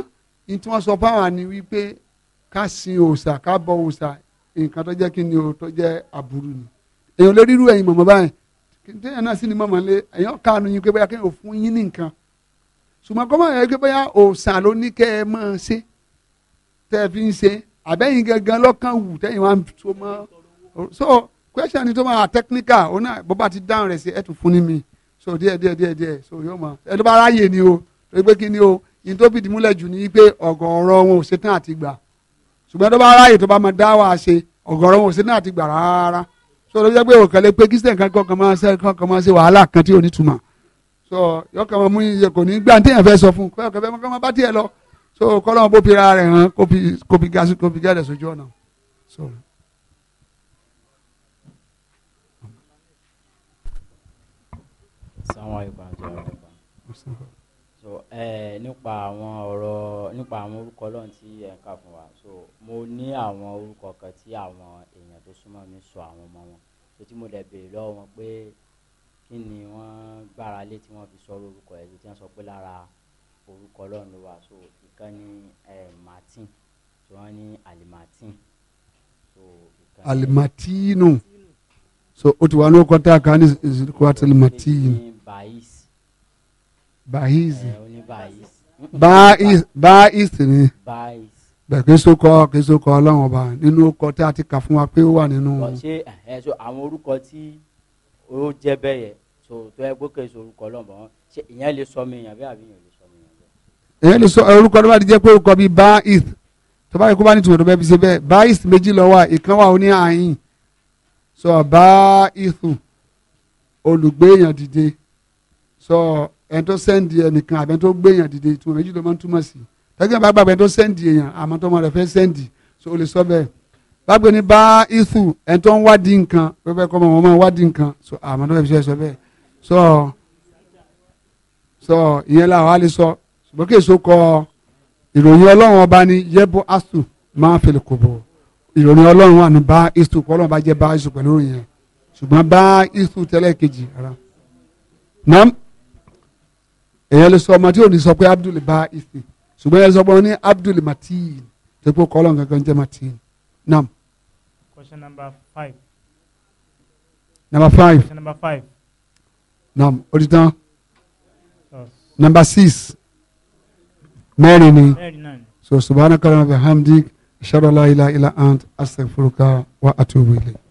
ní tí wọ́n sọ fáwọn àní wípé ká sin òòṣà ká bọ òòṣà nǹkan tó jẹ́ kí ni o tó jẹ́ aburú ni èèyàn lè rírú ẹ̀yin mọ̀mọ́ báyìí téèyàn náà sì ni mọ̀mọ́ lé èèyàn káàánú yín pé bóyá kéèyàn fún yín ní nǹkan ṣùgbọ́n kọ́mọ̀ yẹn pé bóyá òòsàn ló ní kẹ́ ẹ máa ṣe tẹ́ ẹ fi ń ṣe àbẹ́yìn gangan lọ́kàn wù tẹ́yìn wá ń tó mọ́ so question ni tó máa technical ọ̀nà bó bá ti dáhùn rẹ̀ sí ẹ̀ tún fún ní mi so díẹ̀ díẹ̀ díẹ̀ díẹ̀ so yóò mọ̀ ẹ̀ tó bá ráyè ni o torí pé kí ni o ìyìn tó jù ni pé ọ̀gọ̀ọ̀rọ̀ wọn ò ṣetán àti gbà ṣùgbọ́n tó bá ráàyè tó bá mọ dá wàá ṣe ọ̀gọ̀rọ̀ wọn ò sí náà ti gbà rárá so ló jẹ́ pé òkèlè pé kristian kan kọ́kọ́ máa ṣe ṣe wàhálà kan tí ò ní túmọ̀ so yọkàn máa mú iye kò ní gbà téèyàn fẹ́ sọ fún kọ́ ọ̀kẹ́ fẹ́ máa bá tiẹ̀ lọ so kọ́lọ́mọ bó pera rẹ̀ hàn kó fi gasi kó fi gẹ́lẹ̀ sójú ọ̀nà so. sáwọn ìbàdàn nípa àwọn ọ̀rọ̀ nípa àwọn orúkọ ọlọ́run tí ẹ̀ ń kà fún wa so mo ní àwọn orúkọ kan tí àwọn èèyàn tó súnmọ́ mi sọ àwọn ọmọ wọn so tí mo dẹ̀ béèrè lọ́wọ́ wọn pé kí ni wọ́n gbára lé tí wọ́n fi sọ orúkọ ẹ̀ tí wọ́n sọ pé lára orúkọ ọlọ́run ló wà so ìkan ní Martin tí wọ́n ní Alimartin. Alimartinu so o ti wà ní ọkọ tá a kà ní ìsìnkú àti Alimartinu. Bahizi báyìs ni bẹ́ẹ̀ kí sókọ kí sókọ ọlọ́run ọba nínú ọkọ tí a ti kà fún wa pé ó wà nínú. ṣé ẹ eh, so àwọn orúkọ tí ó jẹ́ bẹ́ẹ̀ yẹ tó tó ẹ gbókè so orúkọ ọlọ́run bọ̀ wọ́n ṣe ìyẹn lè sọ mi yàn bí àbí yàn lè sọ mi yàn bẹ́ẹ̀. ìyẹn lè sọ eh, orúkọ tó bá ti jẹ́ pé orúkọ bíi báyìs tó bá yẹ kó bá ní tòun tó bẹ́ẹ̀ fi ṣe bẹ́ẹ̀ báyìs méjì lọ wà ìkan wà ó ní àyìn sọ báyìsù olùgbé èèyàn dìde sọ. So, ẹni tó sẹ́ndì ẹnìkan àbẹ́ni tó gbéyàn dìde ìtumọ̀ méjì ló máa ń túmọ̀ sí tẹ́gbẹ́ bá gbàgbé tó sẹ́ndì èèyàn àmọ́ tọmọ rẹ̀ fẹ́ sẹ́ndì so o lè sọ bẹ́ẹ̀ bágbé ni bá ìsù ẹni tó ń wádìí nǹkan pẹ́pẹ́ kọ́ ọmọ wọn wádìí nǹkan so àmọ́ tó fẹ́ fi sọ bẹ́ẹ̀ so so ìyẹn la wàá lè sọ ṣùgbọ́n kí èso kọ ìròyìn ọlọ́run ọba ni yẹ́bù asù máa fèlè kòbò ìròyìn ọlọ́run wà ní bá ìsù kọ́ ọlọ́run bá èèyàn lè sọ ọmọ tí ò ní sọ pé abdul bá ife ṣùgbọ́n èèyàn sọ pé wọ́n ní abdul matin tó kó kọ́ ọlọ́run gangan jẹ́ matin nam. question number five. number five. question number five. nam o ti tán. number six. mẹ́rin ni. mẹ́rin náà ni. so subhanaka wa bihamdik. ashhadu an la ilaha illa ant astaghfiruka wa atubu ilayk.